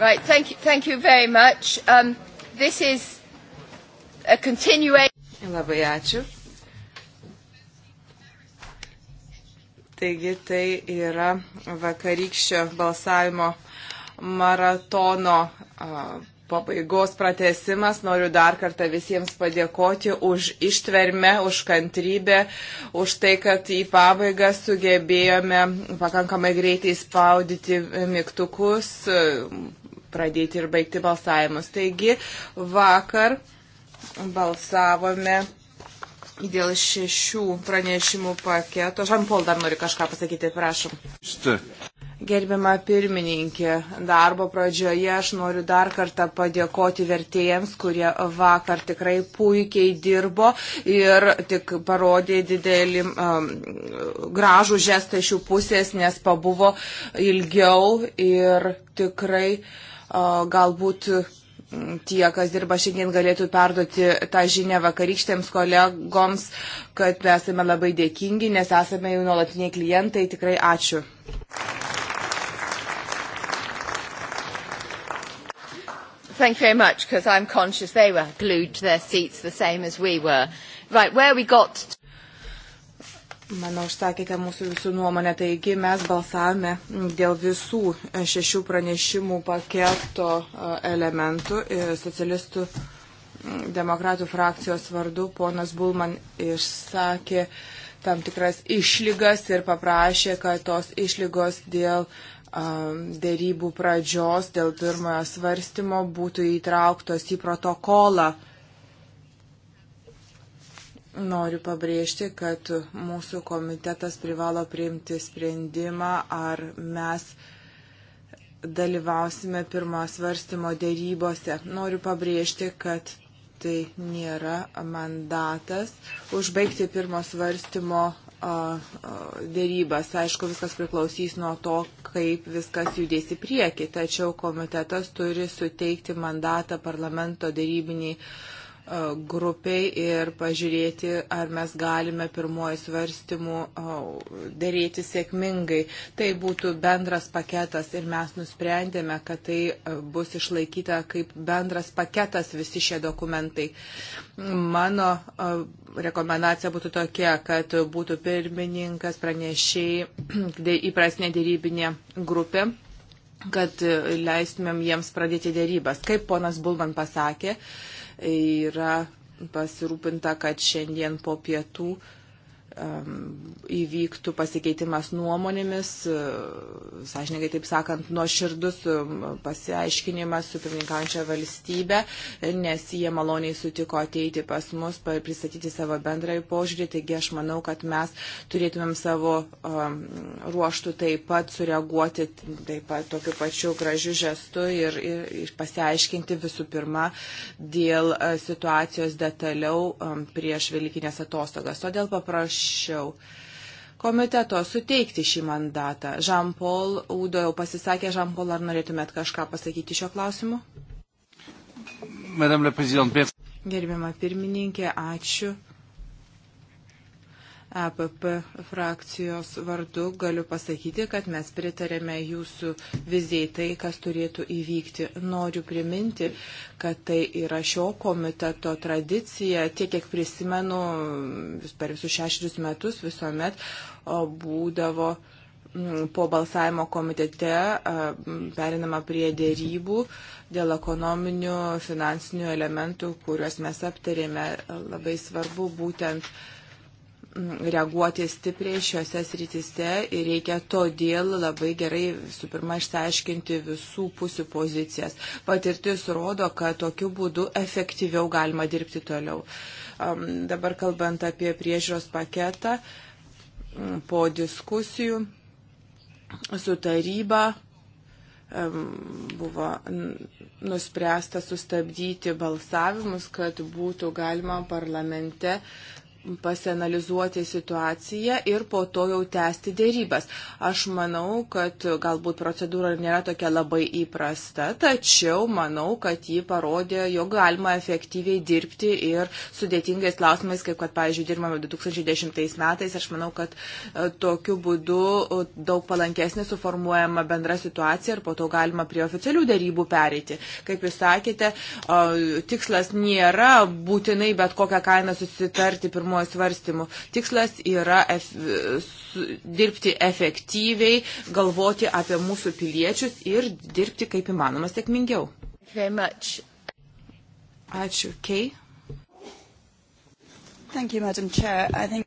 Right, thank you, thank you very much. Um, this is a continuation. Labai ačiū. Taigi tai yra vakarykščio balsavimo maratono pabaigos pratesimas. Noriu dar kartą visiems padėkoti už ištvermę, už kantrybę, už tai, kad į pabaigą sugebėjome pakankamai greitai spaudyti mygtukus, pradėti ir baigti balsavimus. Taigi vakar balsavome dėl šešių pranešimų paketo. Žanpol dar nori kažką pasakyti, prašom. Štai. Gerbima pirmininkė, darbo pradžioje aš noriu dar kartą padėkoti vertėjams, kurie vakar tikrai puikiai dirbo ir tik parodė didelį um, gražų žestą iš jų pusės, nes pabuvo ilgiau ir tikrai uh, galbūt mm, tie, kas dirba šiandien, galėtų perduoti tą žinę vakarykštėms kolegoms, kad mes esame labai dėkingi, nes esame jau nuolatiniai klientai. Tikrai ačiū. Thank you very much, because I'm conscious they were glued to their seats the same as we were. Right, where we got... Manau, užsakėte mūsų visų nuomonę, taigi mes balsavome dėl visų šešių pranešimų paketo e, elementų e, socialistų demokratų frakcijos vardu. Ponas Bulman išsakė tam tikras išlygas ir paprašė, kad tos išlygos dėl dėrybų pradžios, dėl pirmojo svarstymo būtų įtrauktos į protokolą. Noriu pabrėžti, kad mūsų komitetas privalo priimti sprendimą, ar mes dalyvausime pirmo svarstymo dėrybose. Noriu pabrėžti, kad tai nėra mandatas užbaigti pirmo svarstymo dėrybas. Aišku, viskas priklausys nuo to, kaip viskas judės į priekį, tačiau komitetas turi suteikti mandatą parlamento dėrybiniai E, grupiai ir pažiūrėti, ar mes galime pirmoji svarstymų e, dėrėti sėkmingai. Tai būtų bendras paketas ir mes nusprendėme, kad tai e, bus išlaikyta kaip bendras paketas visi šie dokumentai. Mano rekomendacija būtų tokia, kad būtų pirmininkas pranešiai įprasnė dėrybinė grupė kad leistumėm jiems pradėti dėrybas. Kaip ponas Bulman pasakė, uh, yra pasirūpinta, kad šiandien po pietų Um, įvyktų pasikeitimas nuomonėmis, e, sąžininkai taip sakant, nuoširdus e, pasiaiškinimas su pirmininkaujančia valstybė, nes jie maloniai sutiko ateiti pas mus, pristatyti savo bendrąjį požiūrį. Taigi aš manau, kad mes turėtumėm savo um, ruoštų taip pat sureaguoti taip pat tokiu pačiu gražiu žestu ir, ir, ir pasiaiškinti visų pirma dėl e, situacijos detaliau um, prieš Velykinės atostogas. Todėl paprašau prašiau komiteto suteikti šį mandatą. Žampol, Udo jau pasisakė, Žampol, ar norėtumėt kažką pasakyti šio klausimu? Gerbiama pirmininkė, ačiū. EPP frakcijos vardu galiu pasakyti, kad mes pritarėme jūsų vizijai tai, kas turėtų įvykti. Noriu priminti, kad tai yra šio komiteto tradicija, tiek kiek prisimenu, vis per visus šešerius metus visuomet būdavo po balsavimo komitete e, perinama prie dėrybų dėl ekonominių, finansinių elementų, kuriuos mes aptarėme. Labai svarbu būtent uh, reaguoti stipriai šiuose srityse ir reikia todėl labai gerai visų pirma išsiaiškinti visų pusių pozicijas. Patirtis rodo, kad tokiu būdu efektyviau galima dirbti toliau. Dabar kalbant apie priežiūros paketą po diskusijų su taryba buvo nuspręsta sustabdyti balsavimus, kad būtų galima parlamente pasianalizuoti situaciją ir po to jau tęsti dėrybas. Aš manau, kad galbūt procedūra nėra tokia labai įprasta, tačiau manau, kad ji parodė, jog galima efektyviai dirbti ir sudėtingais klausimais, kaip kad, pavyzdžiui, dirbame 2010 metais. Aš manau, kad e, tokiu būdu e, daug palankesnė suformuojama bendra situacija ir po to galima prie oficialių dėrybų pereiti. Kaip jūs sakėte, e, tikslas nėra būtinai bet kokią kainą susitarti pirmą pirmojo svarstymu. Tikslas yra ef, dirbti efektyviai, galvoti apie mūsų piliečius ir dirbti kaip įmanoma sėkmingiau. Ačiū, Kei. Thank you, Madam Chair. I think...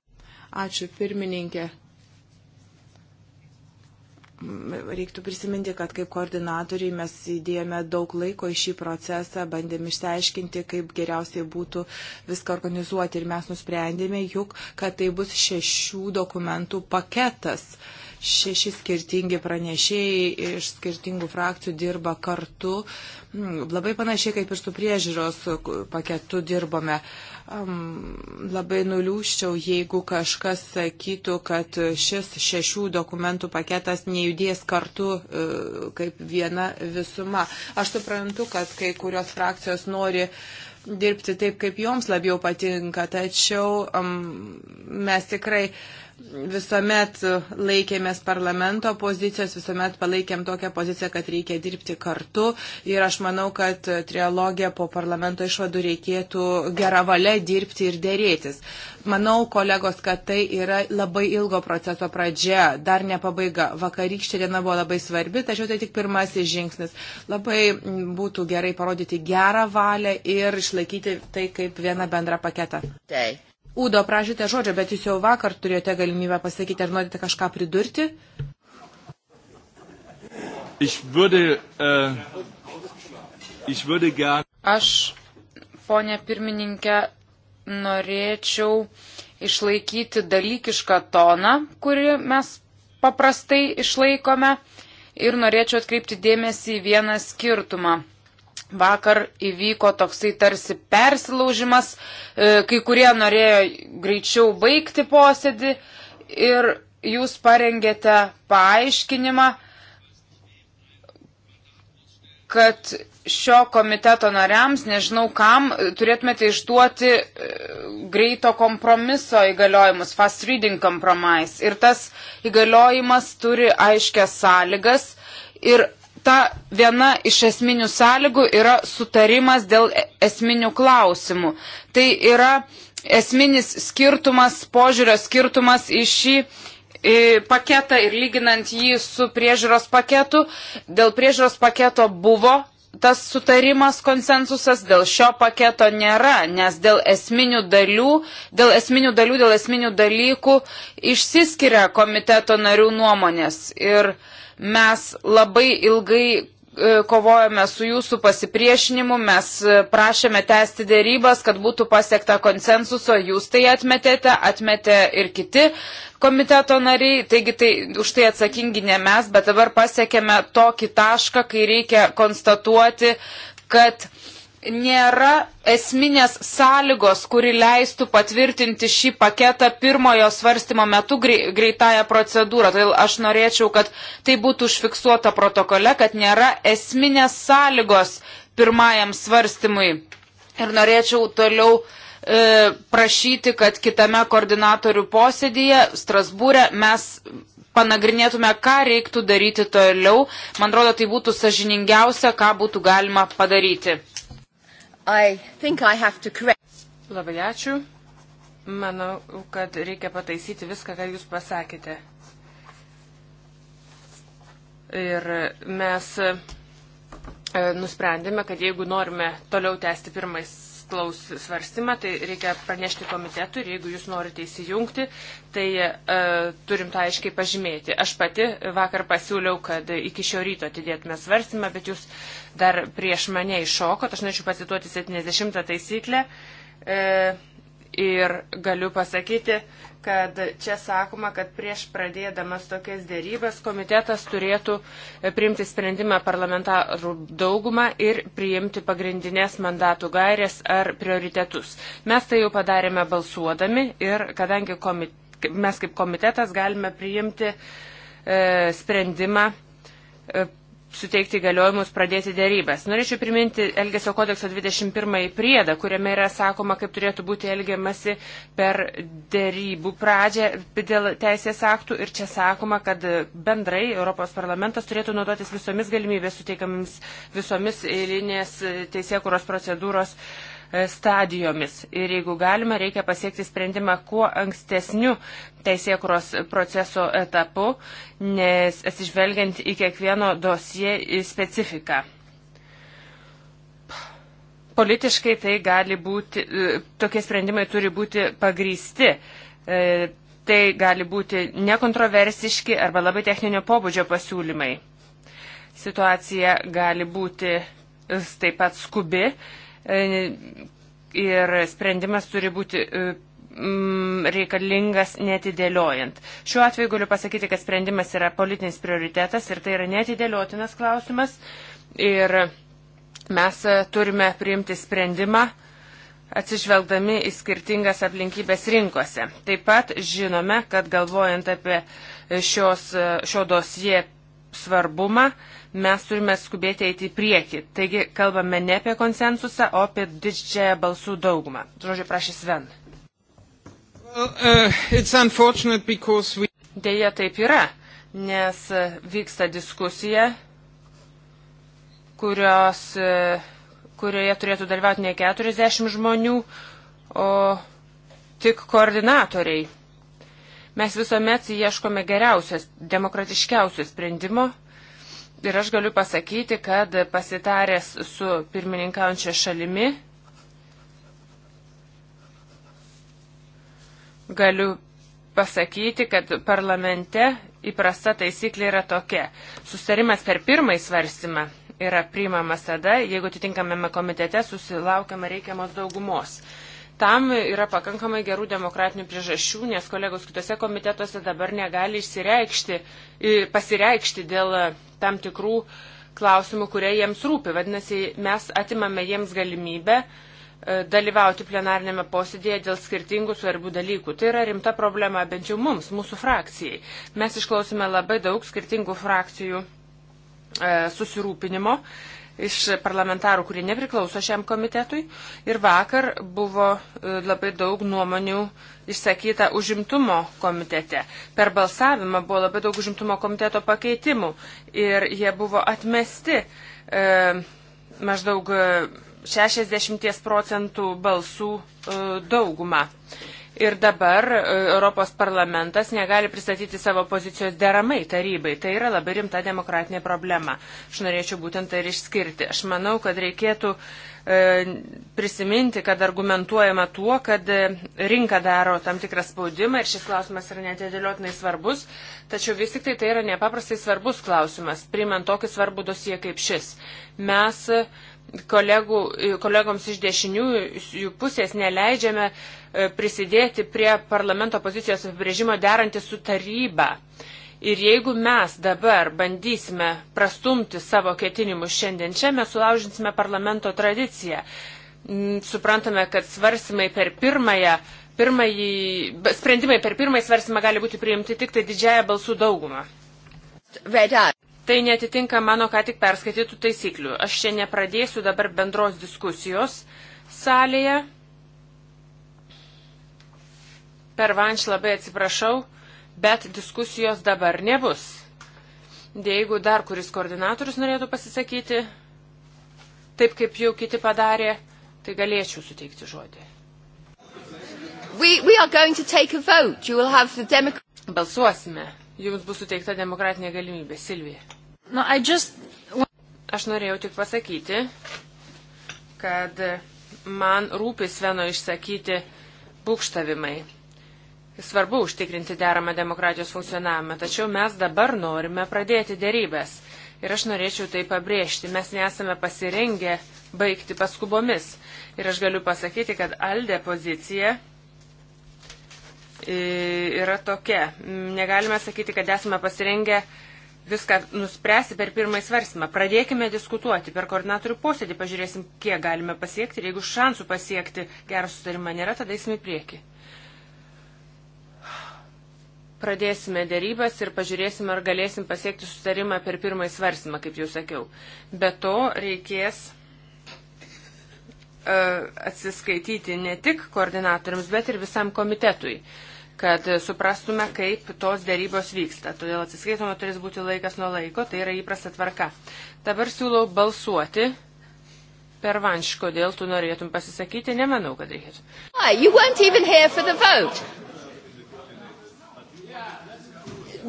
Ačiū, pirmininkė reiktų prisiminti, kad kaip koordinatoriai mes įdėjome daug laiko į šį procesą, bandėm išsiaiškinti, kaip geriausiai būtų viską organizuoti ir mes nusprendėme juk, kad tai bus šešių dokumentų paketas. Šeši skirtingi pranešėjai iš skirtingų frakcijų dirba kartu, mm, labai panašiai kaip ir su priežiūros paketu dirbome. Uh, um, labai nuliūščiau, jeigu kažkas sakytų, kad šis šešių dokumentų paketas nejudės kartu uh, kaip viena visuma. Aš suprantu, kad kai kurios frakcijos nori uh, dirbti taip, kaip joms labiau patinka, tačiau um, mes tikrai visuomet laikėmės parlamento pozicijos, visuomet palaikėm tokią poziciją, kad reikia dirbti kartu ir aš manau, kad trialogija po parlamento išvadų reikėtų gerą valią dirbti ir dėrėtis. Manau, kolegos, kad tai yra labai ilgo proceso pradžia, dar ne pabaiga. Vakarykštė diena buvo labai svarbi, tačiau tai tik pirmasis žingsnis. Labai būtų gerai parodyti gerą valią ir išlaikyti tai kaip vieną bendrą paketą. Tai. Udo, prašyte žodžio, bet jūs jau vakar turėjote galimybę pasakyti, ar norite kažką pridurti? Ich würde, uh, ich würde gern... Aš, ponė pirmininkė, norėčiau išlaikyti dalykišką toną, kurį mes paprastai išlaikome ir norėčiau atkreipti dėmesį į vieną skirtumą vakar įvyko toksai tarsi persilaužimas, e, kai kurie norėjo greičiau baigti posėdį ir jūs parengėte paaiškinimą, kad šio komiteto nariams, nežinau kam, turėtumėte išduoti e, greito kompromiso įgaliojimus, fast reading compromise. Ir tas įgaliojimas turi aiškias sąlygas. Ir ta viena iš esminių sąlygų yra sutarimas dėl e- esminių klausimų. Tai yra esminis skirtumas, požiūrio skirtumas į šį paketą ir lyginant jį su priežiūros paketu. Dėl priežiūros paketo buvo tas sutarimas, konsensusas, dėl šio paketo nėra, nes dėl esminių dalių, dėl esminių dalių, dėl esminių dalykų išsiskiria komiteto narių nuomonės. Ir uh, Mes labai ilgai e, kovojame su jūsų pasipriešinimu, mes e, prašėme tęsti dėrybas, kad būtų pasiekta konsensuso, jūs tai atmetėte, atmetė ir kiti komiteto nariai, taigi tai, už tai atsakingi ne mes, bet dabar pasiekėme tokį tašką, kai reikia konstatuoti, kad nėra esminės sąlygos, kuri leistų patvirtinti šį paketą pirmojo svarstymo metu greitąją procedūrą. Todėl aš norėčiau, kad tai būtų užfiksuota protokole, kad nėra esminės sąlygos pirmajam svarstymui. Ir norėčiau toliau e, prašyti, kad kitame koordinatorių posėdėje Strasbūrė mes panagrinėtume, ką reiktų daryti toliau. Man atrodo, tai būtų sažiningiausia, ką būtų galima padaryti. I think I have to correct. Labai ačiū. Manau, kad reikia pataisyti viską, ką jūs pasakėte. Ir mes e, nusprendėme, kad jeigu norime toliau tęsti pirmais klaus svarstymą, tai reikia pranešti komitetu ir jeigu jūs norite įsijungti, tai e, turim tą aiškiai pažymėti. Aš pati vakar pasiūliau, kad iki šio ryto atidėtume svarstymą, bet jūs dar prieš mane iššokot. Aš norėčiau pacituoti 70 taisyklę e, ir galiu pasakyti, kad čia sakoma, kad prieš pradėdamas tokias dėrybas komitetas turėtų e, priimti sprendimą parlamentarų daugumą ir priimti pagrindinės mandatų gairės ar prioritetus. Mes tai jau padarėme balsuodami ir kadangi komit, mes kaip komitetas galime priimti e, sprendimą e, suteikti galiojimus pradėti dėrybęs. Norėčiau priminti Elgesio kodekso 21 priedą, kuriame yra sakoma, kaip turėtų būti elgiamasi per dėrybų pradžią dėl teisės aktų ir čia sakoma, kad bendrai Europos parlamentas turėtų naudotis visomis galimybės suteikiamis visomis eilinės teisėkuros procedūros uh, stadijomis. Ir jeigu galima, reikia pasiekti sprendimą kuo ankstesniu teisėkuros proceso etapu, nes atsižvelgiant į kiekvieno dosie specifiką. Politiškai tai gali būti, e, tokie sprendimai turi būti pagrysti e, tai gali būti nekontroversiški arba labai techninio pobūdžio pasiūlymai. Situacija gali būti taip pat skubi E, ir sprendimas turi būti e, reikalingas netidėliojant. Šiuo atveju galiu pasakyti, kad sprendimas yra politinis prioritetas ir tai yra netidėliotinas klausimas. Ir mes e, turime priimti sprendimą atsižvelgdami į skirtingas aplinkybės rinkose. Taip pat žinome, kad galvojant apie šios, šio dosie svarbumą, mes turime skubėti eiti į priekį. Taigi kalbame ne apie konsensusą, o apie didžiąją balsų daugumą. Žodžiu, prašys Ven. Well, uh, we... Deja, taip yra, nes uh, vyksta diskusija, kurios, uh, kurioje turėtų dalyvauti ne 40 žmonių, o tik koordinatoriai Mes visuomet ieškome geriausios, demokratiškiausios sprendimo. Ir aš galiu pasakyti, kad pasitaręs su pirmininkaujančia šalimi, galiu pasakyti, kad parlamente įprasta taisyklė yra tokia. Sustarimas per pirmąjį svarstymą yra priimamas tada, jeigu atitinkamame komitete susilaukiama reikiamos daugumos. Tam yra pakankamai gerų demokratinių priežasčių, nes kolegos kitose komitetuose dabar negali išsireikšti, pasireikšti dėl tam tikrų klausimų, kurie jiems rūpi. Vadinasi, mes atimame jiems galimybę e, dalyvauti plenarnėme posėdėje dėl skirtingų svarbių dalykų. Tai yra rimta problema bent jau mums, mūsų frakcijai. Mes išklausime labai daug skirtingų frakcijų e, susirūpinimo iš parlamentarų, kurie nepriklauso šiam komitetui. Ir vakar buvo e, labai daug nuomonių išsakyta užimtumo komitete. Per balsavimą buvo labai daug užimtumo komiteto pakeitimų ir jie buvo atmesti e, maždaug 60 e, procentų balsų e, daugumą. Ir dabar e, Europos parlamentas negali pristatyti savo pozicijos deramai tarybai. Tai yra labai rimta demokratinė problema. Aš norėčiau būtent tai ir išskirti. Aš manau, kad reikėtų e, prisiminti, kad argumentuojama tuo, kad e, rinka daro tam tikrą spaudimą ir šis klausimas yra netidėliotinai svarbus. Tačiau vis tik tai tai yra nepaprastai svarbus klausimas, priimant tokį svarbų dosiją kaip šis. Mes kolegų, kolegoms iš dešinių jų pusės neleidžiame e, prisidėti prie parlamento pozicijos apibrėžimo derantį su taryba. Ir jeigu mes dabar bandysime prastumti savo ketinimus šiandien čia, mes sulaužinsime parlamento tradiciją. Mm, suprantame, kad svarsimai per pirmąją, pirmąjį, sprendimai per pirmąjį svarsimą gali būti priimti tik tai didžiaja balsų dauguma. Veda. Tai netitinka mano ką tik perskaitytų taisyklių. Aš čia nepradėsiu dabar bendros diskusijos salėje. Per vanš labai atsiprašau, bet diskusijos dabar nebus. Jeigu dar kuris koordinatorius norėtų pasisakyti, taip kaip jau kiti padarė, tai galėčiau suteikti žodį. We, we Balsuosime jums bus suteikta demokratinė galimybė. Silvija. No, just... Aš norėjau tik pasakyti, kad man rūpi Sveno išsakyti būkštavimai. Svarbu užtikrinti deramą demokratijos funkcionavimą, tačiau mes dabar norime pradėti dėrybęs. Ir aš norėčiau tai pabrėžti, mes nesame pasirengę baigti paskubomis. Ir aš galiu pasakyti, kad Alde pozicija yra tokia. Negalime sakyti, kad esame pasirengę viską nuspręsti per pirmąjį svarstymą. Pradėkime diskutuoti per koordinatorių posėdį, pažiūrėsim, kiek galime pasiekti ir jeigu šansų pasiekti gerą sutarimą nėra, tada eisime į priekį. Pradėsime dėrybas ir pažiūrėsim, ar galėsim pasiekti sutarimą per pirmąjį svarstymą, kaip jau sakiau. Be to reikės e, atsiskaityti ne tik koordinatoriams, bet ir visam komitetui. Uh, kad suprastume, kaip tos dėrybos vyksta. Todėl atsiskaitoma turės būti laikas nuo laiko, tai yra įprasta tvarka. Dabar siūlau balsuoti. Per vanš, kodėl tu norėtum pasisakyti, nemanau, kad reikėtų.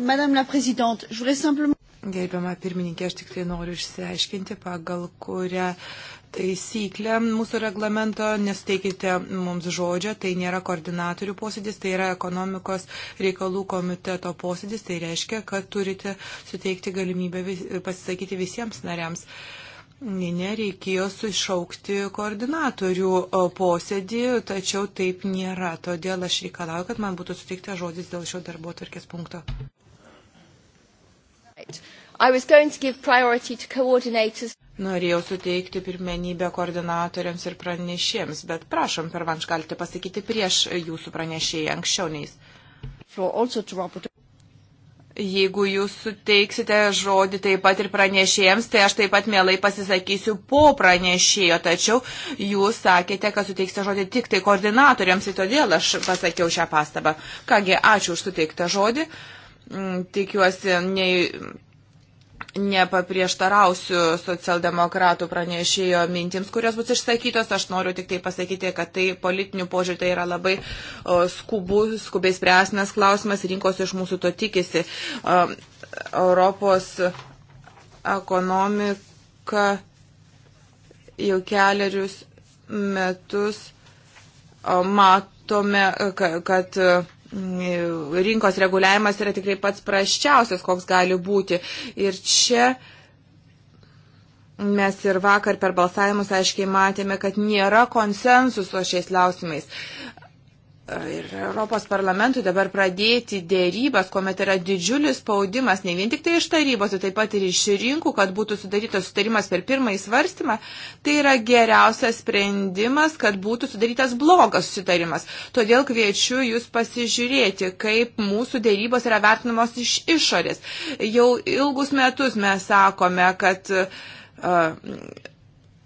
Madame la Présidente, je voulais simplement. Gerbiama pirmininkė, aš tik tai noriu išsiaiškinti, pagal kurią taisyklę mūsų reglamento, nesuteikite mums žodžio, tai nėra koordinatorių posėdis, tai yra ekonomikos reikalų komiteto posėdis, tai reiškia, kad turite suteikti galimybę vis, pasisakyti visiems nariams. Nereikėjo sušaukti koordinatorių posėdį, tačiau taip nėra. Todėl aš reikalauju, kad man būtų suteikta žodis dėl šio darbo tvarkės punkto. Right. I was going to give priority to coordinators. Norėjau suteikti pirmenybę koordinatoriams ir pranešėjams, bet prašom, per vanš galite pasakyti prieš jūsų pranešėjai anksčiau neis. Jeigu jūs suteiksite žodį taip pat ir pranešėjams, tai aš taip pat mielai pasisakysiu po pranešėjo, tačiau jūs sakėte, kad suteiksite žodį tik tai koordinatoriams, tai todėl aš pasakiau šią pastabą. Kągi, ačiū už suteiktą žodį. Mm, tikiuosi, nei nepaprieštarausiu socialdemokratų pranešėjo mintims, kurios bus išsakytos. Aš noriu tik tai pasakyti, kad tai politinių požiūrį tai yra labai skubu, skubiai spręsnas klausimas, rinkos iš mūsų to tikisi. Europos ekonomika jau keliarius metus matome, kad rinkos reguliavimas yra tikrai pats praščiausias, koks gali būti. Ir čia mes ir vakar per balsavimus aiškiai matėme, kad nėra konsensuso šiais klausimais ir Europos parlamentui dabar pradėti dėrybas, kuomet yra didžiulis spaudimas, ne vien tik tai iš tarybos, bet taip pat ir iš rinkų, kad būtų sudarytas sutarimas per pirmąjį svarstymą, tai yra geriausias sprendimas, kad būtų sudarytas blogas sutarimas. Todėl kviečiu jūs pasižiūrėti, kaip mūsų dėrybos yra vertinamos iš išorės. Jau ilgus metus mes sakome, kad uh,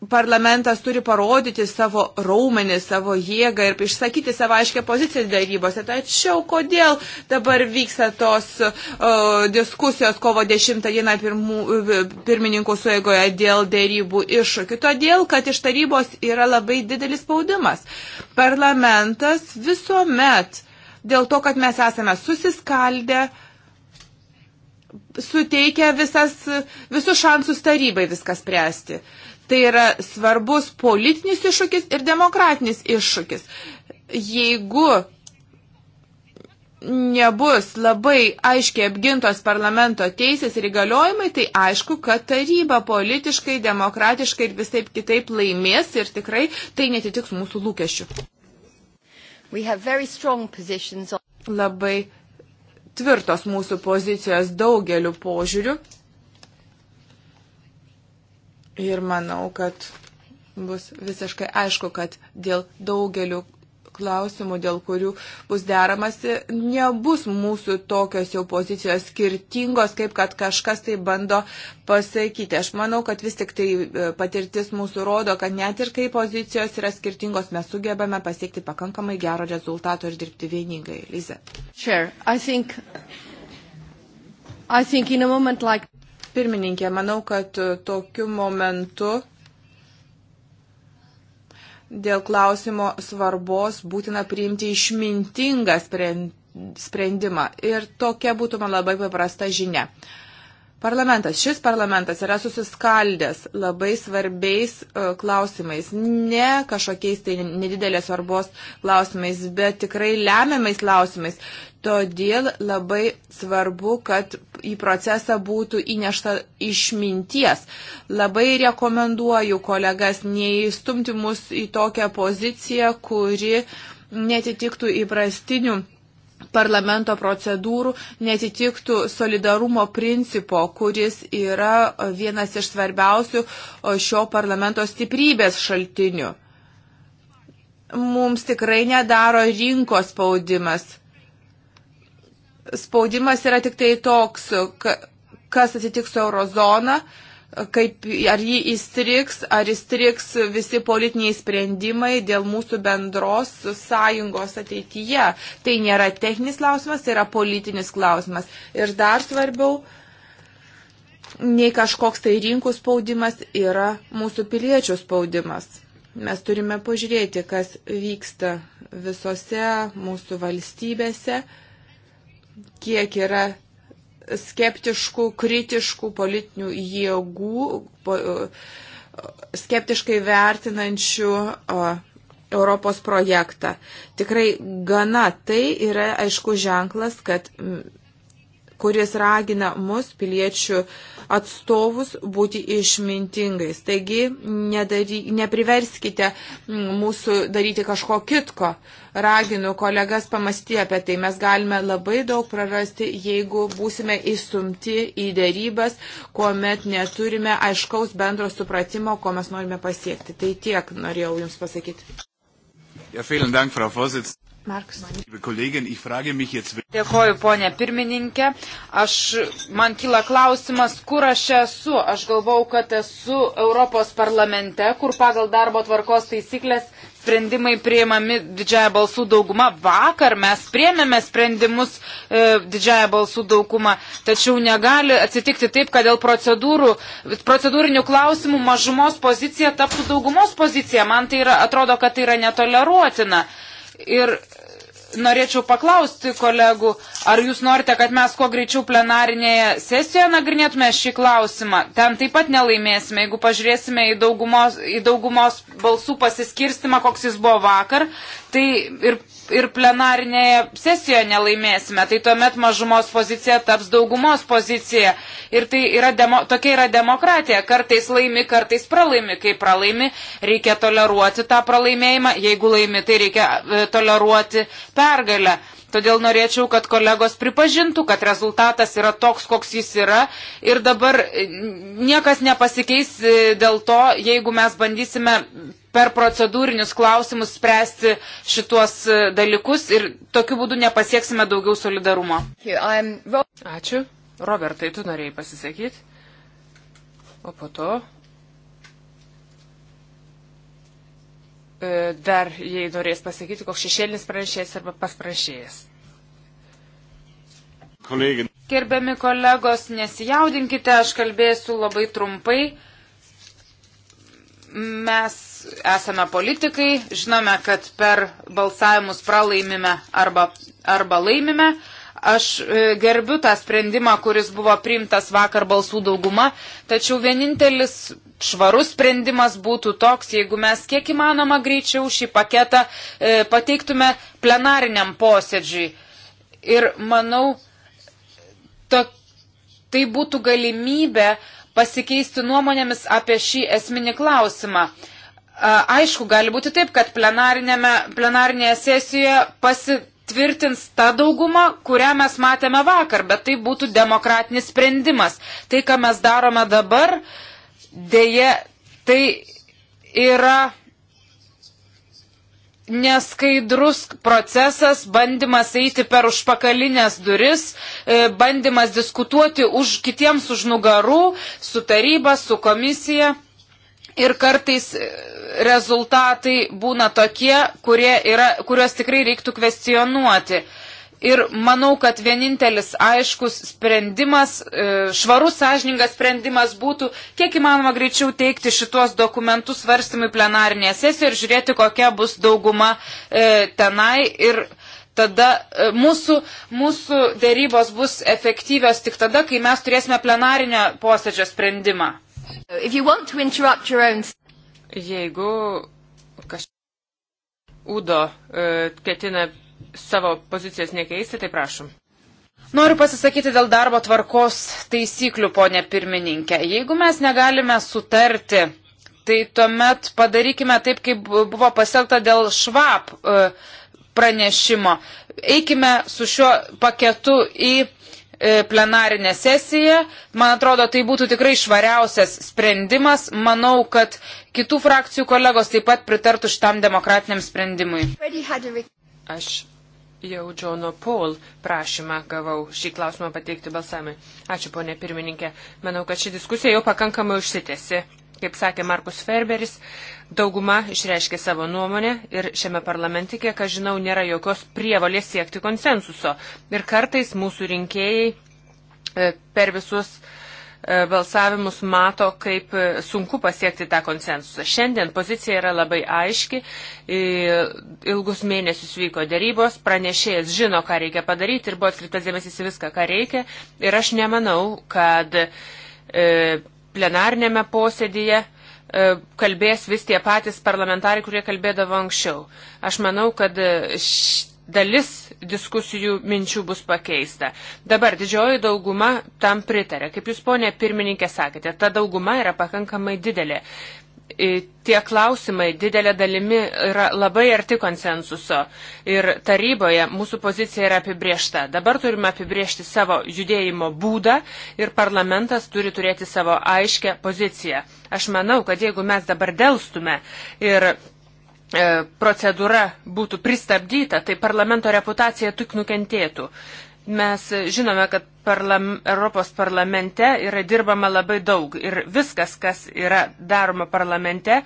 parlamentas turi parodyti savo raumenį, savo jėgą ir išsakyti savo aiškę poziciją darybose. Tačiau kodėl dabar vyksta tos uh, diskusijos kovo 10 dieną pirmų, pirmininkų suėgoje dėl darybų iššūkių? Todėl, kad iš tarybos yra labai didelis spaudimas. Parlamentas visuomet dėl to, kad mes esame susiskaldę, suteikia visas, visus šansus tarybai viskas spręsti. Uh, Tai yra svarbus politinis iššūkis ir demokratinis iššūkis. Jeigu nebus labai aiškiai apgintos parlamento teisės ir įgaliojimai, tai aišku, kad taryba politiškai, demokratiškai ir visai kitaip laimės ir tikrai tai netitiks mūsų lūkesčių. On... Labai tvirtos mūsų pozicijos daugeliu požiūriu. Ir manau, kad bus visiškai aišku, kad dėl daugelių klausimų, dėl kurių bus deramasi, nebus mūsų tokios jau pozicijos skirtingos, kaip kad kažkas tai bando pasakyti. Aš manau, kad vis tik tai e, patirtis mūsų rodo, kad net ir kai pozicijos yra skirtingos, mes sugebame pasiekti pakankamai gero rezultato ir dirbti vieningai. Lize. Sure. I think, I think like pirmininkė, manau, kad e, tokiu momentu dėl klausimo svarbos būtina priimti išmintingą sprendimą. Ir tokia būtų man labai paprasta žinia. Parlamentas, šis parlamentas yra susiskaldęs labai svarbiais e, klausimais, ne kažkokiais tai nedidelės svarbos klausimais, bet tikrai lemiamais klausimais. Todėl labai svarbu, kad į procesą būtų įnešta išminties. Labai rekomenduoju kolegas neįstumti mus į tokią poziciją, kuri netitiktų įprastinių parlamento procedūrų netitiktų solidarumo principo, kuris yra vienas iš svarbiausių šio parlamento stiprybės šaltinių. Mums tikrai nedaro rinkos spaudimas. Spaudimas yra tik tai toks, kas atsitiks su eurozona, kaip, ar jį įstriks, ar įstriks visi politiniai sprendimai dėl mūsų bendros sąjungos ateityje. Tai nėra techninis klausimas, tai yra politinis klausimas. Ir dar svarbiau, nei kažkoks tai rinkų spaudimas yra mūsų piliečių spaudimas. Mes turime pažiūrėti, kas vyksta visose mūsų valstybėse, kiek yra skeptiškų, kritiškų politinių jėgų, e, skeptiškai vertinančių Europos projektą. Tikrai gana tai yra aišku ženklas, kad kuris ragina mus piliečių uh, atstovus būti išmintingais. Taigi nedary, nepriverskite mm, mūsų daryti kažko kitko. Raginu kolegas pamastyti apie tai. Mes galime labai daug prarasti, jeigu būsime įstumti į dėrybas, kuomet neturime aiškaus bendro supratimo, ko mes norime pasiekti. Tai tiek norėjau Jums pasakyti. Ja, vielen Dank, Frau Vorsitz. Marks. Dėkoju, ponė pirmininkė. Aš, man kyla klausimas, kur aš esu. Aš galvau, kad esu Europos parlamente, kur pagal darbo tvarkos taisyklės sprendimai prieimami didžiaja balsų dauguma. Vakar mes prieimėme sprendimus e, didžiaja balsų dauguma, tačiau negali atsitikti taip, kad dėl procedūrinių klausimų mažumos pozicija taptų daugumos pozicija. Man tai yra, atrodo, kad tai yra netoleruotina. E, ir norėčiau paklausti kolegų, ar jūs norite, kad mes kuo greičiau plenarinėje sesijoje nagrinėtume šį klausimą. Ten taip pat nelaimėsime, jeigu pažiūrėsime į daugumos, į daugumos balsų pasiskirstimą, koks jis buvo vakar, tai ir, ir plenarinėje sesijoje nelaimėsime, tai tuomet mažumos pozicija taps daugumos pozicija. Ir tai yra demo, tokia yra demokratija. Kartais laimi, kartais pralaimi. Kai pralaimi, reikia toleruoti tą pralaimėjimą. Jeigu laimi, tai reikia e, toleruoti pergalę. Todėl norėčiau, kad kolegos pripažintų, kad rezultatas yra toks, koks jis yra. Ir dabar e, niekas nepasikeis e, dėl to, jeigu mes bandysime per procedūrinius klausimus spręsti šituos e, dalykus ir tokiu būdu nepasieksime daugiau solidarumo. Ačiū. Robertai, tu norėjai pasisakyti. O po to. E, dar, jei norės pasakyti, koks šešėlinis pranešėjas arba pasprašėjas. Kolegin. Gerbiami kolegos, nesijaudinkite, aš kalbėsiu labai trumpai. Mes esame politikai, žinome, kad per balsavimus pralaimime arba, arba laimime. Aš e, gerbiu tą sprendimą, kuris buvo priimtas vakar balsų dauguma, tačiau vienintelis švarus sprendimas būtų toks, jeigu mes kiek įmanoma greičiau šį paketą e, pateiktume plenariniam posėdžiui. Ir manau, to, tai būtų galimybė pasikeisti nuomonėmis apie šį esminį klausimą. Aišku, gali būti taip, kad plenarinėje sesijoje pasitvirtins tą daugumą, kurią mes matėme vakar, bet tai būtų demokratinis sprendimas. Tai, ką mes darome dabar, dėje, tai yra neskaidrus procesas, bandymas eiti per užpakalinės duris, e, bandymas diskutuoti už kitiems už nugarų, su taryba, su komisija. Ir kartais e, rezultatai būna tokie, yra, kuriuos tikrai reiktų kvestionuoti. Ir manau, kad vienintelis aiškus sprendimas, e, švarus, sąžiningas sprendimas būtų, kiek įmanoma greičiau teikti šitos dokumentus svarstymui plenarinėje sesijoje ir žiūrėti, kokia bus dauguma e, tenai. Ir tada mūsų, mūsų dėrybos bus efektyvios tik tada, kai mes turėsime plenarinio posėdžio sprendimą. Own... Jeigu kažkas Udo e, ketina savo pozicijos nekeisti, tai prašom. Noriu pasisakyti dėl darbo tvarkos taisyklių, ponė pirmininkė. Jeigu mes negalime sutarti tai tuomet padarykime taip, kaip buvo pasielgta dėl švap e, pranešimo. Eikime su šiuo paketu į E, plenarinę sesiją. Man atrodo, tai būtų tikrai švariausias sprendimas. Manau, kad kitų frakcijų kolegos taip pat pritartų šitam demokratiniam sprendimui. Aš jau Džono Paul prašymą gavau šį klausimą pateikti balsamui. Ačiū, ponė pirmininkė. Manau, kad ši diskusija jau pakankamai užsitėsi. Kaip sakė Markus Ferberis, dauguma išreiškė savo nuomonę ir šiame parlamente, kiek aš žinau, nėra jokios prievalės siekti konsensuso. Ir kartais mūsų rinkėjai e, per visus e, balsavimus mato, kaip e, sunku pasiekti tą konsensusą. Šiandien pozicija yra labai aiški, ilgus mėnesius vyko dėrybos, pranešėjas žino, ką reikia padaryti ir buvo atkreiptas dėmesys į viską, ką reikia. Ir aš nemanau, kad e, plenarnėme posėdėje e, kalbės vis tie patys parlamentarai, kurie kalbėdavo anksčiau. Aš manau, kad e, dalis diskusijų minčių bus pakeista. Dabar didžioji dauguma tam pritarė. Kaip jūs, ponė pirmininkė, sakėte, ta dauguma yra pakankamai didelė tie klausimai didelė dalimi yra labai arti konsensuso ir taryboje mūsų pozicija yra apibriešta. Dabar turime apibriešti savo judėjimo būdą ir parlamentas turi turėti savo aiškę poziciją. Aš manau, kad jeigu mes dabar dėlstume ir e, procedūra būtų pristabdyta, tai parlamento reputacija tik nukentėtų. Mes žinome, kad parlam, Europos parlamente yra dirbama labai daug ir viskas, kas yra daroma parlamente,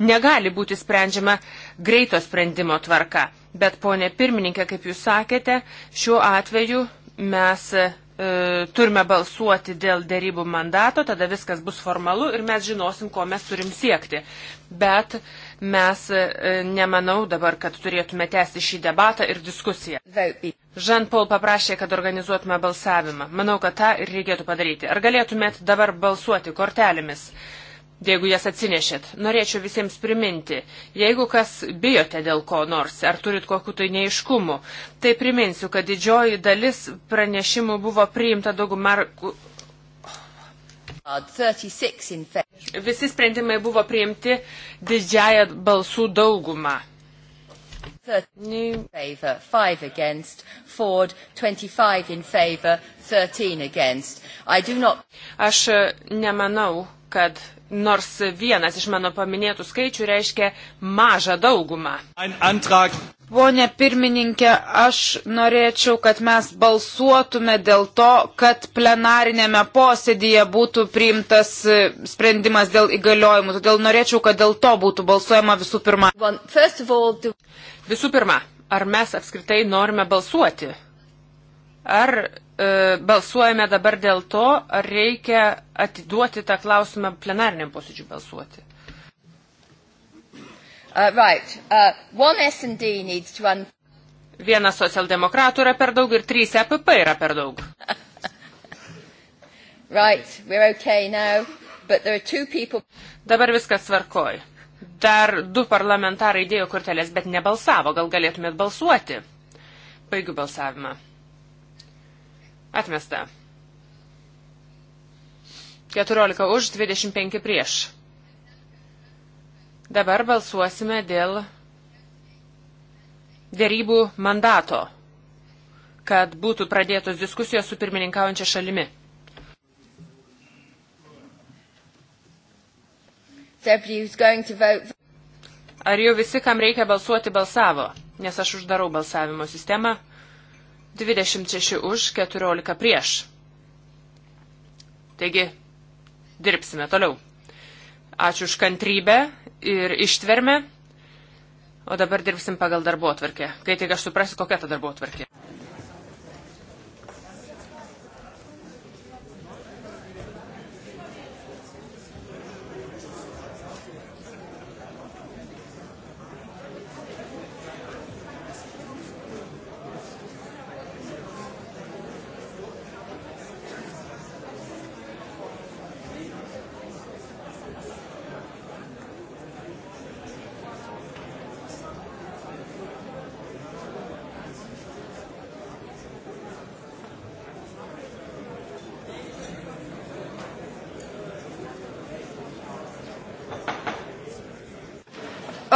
negali būti sprendžiama greito sprendimo tvarka. Bet, ponė pirmininkė, kaip jūs sakėte, šiuo atveju mes e, turime balsuoti dėl dėrybų mandato, tada viskas bus formalu ir mes žinosim, ko mes turim siekti. Bet e, Mes e, nemanau dabar, kad turėtume tęsti šį debatą ir diskusiją. Žan Paul paprašė, kad organizuotume balsavimą. Manau, kad tą ir reikėtų padaryti. Ar galėtumėt dabar balsuoti kortelėmis? Jeigu jas atsinešėt, norėčiau visiems priminti, jeigu kas bijote dėl ko nors, ar turit kokiu tai neiškumu, tai priminsiu, kad didžioji dalis pranešimų buvo priimta daugumar Uh, Visi sprendimai buvo priimti didžiają balsų daugumą. Favor, 5 against, Ford 25 in favor, 13 against. I do not... Aš uh, nemanau, kad nors vienas iš mano paminėtų skaičių reiškia mažą daugumą. Pone pirmininkė, aš norėčiau, kad mes balsuotume dėl to, kad plenarinėme posėdėje būtų priimtas e, sprendimas dėl įgaliojimų. Todėl norėčiau, kad dėl to būtų balsuojama visų pirma. Visų pirma, ar mes apskritai norime balsuoti? Ar E, balsuojame dabar dėl to, ar reikia atiduoti tą klausimą plenariniam posėdžiui balsuoti. Uh, right. uh, un... Vienas socialdemokratų yra per daug ir trys EPP yra per daug. right, we're okay now, but there are two people. Dabar viskas svarkoj. Dar du parlamentarai dėjo kortelės, bet nebalsavo. Gal galėtumėt balsuoti? Baigiu balsavimą. Atmesta. 14 už, 25 prieš. Dabar balsuosime dėl dėrybų mandato, kad būtų pradėtos diskusijos su pirmininkaujančia šalimi. Ar jau visi, kam reikia balsuoti, balsavo? Nes aš uždarau balsavimo sistemą. 26 už, 14 prieš. Taigi, dirbsime toliau. Ačiū už kantrybę ir ištvermę. O dabar dirbsim pagal darbo atvarkę, kai tik aš suprasiu, kokia ta darbo atvarkė.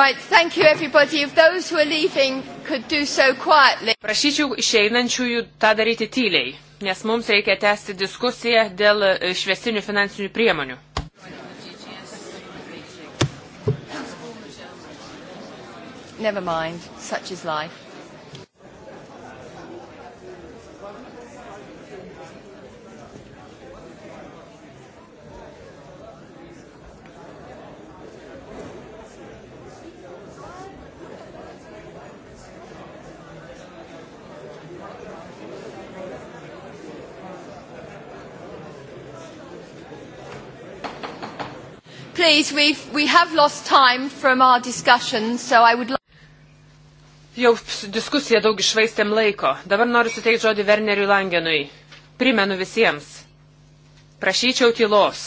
Right, thank you everybody. If those who are leaving could do so quietly. Prašyčiau išeinančiųjų tą daryti tyliai, nes mums reikia tęsti diskusiją dėl e, šviesinių finansinių priemonių. Never mind, such is life. Please, we've, we have lost time from our discussion, so I would like... Jau diskusiją daug išvaistėm laiko. Dabar noriu suteikti žodį Werneriui Langenui. Primenu visiems. Prašyčiau tylos.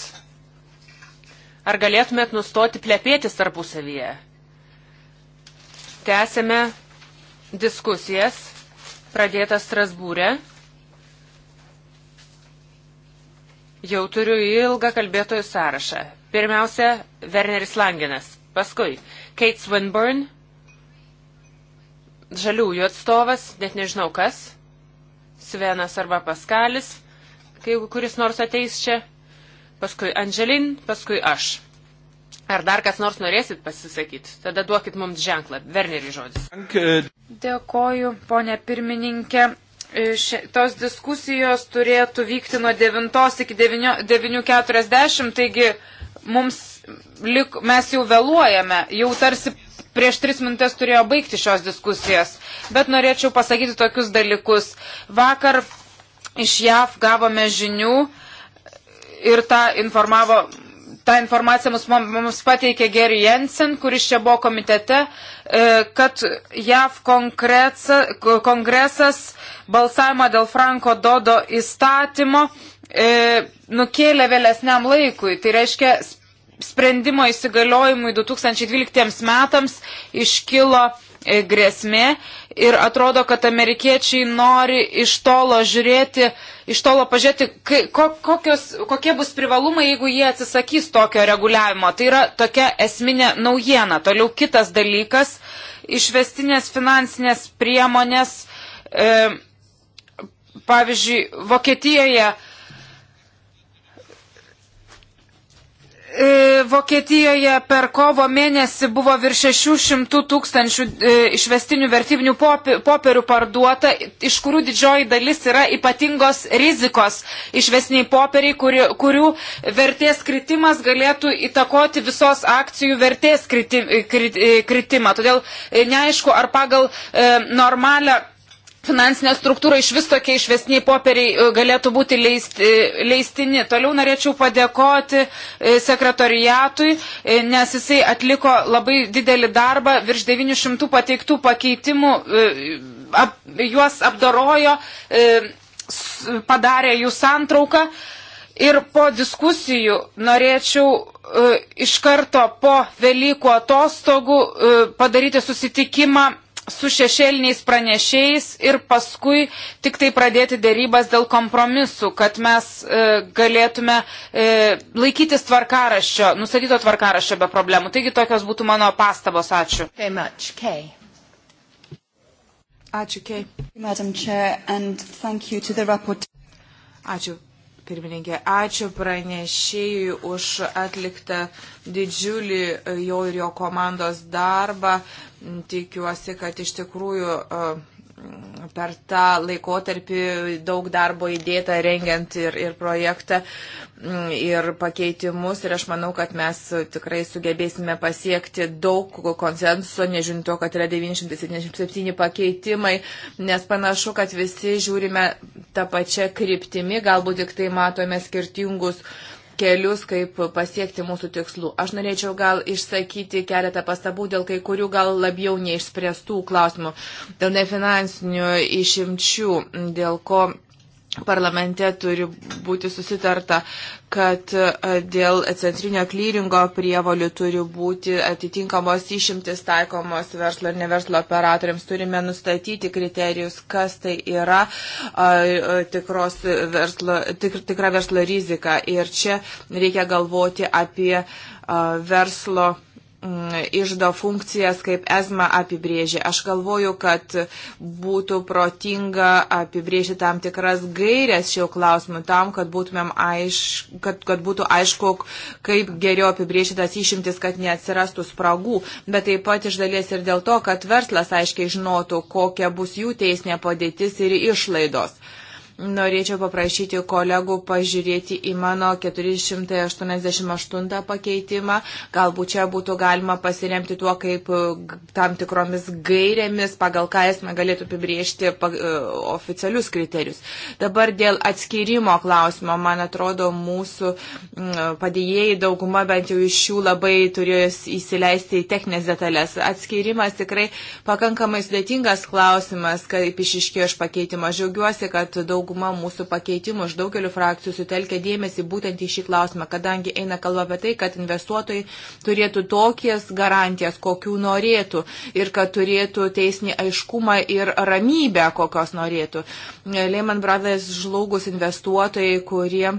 Ar galėtumėt nustoti plepėtis tarpusavyje? Tęsėme diskusijas, pradėtas Strasbūrė. E. Jau turiu ilgą kalbėtojų sąrašą. Pirmiausia, Werneris Langinas, paskui Kate Swinburne, žaliųjų atstovas, net nežinau kas, Svenas arba Paskalis, kai kuris nors ateis čia, paskui Angelin, paskui aš. Ar dar kas nors norėsit pasisakyti? Tada duokit mums ženklą. Vernerį žodis. Dėkoju, ponė pirmininkė. Tos diskusijos turėtų vykti nuo 9 iki 9.40, taigi mums lik, mes jau vėluojame, jau tarsi prieš tris minutės turėjo baigti šios diskusijos. Bet norėčiau pasakyti tokius dalykus. Vakar iš JAV gavome žinių ir tą informavo tą informaciją mums, mums pateikė Geri Jensen, kuris čia buvo komitete, e, kad JAV kongresas balsavimą dėl Franko Dodo įstatymo e, nukėlė vėlesniam laikui. Tai reiškia, sprendimo įsigaliojimui 2012 metams iškilo E, grėsmė ir atrodo, kad amerikiečiai nori iš tolo žiūrėti, iš tolo pažiūrėti, kai, ko, kokios, kokie bus privalumai, jeigu jie atsisakys tokio reguliavimo. Tai yra tokia esminė naujiena. Toliau kitas dalykas - išvestinės finansinės priemonės. E, pavyzdžiui, Vokietijoje E, Vokietijoje per kovo mėnesį buvo virš 600 tūkstančių e, išvestinių vertybinių popierių parduota, iš kurių didžioji dalis yra ypatingos rizikos išvestiniai popieriai, kurių, kurių vertės kritimas galėtų įtakoti visos akcijų vertės kritimą. Todėl e, neaišku, ar pagal normalią finansinė struktūra iš vis tokie išvesniai popieriai e, galėtų būti leisti, e, leistini. Toliau norėčiau padėkoti e, sekretoriatui, nes jisai atliko labai didelį darbą, virš 900 pateiktų pakeitimų, ap, juos apdarojo, padarė jų santrauką. Ir po diskusijų norėčiau iš karto po Velykų atostogų padaryti susitikimą su šešėliniais pranešėjais ir paskui tik tai pradėti dėrybas dėl kompromisų, kad mes e, galėtume e, laikytis tvarkaraščio, nustatyto tvarkaraščio be problemų. Taigi tokios būtų mano pastabos. Ačiū. Ačiū, Kei. Ačiū pirmininkė. Ačiū pranešėjui už atliktą didžiulį jo ir jo komandos darbą. Tikiuosi, kad iš tikrųjų. Uh, per tą laikotarpį daug darbo įdėta rengiant ir, ir projektą, mm, ir pakeitimus, ir aš manau, kad mes tikrai sugebėsime pasiekti daug konsensuso, nežinant to, kad yra 977 pakeitimai, nes panašu, kad visi žiūrime tą pačią kryptimį, galbūt tik tai matome skirtingus uh, kelius, kaip pasiekti mūsų tikslų. Aš norėčiau gal išsakyti keletą pastabų dėl kai kurių gal labiau neišspręstų klausimų, dėl nefinansinių išimčių, dėl ko parlamente turi būti susitarta, kad e, dėl centrinio klyringo prievolių turi būti atitinkamos išimtis taikomos verslo ir neverslo operatoriams. Turime nustatyti kriterijus, kas tai yra tikros verslo, tik, tikra verslo rizika. Ir čia reikia galvoti apie verslo Mm, išdo funkcijas, kaip esma apibrėžė. Aš galvoju, kad būtų protinga apibrėžti tam tikras gairias šio klausimu, tam, kad, aiš, kad, kad būtų aišku, kaip geriau apibrėžti tas išimtis, kad neatsirastų spragų, bet taip pat iš dalies ir dėl to, kad verslas aiškiai žinotų, kokia bus jų teisinė padėtis ir išlaidos. Uh, norėčiau paprašyti kolegų pažiūrėti į mano 488 pakeitimą. Galbūt čia būtų galima pasiremti tuo, kaip tam tikromis gairėmis, pagal ką esame galėtų apibriežti e, oficialius kriterijus. Dabar dėl atskirimo klausimo, man atrodo, mūsų padėjėjai dauguma bent jau iš jų labai turėjo įsileisti į techninės detalės. Atskirimas tikrai pakankamai sudėtingas klausimas, kaip išiškėjo iš pakeitimo. Žiaugiuosi, kad daug dauguma mūsų pakeitimų iš daugelių frakcijų sutelkia dėmesį būtent į šį klausimą, kadangi eina kalba apie tai, kad investuotojai turėtų tokias garantijas, kokių norėtų ir kad turėtų teisinį aiškumą ir ramybę, kokios norėtų. Lehman Brothers žlugus investuotojai, kurie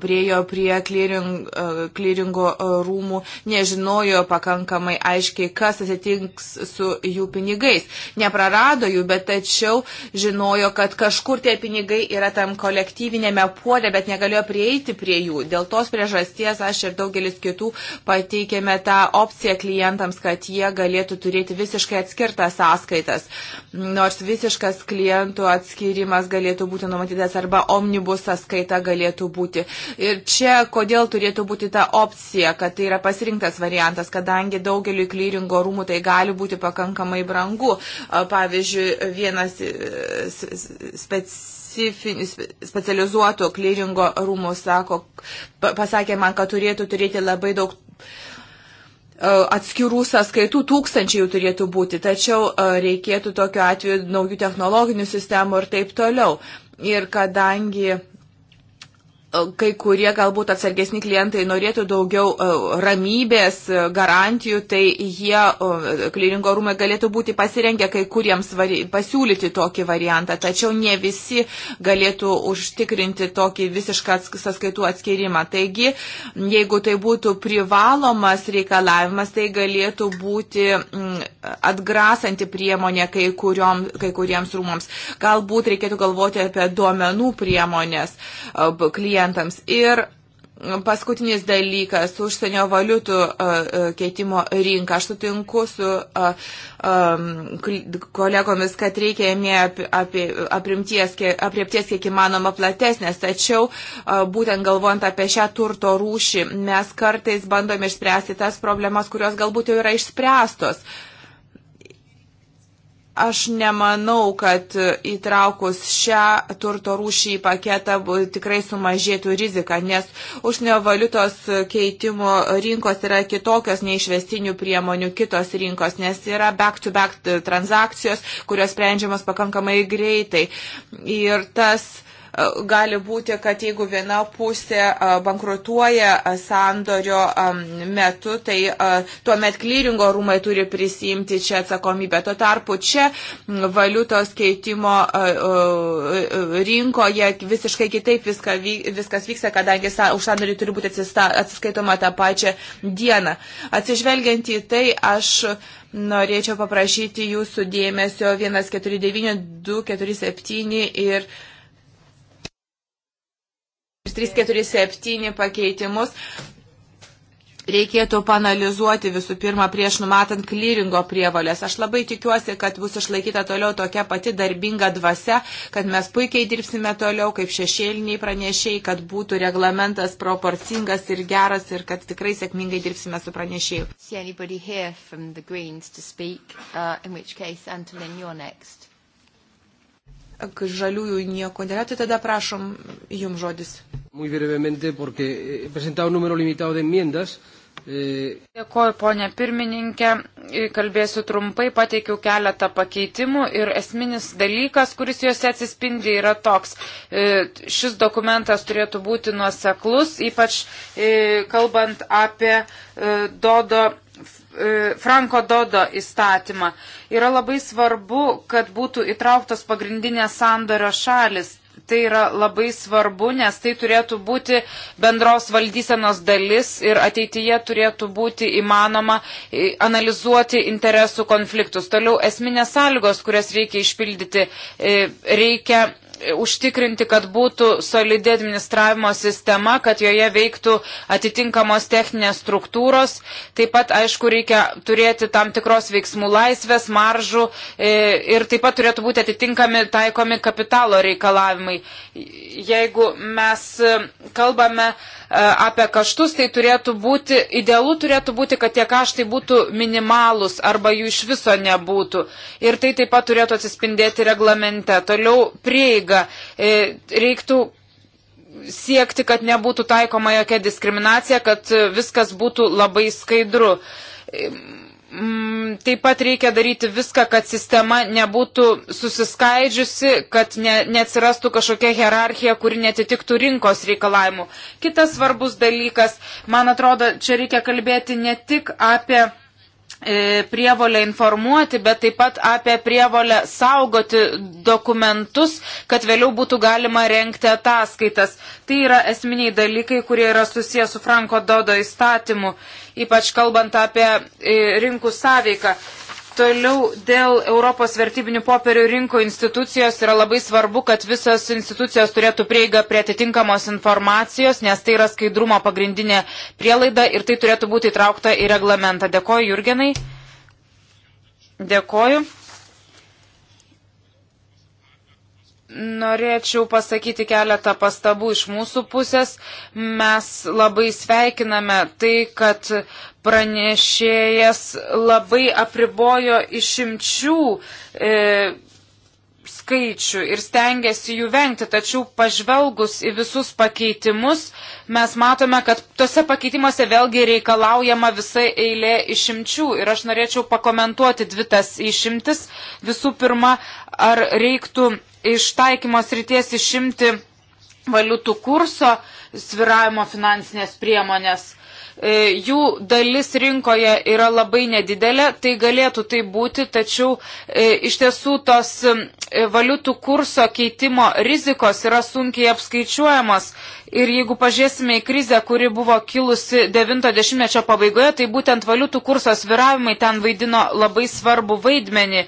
priejo prie clearing, clearingo rūmų, nežinojo pakankamai aiškiai, kas atsitinks su jų pinigais. Neprarado jų, bet tačiau žinojo, kad kažkur tie pinigai yra tam kolektyvinėme puolė, bet negalėjo prieiti prie jų. Dėl tos priežasties aš ir daugelis kitų pateikėme tą opciją klientams, kad jie galėtų turėti visiškai atskirtas sąskaitas. Nors visiškas klientų atskirimas galėtų būti numatytas arba omnibus sąskaita galėtų būti būti. Ir čia kodėl turėtų būti ta opcija, kad tai yra pasirinktas variantas, kadangi daugeliu klyringo rūmų tai gali būti pakankamai brangu. Pavyzdžiui, vienas e, spec specializuoto klyringo rūmų sako, pasakė man, kad turėtų turėti labai daug e, atskirų sąskaitų tūkstančiai jų turėtų būti, tačiau e, reikėtų tokiu atveju naujų technologinių sistemų ir taip toliau. Ir kadangi kai kurie galbūt atsargesni klientai norėtų daugiau e, ramybės, e, garantijų, tai jie kliringo rūmai galėtų būti pasirengę kai kuriems vari, pasiūlyti tokį variantą, tačiau ne visi galėtų užtikrinti tokį visišką sąskaitų atskirimą. Taigi, jeigu tai būtų privalomas reikalavimas, tai galėtų būti atgrasanti priemonė kai, kuriom, kai kuriems rūmams. Galbūt reikėtų galvoti apie duomenų priemonės e, klientams klientams. Ir Paskutinis dalykas - užsienio valiutų keitimo rinka. Aš sutinku su kolegomis, kad reikia jame aprimties, apriepties kiek įmanoma platesnės, tačiau būtent galvojant apie šią turto rūšį, mes kartais bandome išspręsti tas problemas, kurios galbūt jau yra išspręstos. Aš nemanau, kad įtraukus šią turto rūšį į paketą tikrai sumažėtų rizika, nes užsienio valiutos keitimo rinkos yra kitokios nei išvestinių priemonių kitos rinkos, nes yra back-to-back -back transakcijos, kurios sprendžiamas pakankamai greitai. Ir tas gali būti, kad jeigu viena pusė bankrutuoja sandorio metu, tai tuomet klyringo rūmai turi prisimti čia atsakomybę. Tuo tarpu čia valiutos keitimo rinkoje visiškai kitaip viską, viskas vyksta, kadangi už sandorį turi būti atsiskaitoma tą pačią dieną. Atsižvelgiant į tai, aš norėčiau paprašyti jūsų dėmesio 149, 247 ir 2. 347 pakeitimus reikėtų panalizuoti visų pirma prieš numatant klyringo prievalės. Aš labai tikiuosi, kad bus išlaikyta toliau tokia pati darbinga dvasia, kad mes puikiai dirbsime toliau kaip šešėliniai pranešėjai, kad būtų reglamentas proporcingas ir geras ir kad tikrai sėkmingai dirbsime su pranešėjai kai žaliųjų nieko nėra, tai tada prašom jums žodis. Muy brevemente, porque he presentado un número limitado de enmiendas. Eh, Dėkoju, ponė pirmininkė. E, kalbėsiu trumpai, pateikiau keletą pakeitimų ir esminis dalykas, kuris juose atsispindi, yra toks. E, šis dokumentas turėtų būti nuoseklus, ypač e, kalbant apie Dodo E, Franko Dodo įstatymą. Yra labai svarbu, kad būtų įtrauktos pagrindinės sandorio šalis. Tai yra labai svarbu, nes tai turėtų būti bendros valdysenos dalis ir ateityje turėtų būti įmanoma e, analizuoti interesų konfliktus. Toliau esminės sąlygos, kurias reikia išpildyti, e, reikia užtikrinti, kad būtų solidi administravimo sistema, kad joje veiktų atitinkamos techninės struktūros. Taip pat, aišku, reikia turėti tam tikros veiksmų laisvės, maržų e, ir taip pat turėtų būti atitinkami taikomi kapitalo reikalavimai. Jeigu mes e, kalbame E, apie kaštus, tai turėtų būti, idealu turėtų būti, kad tie kaštai būtų minimalus arba jų iš viso nebūtų. Ir tai taip pat turėtų atsispindėti reglamente. Toliau prieiga. E, reiktų siekti, kad nebūtų taikoma jokia diskriminacija, kad viskas būtų labai skaidru e, mm, taip pat reikia daryti viską, kad sistema nebūtų susiskaidžiusi, kad ne, neatsirastų kažkokia hierarchija, kuri netitiktų rinkos reikalavimų. Kitas svarbus dalykas, man atrodo, čia reikia kalbėti ne tik apie e, prievolę informuoti, bet taip pat apie prievolę saugoti dokumentus, kad vėliau būtų galima renkti ataskaitas. Tai yra esminiai dalykai, kurie yra susijęs su Franko Dodo įstatymu. E, ypač kalbant apie e, rinkų sąveiką. Toliau dėl Europos vertybinių popierių rinkų institucijos yra labai svarbu, kad visos institucijos turėtų prieigą prie atitinkamos informacijos, nes tai yra skaidrumo pagrindinė prielaida ir tai turėtų būti įtraukta į reglamentą. Dėkoju, Jurgenai. Dėkoju. Norėčiau pasakyti keletą pastabų iš mūsų pusės. Mes labai sveikiname tai, kad pranešėjas labai apribojo išimčių e, skaičių ir stengiasi jų vengti, tačiau pažvelgus į visus pakeitimus, mes matome, kad tose pakeitimuose vėlgi reikalaujama visa eilė išimčių. Ir aš norėčiau pakomentuoti dvi tas išimtis. Visų pirma, ar reiktų iš taikymos ryties išimti valiutų kurso sviravimo finansinės priemonės. E, jų dalis rinkoje yra labai nedidelė, tai galėtų tai būti, tačiau e, iš tiesų tos e, valiutų kurso keitimo rizikos yra sunkiai apskaičiuojamos Ir jeigu pažiūrėsime į krizę, kuri buvo kilusi 90-mečio pabaigoje, tai būtent valiutų kurso sviravimai ten vaidino labai svarbu vaidmenį.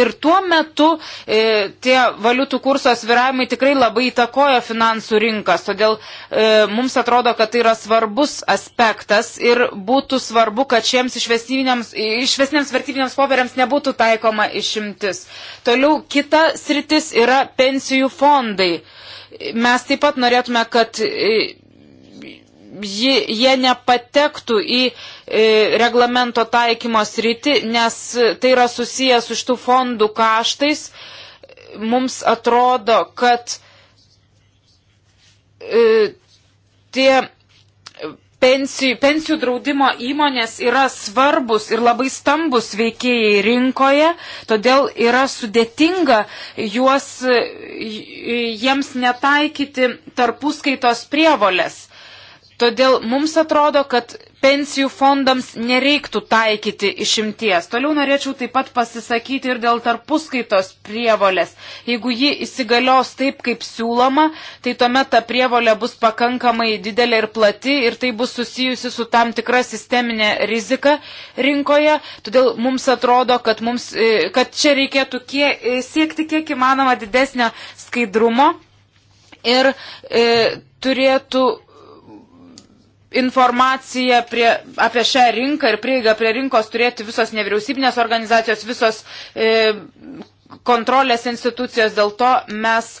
Ir tuo metu e, tie valiutų kurso sviravimai tikrai labai įtakojo finansų rinkas. Todėl e, mums atrodo, kad tai yra svarbus aspektas ir būtų svarbu, kad šiems išvesniams vertybiniams poveriams nebūtų taikoma išimtis. Toliau kita sritis yra pensijų fondai mes taip pat norėtume, kad e, ji, jie nepatektų į e, reglamento taikymo sritį, nes tai yra susijęs su šitų fondų kaštais. Mums atrodo, kad e, tie pensijų, pensijų draudimo įmonės yra svarbus ir labai stambus veikėjai rinkoje, todėl yra sudėtinga juos, jiems netaikyti tarpuskaitos prievolės. Todėl mums atrodo, kad pensijų fondams nereiktų taikyti išimties. Toliau norėčiau taip pat pasisakyti ir dėl tarpuskaitos prievolės. Jeigu ji įsigalios taip, kaip siūloma, tai tuomet ta prievolė bus pakankamai didelė ir plati ir tai bus susijusi su tam tikra sisteminė rizika rinkoje. Todėl mums atrodo, kad, mums, e, kad čia reikėtų kie, e, siekti kiek įmanoma didesnio skaidrumo ir e, turėtų informaciją prie, apie šią rinką ir prieigą prie rinkos turėti visos nevyriausybinės organizacijos, visos e, kontrolės institucijos. Dėl to mes e,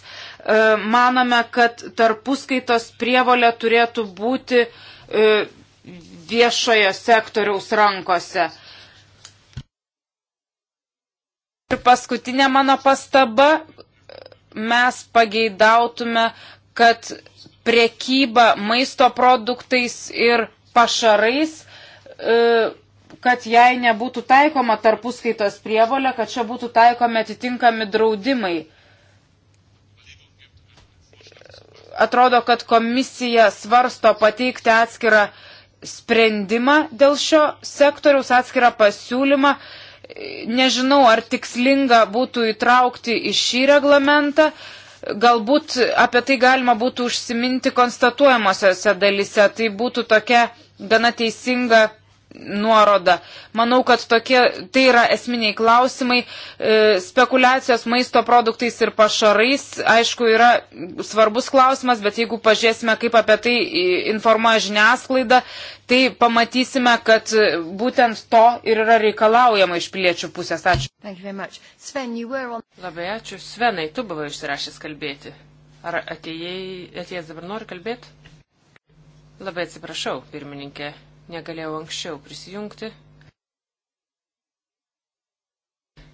manome, kad tarpuskaitos prievolė turėtų būti e, viešojo sektoriaus rankose. Ir paskutinė mano pastaba, mes pageidautume, kad prekyba maisto produktais ir pašarais, e, kad jai nebūtų taikoma tarpuskaitos prievolė, kad čia būtų taikomi atitinkami draudimai. Atrodo, kad komisija svarsto pateikti atskirą sprendimą dėl šio sektoriaus, atskirą pasiūlymą nežinau, ar tikslinga būtų įtraukti į šį reglamentą, Galbūt apie tai galima būtų užsiminti konstatuojamosiose dalise. Tai būtų tokia gana teisinga nuoroda. Manau, kad tokie, tai yra esminiai klausimai. E, spekulacijos maisto produktais ir pašarais, aišku, yra svarbus klausimas, bet jeigu pažiūrėsime, kaip apie tai informuoja žiniasklaida, tai pamatysime, kad būtent to ir yra reikalaujama iš piliečių pusės. Ačiū. Sven, on... Labai ačiū. Svenai, tu buvai išsirašęs kalbėti. Ar atėjai, atėjęs dabar nori kalbėti? Labai atsiprašau, pirmininkė negalėjau anksčiau prisijungti.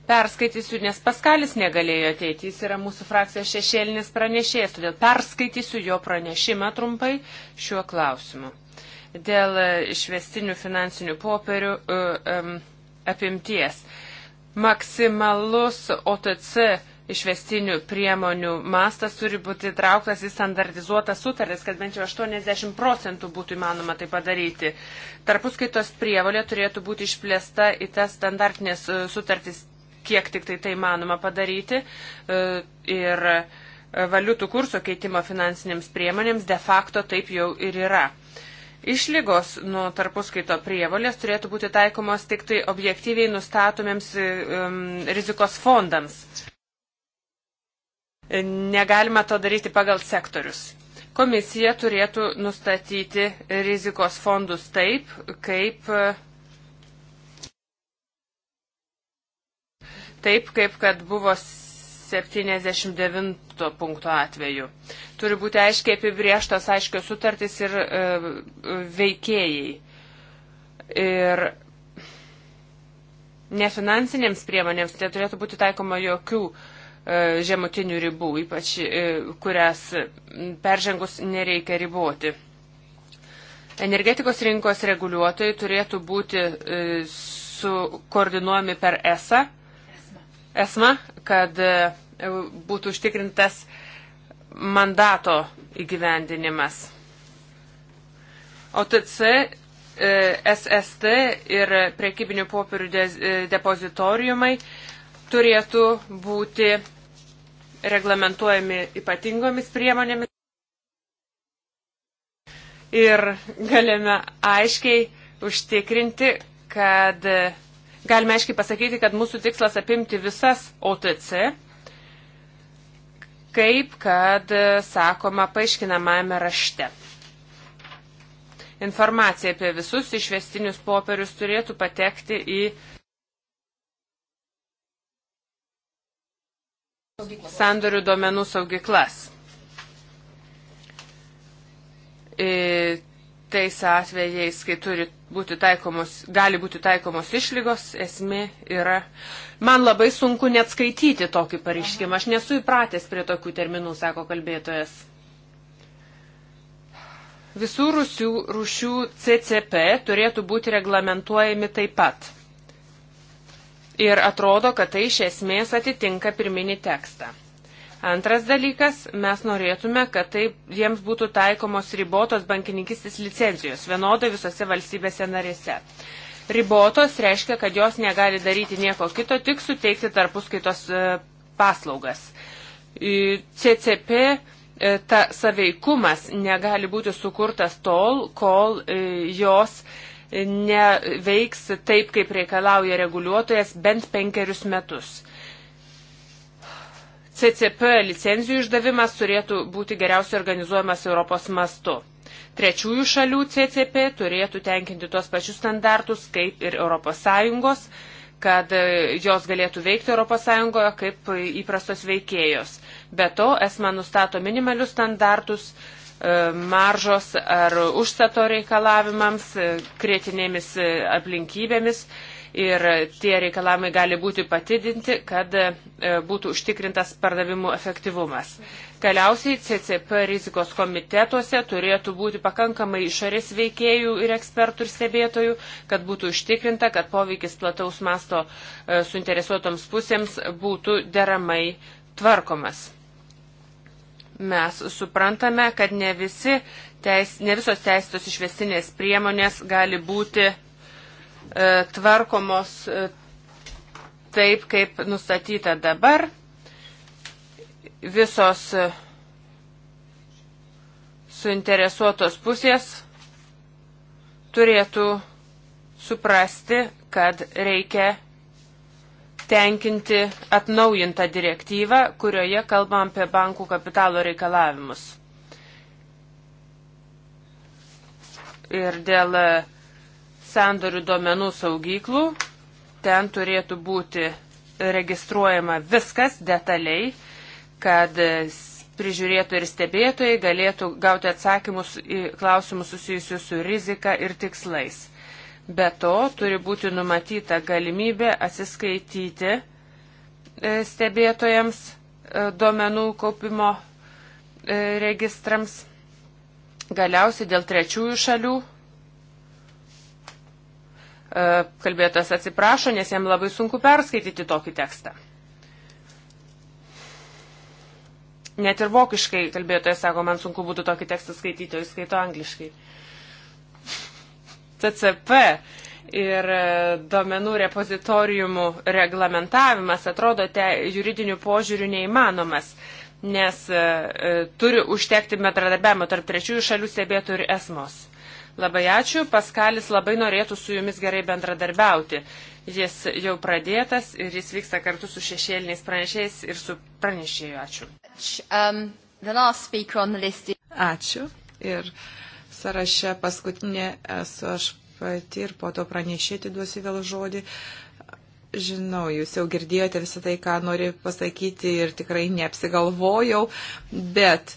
Perskaitysiu, nes Paskalis negalėjo ateiti, jis yra mūsų frakcijos šešėlinis pranešėjas, todėl perskaitysiu jo pranešimą trumpai šiuo klausimu. Dėl e, išvestinių finansinių popierių uh, um, apimties. Maksimalus OTC išvestinių priemonių mastas turi būti trauktas į standartizuotas sutartis, kad bent jau 80 procentų būtų įmanoma tai padaryti. Tarpuskaitos prievalė turėtų būti išplėsta į tas standartinės e, sutartis, kiek tik tai tai įmanoma padaryti. E, ir e, valiutų kurso keitimo finansinėms priemonėms de facto taip jau ir yra. Išlygos nuo tarpuskaito prievalės turėtų būti taikomos tik tai objektyviai nustatomiems um, rizikos fondams Negalima to daryti pagal sektorius. Komisija turėtų nustatyti rizikos fondus taip, kaip, taip, kaip kad buvo 79 punkto atveju. Turi būti aiškiai apibrieštos aiškios sutartys ir e, veikėjai. Ir nefinansinėms priemonėms neturėtų tai būti taikoma jokių e, E, žemutinių ribų, ypač e, kurias peržengus nereikia riboti. Energetikos rinkos reguliuotojai turėtų būti e, sukoordinuojami per ESA, ESMA, kad būtų užtikrintas mandato įgyvendinimas. OTC, SST ir priekybinių popierių depozitorijumai turėtų būti reglamentuojami ypatingomis priemonėmis. Ir galime aiškiai užtikrinti, kad galime aiškiai pasakyti, kad mūsų tikslas apimti visas OTC, kaip kad sakoma paaiškinamajame rašte. Informacija apie visus išvestinius popierius turėtų patekti į sandorių duomenų saugiklas. Ir e, tais atvejais, kai turi būti taikomos, gali būti taikomos išlygos, esmė yra. Man labai sunku net skaityti tokį pareiškimą. Aš nesu įpratęs prie tokių terminų, sako kalbėtojas. Visų rūšių, rūšių CCP turėtų būti reglamentuojami taip pat. Ir atrodo, kad tai iš esmės atitinka pirminį tekstą. Antras dalykas, mes norėtume, kad tai jiems būtų taikomos ribotos bankininkistis licencijos, vienodai visose valstybėse narėse. Ribotos reiškia, kad jos negali daryti nieko kito, tik suteikti tarpuskaitos e, paslaugas. CCP e, ta saveikumas negali būti sukurtas tol, kol e, jos neveiks taip, kaip reikalauja reguliuotojas bent penkerius metus. CCP licenzijų išdavimas turėtų būti geriausiai organizuojamas Europos mastu. Trečiųjų šalių CCP turėtų tenkinti tuos pačius standartus kaip ir ES, kad e, jos galėtų veikti ES kaip įprastos veikėjos. Be to, esma nustato minimalius standartus E, maržos ar užstato reikalavimams, e, krėtinėmis e, aplinkybėmis ir tie reikalavimai gali būti patidinti, kad būtų užtikrintas pardavimų efektyvumas. Galiausiai CCP rizikos komitetuose turėtų būti pakankamai išorės veikėjų ir ekspertų ir stebėtojų, kad būtų užtikrinta, kad poveikis plataus masto suinteresuotoms pusėms būtų deramai tvarkomas. Mes suprantame, kad ne, visi, teis, ne visos teisėtos išvestinės priemonės gali būti e, tvarkomos e, taip, kaip nustatyta dabar. Visos e, suinteresuotos pusės turėtų suprasti, kad reikia tenkinti atnaujintą direktyvą, kurioje kalbam apie bankų kapitalo reikalavimus. Ir dėl e, sandorių duomenų saugyklų ten turėtų būti registruojama viskas detaliai, kad e, prižiūrėtojai ir stebėtojai galėtų gauti atsakymus į klausimus susijusius su rizika ir tikslais. Be to turi būti numatyta galimybė atsiskaityti e, stebėtojams e, duomenų kaupimo e, registrams. Galiausiai dėl trečiųjų šalių kalbėtas atsiprašo, nes jam labai sunku perskaityti tokį tekstą. Net ir vokiškai kalbėtojas sako, man sunku būtų tokį tekstą skaityti, o jis skaito angliškai. Uh, CCP ir e, domenų repozitorijumų reglamentavimas atrodo te juridinių požiūrių neįmanomas, nes e, e, turi užtekti metradarbiavimo tarp trečiųjų šalių stebėtų ir esmos. Labai ačiū, Paskalis labai norėtų su jumis gerai bendradarbiauti. Jis jau pradėtas ir jis vyksta kartu su šešėliniais pranešėjais ir su pranešėju. Ačiū. Um, ačiū. Ir sąraše paskutinė esu aš pati ir po to pranešėti duosiu vėl žodį. Žinau, jūs jau girdėjote visą tai, ką noriu pasakyti ir tikrai neapsigalvojau, bet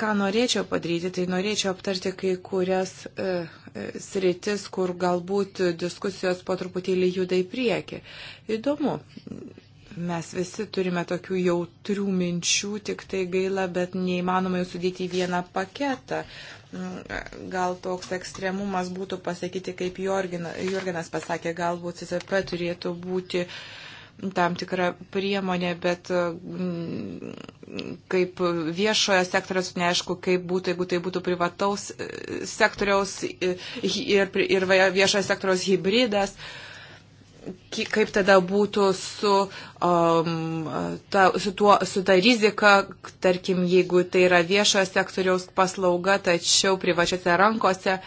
ką norėčiau padaryti, tai norėčiau aptarti kai kurias e, e, sritis, kur galbūt diskusijos po truputėlį juda į priekį. Įdomu, Mes visi turime tokių jautrių minčių, tik tai gaila, bet neįmanoma jų sudėti į vieną paketą. Mm, gal toks ekstremumas būtų pasakyti, kaip Jorginas pasakė, galbūt CCP turėtų būti tam tikra priemonė, bet mm, kaip viešojo sektoriaus, neaišku, kaip būtų, jeigu tai būtų privataus e, sektoriaus e, ir, ir viešojo sektoriaus hybridas. Uh, kaip tada būtų su, um, ta, su, tuo, su ta rizika, tarkim, jeigu tai yra viešojo sektoriaus paslauga, tačiau privačiose rankose.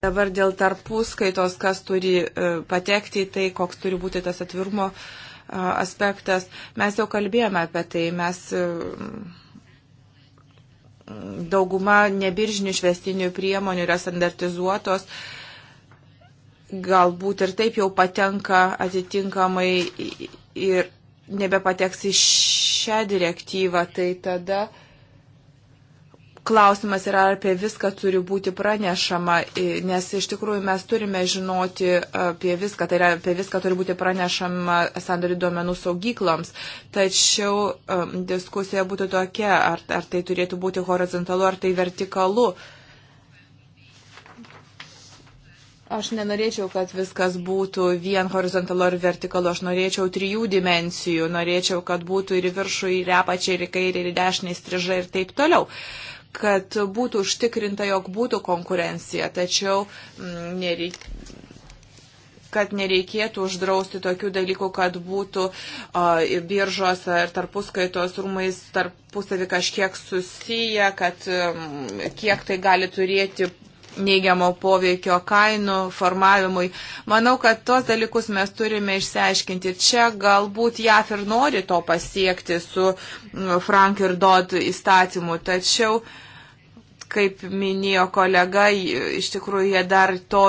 Dabar dėl tarpuskaitos, kas turi uh, patekti į tai, koks turi būti tas atvirumo uh, aspektas. Mes jau kalbėjome apie tai. Mes, uh, Dauguma nebiržinių švestinių priemonių yra standartizuotos, uh, galbūt ir taip jau patenka atitinkamai ir nebepateks į šią direktyvą, tai tada klausimas yra, ar apie viską turi būti pranešama, nes iš tikrųjų mes turime žinoti apie viską, tai yra apie viską turi būti pranešama sandorių duomenų saugykloms. Tačiau um, diskusija būtų tokia, ar, ar tai turėtų būti horizontalu, ar tai vertikalu. Uh, Aš nenorėčiau, kad viskas būtų vien horizontalu ar vertikalu, aš norėčiau trijų dimensijų, norėčiau, kad būtų ir į viršų, ir į apačią, ir į kairį, ir į dešinį, strižą ir taip toliau kad būtų užtikrinta, jog būtų konkurencija, tačiau mm, nereik, kad nereikėtų uždrausti tokių dalykų, kad būtų o, biržos ir tarpuskaitos rūmais tarpusavį kažkiek susiję, kad mm, kiek tai gali turėti neigiamo poveikio kainų formavimui. Manau, kad tos dalykus mes turime išsiaiškinti. Čia galbūt JAF ir nori to pasiekti su Frank ir Dodd įstatymu, tačiau, kaip minėjo kolega, iš tikrųjų jie dar to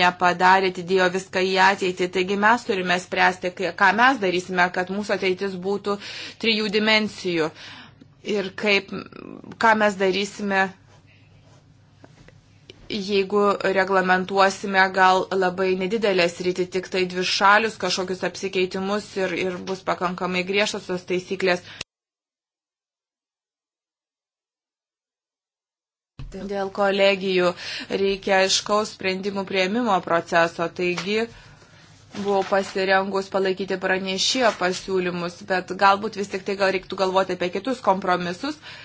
nepadarė, atidėjo viską į ateitį. Taigi mes turime spręsti, ką mes darysime, kad mūsų ateitis būtų trijų dimensijų. Ir kaip, ką mes darysime jeigu reglamentuosime gal labai nedidelės rytį, tik tai dvi šalius, kažkokius apsikeitimus ir, ir bus pakankamai griežtos tos taisyklės. Dėl kolegijų reikia aiškaus sprendimų prieimimo proceso, taigi buvau pasirengus palaikyti pranešėjo pasiūlymus, bet galbūt vis tik tai gal reiktų galvoti apie kitus kompromisus. Uh,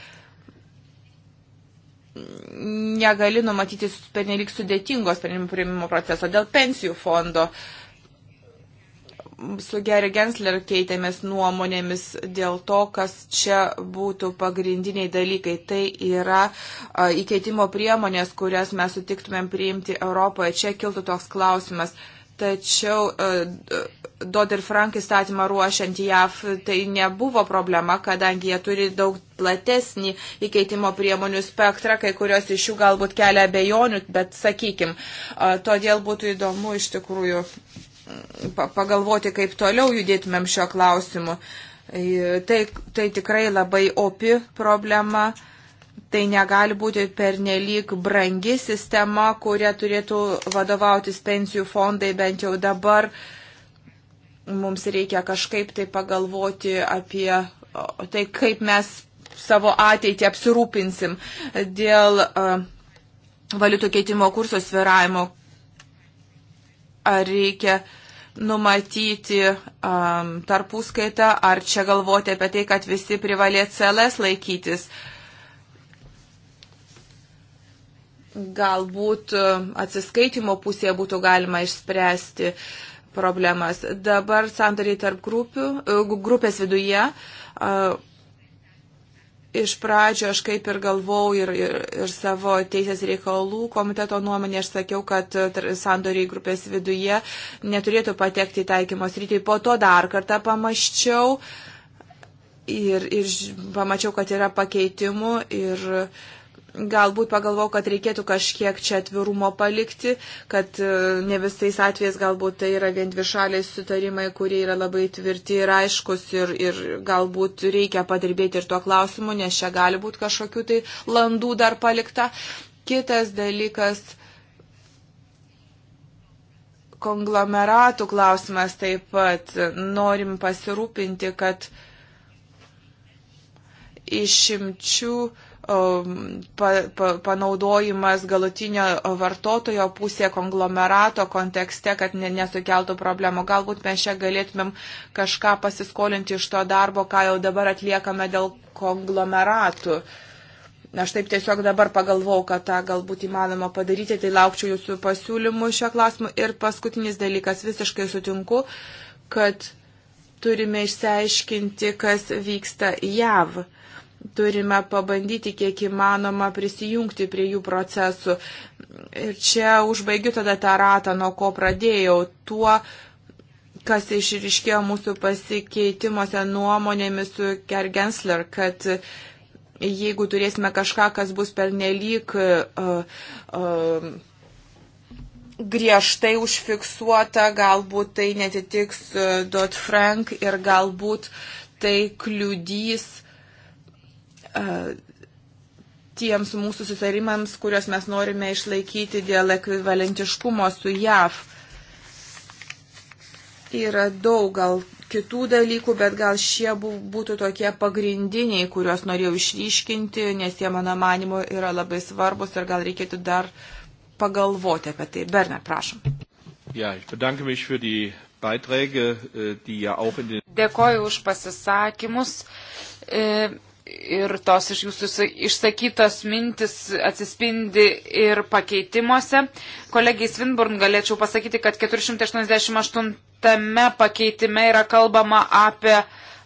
negali numatyti pernelik sudėtingos sprendimų priimimo proceso dėl pensijų fondo. Su Geri Gensler keitėmės nuomonėmis dėl to, kas čia būtų pagrindiniai dalykai. Tai yra a, įkeitimo priemonės, kurias mes sutiktumėm priimti Europoje. Čia kiltų toks klausimas. Tačiau a, Dodir Frank įstatymą ruošiant JAV, tai nebuvo problema, kadangi jie turi daug platesnį įkeitimo priemonių spektrą, kai kurios iš jų galbūt kelia abejonių, bet sakykim, todėl būtų įdomu iš tikrųjų mm, pagalvoti, kaip toliau judėtumėm šio klausimu. Tai, tai tikrai labai opi problema tai negali būti pernelyg brangi sistema, kuria turėtų vadovautis pensijų fondai bent jau dabar. Uh, mums reikia kažkaip tai pagalvoti apie tai, kaip mes savo ateitį apsirūpinsim dėl valiutų keitimo kurso sviravimo. Ar reikia numatyti um, tarpuskaitą, ar čia galvoti apie tai, kad visi privalė CLS laikytis. Galbūt atsiskaitimo pusėje būtų galima išspręsti uh, problemas. Dabar sandoriai tarp grupių, e, grupės viduje. Iš pradžio aš kaip ir galvau ir, ir, ir savo teisės reikalų komiteto nuomonė, aš sakiau, kad e, sandoriai grupės viduje neturėtų patekti į taikymos rytį. Po to dar kartą pamaščiau ir, ir pamačiau, kad yra pakeitimų ir uh, galbūt pagalvojau, kad reikėtų kažkiek čia atvirumo palikti, kad e, ne visais atvejais galbūt tai yra vien dvišaliai sutarimai, kurie yra labai tvirti ir aiškus ir, ir galbūt reikia padirbėti ir tuo klausimu, nes čia gali būti kažkokių tai landų dar palikta. Kitas dalykas konglomeratų klausimas taip pat. Norim pasirūpinti, kad išimčių uh, Um, pa, pa, panaudojimas galutinio vartotojo pusė konglomerato kontekste, kad ne, nesukeltų problemų. Galbūt mes čia galėtumėm kažką pasiskolinti iš to darbo, ką jau dabar atliekame dėl konglomeratų. Aš taip tiesiog dabar pagalvau, kad tą galbūt įmanoma padaryti, tai laukčiau jūsų pasiūlymų šio klausimu. Ir paskutinis dalykas, visiškai sutinku, kad turime išsiaiškinti, kas vyksta JAV turime pabandyti kiek įmanoma prisijungti prie jų procesų. Ir čia užbaigiu tada tą ratą, nuo ko pradėjau. Tuo, kas išriškėjo mūsų pasikeitimuose nuomonėmis su Kergensler, kad jeigu turėsime kažką, kas bus pernelyg. Uh, uh, griežtai užfiksuota, galbūt tai netitiks uh, Dot Frank ir galbūt tai kliudys uh, tiems mūsų susitarimams, kuriuos mes norime išlaikyti dėl ekvivalentiškumo su JAV. Yra daug gal kitų dalykų, bet gal šie būtų tokie pagrindiniai, kuriuos norėjau išryškinti, nes jie mano manimo yra labai svarbus ir gal reikėtų dar pagalvoti apie tai. Berne, prašom. Ja, äh, Dėkoju už pasisakymus. E ir tos iš jūsų išsakytos mintis atsispindi ir pakeitimuose. Kolegiai Svinburn galėčiau pasakyti, kad 488 pakeitime yra kalbama apie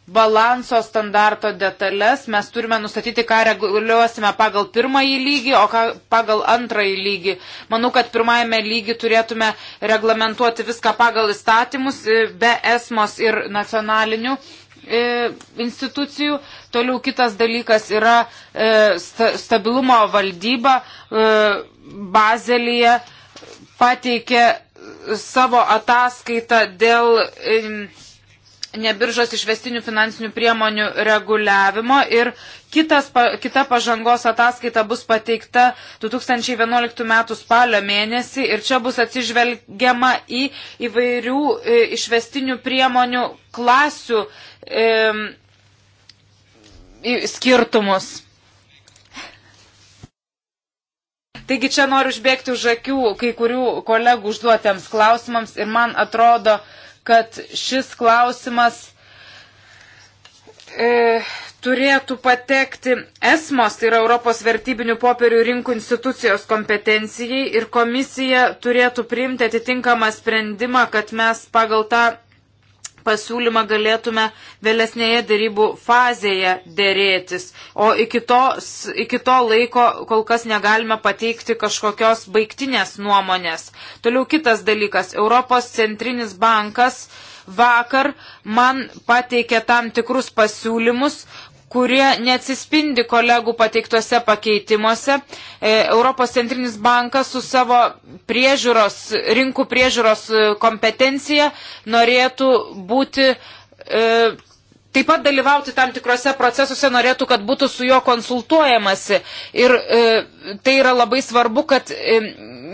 balanso standarto detalės. Mes turime nustatyti, ką reguliuosime pagal pirmąjį lygį, o ką pagal antrąjį lygį. Manau, kad pirmajame lygi turėtume reglamentuoti viską pagal įstatymus, e, be esmos ir nacionalinių E, institucijų. Toliau kitas dalykas yra e, stabilumo valdyba e, Bazelyje pateikė savo ataskaitą dėl nebiržos išvestinių finansinių priemonių reguliavimo ir kitas, pa, kita pažangos ataskaita bus pateikta 2011 m. spalio mėnesį ir čia bus atsižvelgiama į įvairių e, išvestinių priemonių klasių e, skirtumus. Taigi čia noriu užbėgti už akių kai kurių kolegų užduotiems klausimams ir man atrodo, kad šis klausimas e, turėtų patekti ESMOS, tai yra Europos vertybinių popierių rinkų institucijos kompetencijai ir komisija turėtų priimti atitinkamą sprendimą, kad mes pagal tą pasiūlymą galėtume vėlesnėje darybų fazėje dėrėtis, o iki to, iki to laiko kol kas negalime pateikti kažkokios baigtinės nuomonės. Toliau kitas dalykas. Europos centrinis bankas vakar man pateikė tam tikrus pasiūlymus, kurie neatsispindi kolegų pateiktuose pakeitimuose. E, Europos centrinis bankas su savo priežiūros, rinkų priežiūros e, kompetencija norėtų būti e, taip pat dalyvauti tam tikrose procesuose norėtų, kad būtų su juo konsultuojamasi. Ir e, tai yra labai svarbu, kad e,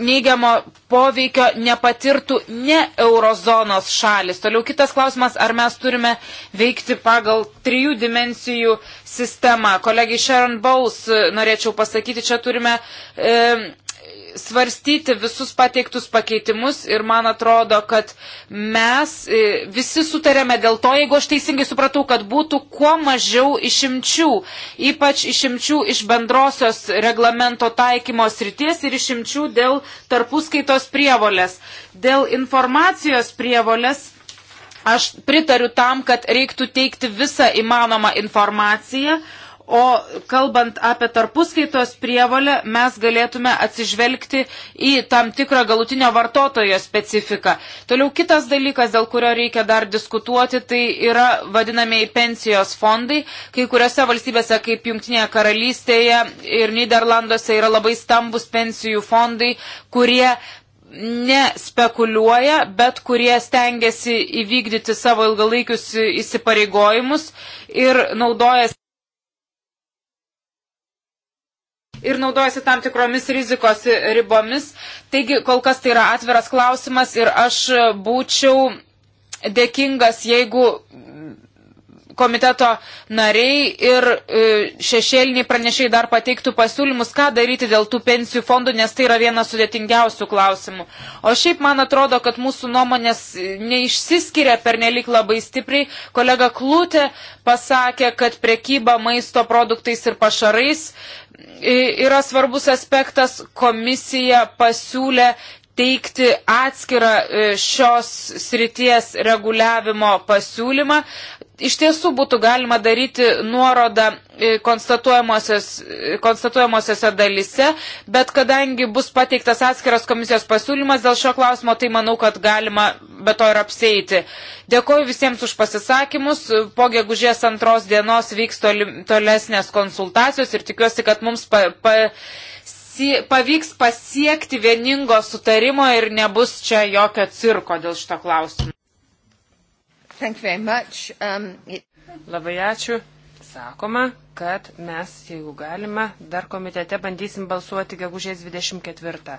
neigiamo poveikio nepatirtų ne eurozonos šalis. Toliau kitas klausimas, ar mes turime veikti pagal trijų dimensijų sistemą. Kolegiai Sharon Bowles e, norėčiau pasakyti, čia turime. E, svarstyti visus pateiktus pakeitimus ir man atrodo, kad mes e, visi sutarėme dėl to, jeigu aš teisingai supratau, kad būtų kuo mažiau išimčių, ypač išimčių iš bendrosios reglamento taikymo srities ir išimčių dėl tarpuskaitos prievolės. Dėl informacijos prievolės aš pritariu tam, kad reiktų teikti visą įmanomą informaciją, O kalbant apie tarpuskaitos prievalę, mes galėtume atsižvelgti į tam tikrą galutinio vartotojo specifiką. Toliau kitas dalykas, dėl kurio reikia dar diskutuoti, tai yra vadinamieji pensijos fondai. Kai kuriuose valstybėse, kaip Junktinėje karalystėje ir Niderlanduose, yra labai stambus pensijų fondai, kurie nespekuliuoja, bet kurie stengiasi įvykdyti savo ilgalaikius įsipareigojimus ir naudojasi ir naudojasi tam tikromis rizikos ribomis. Taigi kol kas tai yra atviras klausimas ir aš būčiau dėkingas, jeigu komiteto nariai ir e, šešėliniai pranešiai dar pateiktų pasiūlymus, ką daryti dėl tų pensijų fondų, nes tai yra vienas sudėtingiausių klausimų. O šiaip man atrodo, kad mūsų nuomonės e, neišsiskiria per nelik labai stipriai. Kolega Klūtė pasakė, kad prekyba maisto produktais ir pašarais e, yra svarbus aspektas. Komisija pasiūlė teikti atskirą šios srities reguliavimo pasiūlymą iš tiesų būtų galima daryti nuorodą e, e, konstatuojamosiose dalise, bet kadangi bus pateiktas atskiras komisijos pasiūlymas dėl šio klausimo, tai manau, kad galima be to ir apseiti. Dėkoju visiems už pasisakymus. Po gegužės antros dienos vyks tolesnės konsultacijos ir tikiuosi, kad mums pa, pa, si, pavyks pasiekti vieningo sutarimo ir nebus čia jokio cirko dėl šito klausimo. Um, it... Labai ačiū. Sakoma, kad mes, jeigu galima, dar komitete bandysim balsuoti gegužės 24.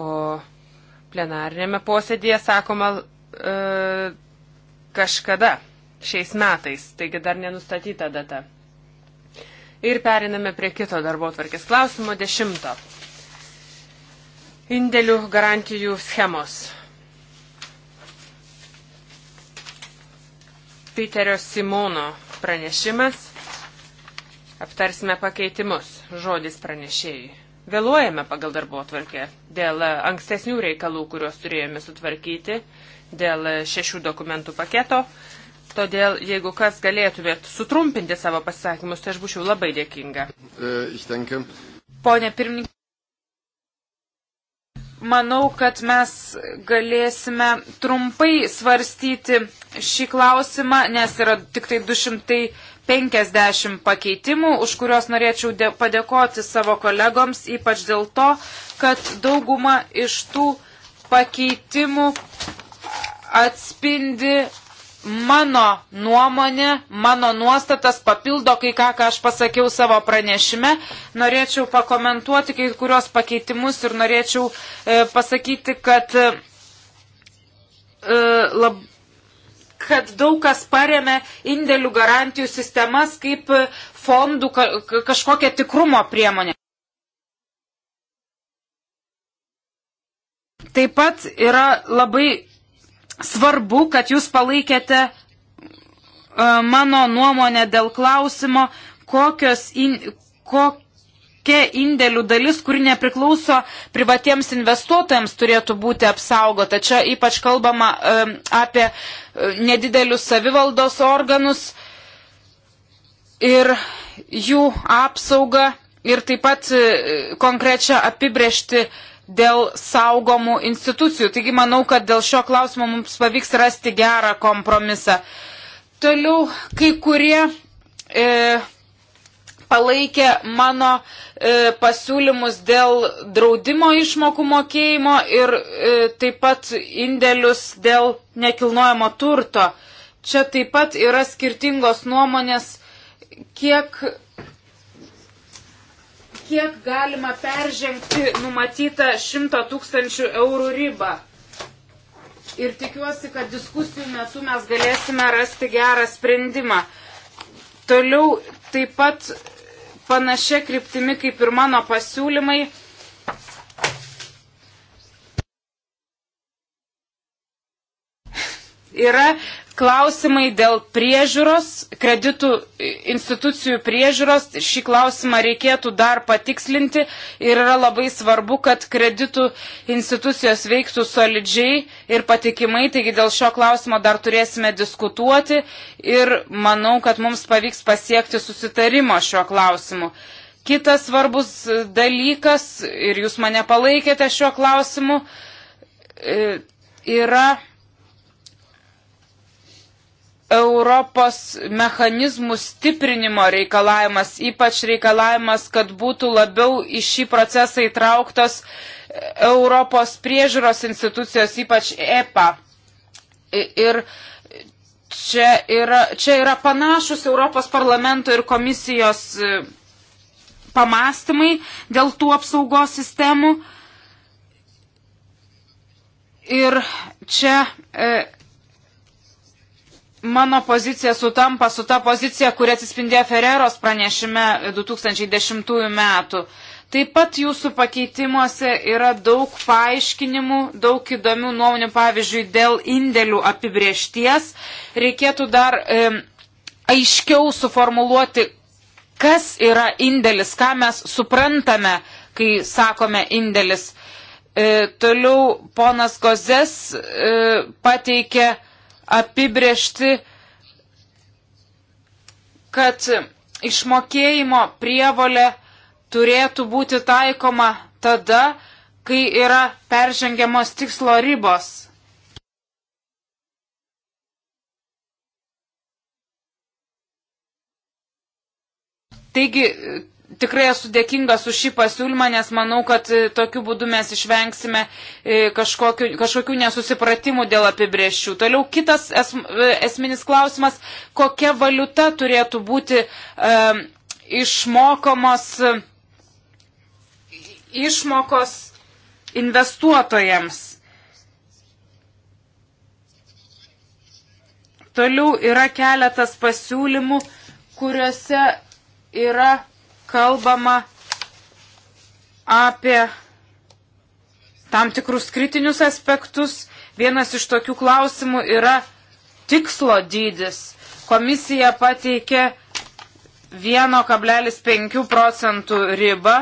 O plenarinėme posėdėje sakoma e, kažkada šiais metais, taigi dar nenustatyta data. Ir periname prie kito darbo tvarkės klausimo, dešimto. Indėlių garantijų schemos. Piterio Simono pranešimas. Aptarsime pakeitimus. Žodis pranešėjai. Vėluojame pagal darbo atvarkę dėl ankstesnių reikalų, kuriuos turėjome sutvarkyti, dėl šešių dokumentų paketo. Todėl, jeigu kas galėtumėt sutrumpinti savo pasakymus, tai aš būčiau labai dėkinga. E, Pone pirmininkai manau, kad mes galėsime trumpai svarstyti šį klausimą, nes yra tik tai 250 pakeitimų, už kuriuos norėčiau padėkoti savo kolegoms, ypač dėl to, kad dauguma iš tų pakeitimų atspindi mano nuomonė, mano nuostatas papildo kai ką, ką aš pasakiau savo pranešime. Norėčiau pakomentuoti kai kurios pakeitimus ir norėčiau e, pasakyti, kad, e, lab, kad daug kas paremė indėlių garantijų sistemas kaip e, fondų ka, kažkokią tikrumo priemonę. Taip pat yra labai svarbu, kad jūs palaikėte e, mano nuomonę dėl klausimo, kokios, in, kokia indėlių dalis, kuri nepriklauso privatiems investuotojams, turėtų būti apsaugota. Čia ypač kalbama e, apie e, nedidelius savivaldos organus ir jų apsaugą ir taip pat konkrečią apibrėžti uh, dėl saugomų institucijų. Taigi manau, kad dėl šio klausimo mums pavyks rasti gerą kompromisą. Toliau kai kurie e, palaikė mano e, pasiūlymus dėl draudimo išmokų mokėjimo ir e, taip pat indėlius dėl nekilnojamo turto. Čia taip pat yra skirtingos nuomonės, kiek kiek galima peržengti numatytą 100 tūkstančių eurų ribą. Ir tikiuosi, kad diskusijų metu mes galėsime rasti gerą sprendimą. Toliau taip pat panašia kryptimi kaip ir mano pasiūlymai. Yra klausimai dėl priežiūros, kreditų institucijų priežiūros, šį klausimą reikėtų dar patikslinti ir yra labai svarbu, kad kreditų institucijos veiktų solidžiai ir patikimai, taigi dėl šio klausimo dar turėsime diskutuoti ir manau, kad mums pavyks pasiekti susitarimo šiuo klausimu. Kitas svarbus dalykas, ir jūs mane palaikėte šiuo klausimu, e, yra Europos mechanizmų stiprinimo reikalavimas, ypač reikalavimas, kad būtų labiau į šį procesą įtrauktos Europos priežiūros institucijos, ypač EPA. Ir čia yra, čia yra panašus Europos parlamento ir komisijos e, pamastymai dėl tų apsaugos sistemų. Ir čia. E, mano pozicija sutampa su ta pozicija, kuri atsispindėjo Ferreros pranešime 2010 metų. Taip pat jūsų pakeitimuose yra daug paaiškinimų, daug įdomių nuomonių, pavyzdžiui, dėl indėlių apibriešties. Reikėtų dar e, aiškiau suformuluoti, kas yra indėlis, ką mes suprantame, kai sakome indėlis. E, toliau ponas Kozės e, pateikė apibriešti, kad išmokėjimo prievolė turėtų būti taikoma tada, kai yra peržengiamos tikslo ribos. Taigi tikrai esu dėkingas už šį pasiūlymą, nes manau, kad e, tokiu būdu mes išvengsime e, kažkokių, kažkokių nesusipratimų dėl apibrėžčių. Toliau kitas es, e, esminis klausimas, kokia valiuta turėtų būti e, išmokomos išmokos investuotojams. Toliau yra keletas pasiūlymų, kuriuose yra kalbama apie tam tikrus kritinius aspektus. Vienas iš tokių klausimų yra tikslo dydis. Komisija pateikė 1,5 procentų ribą.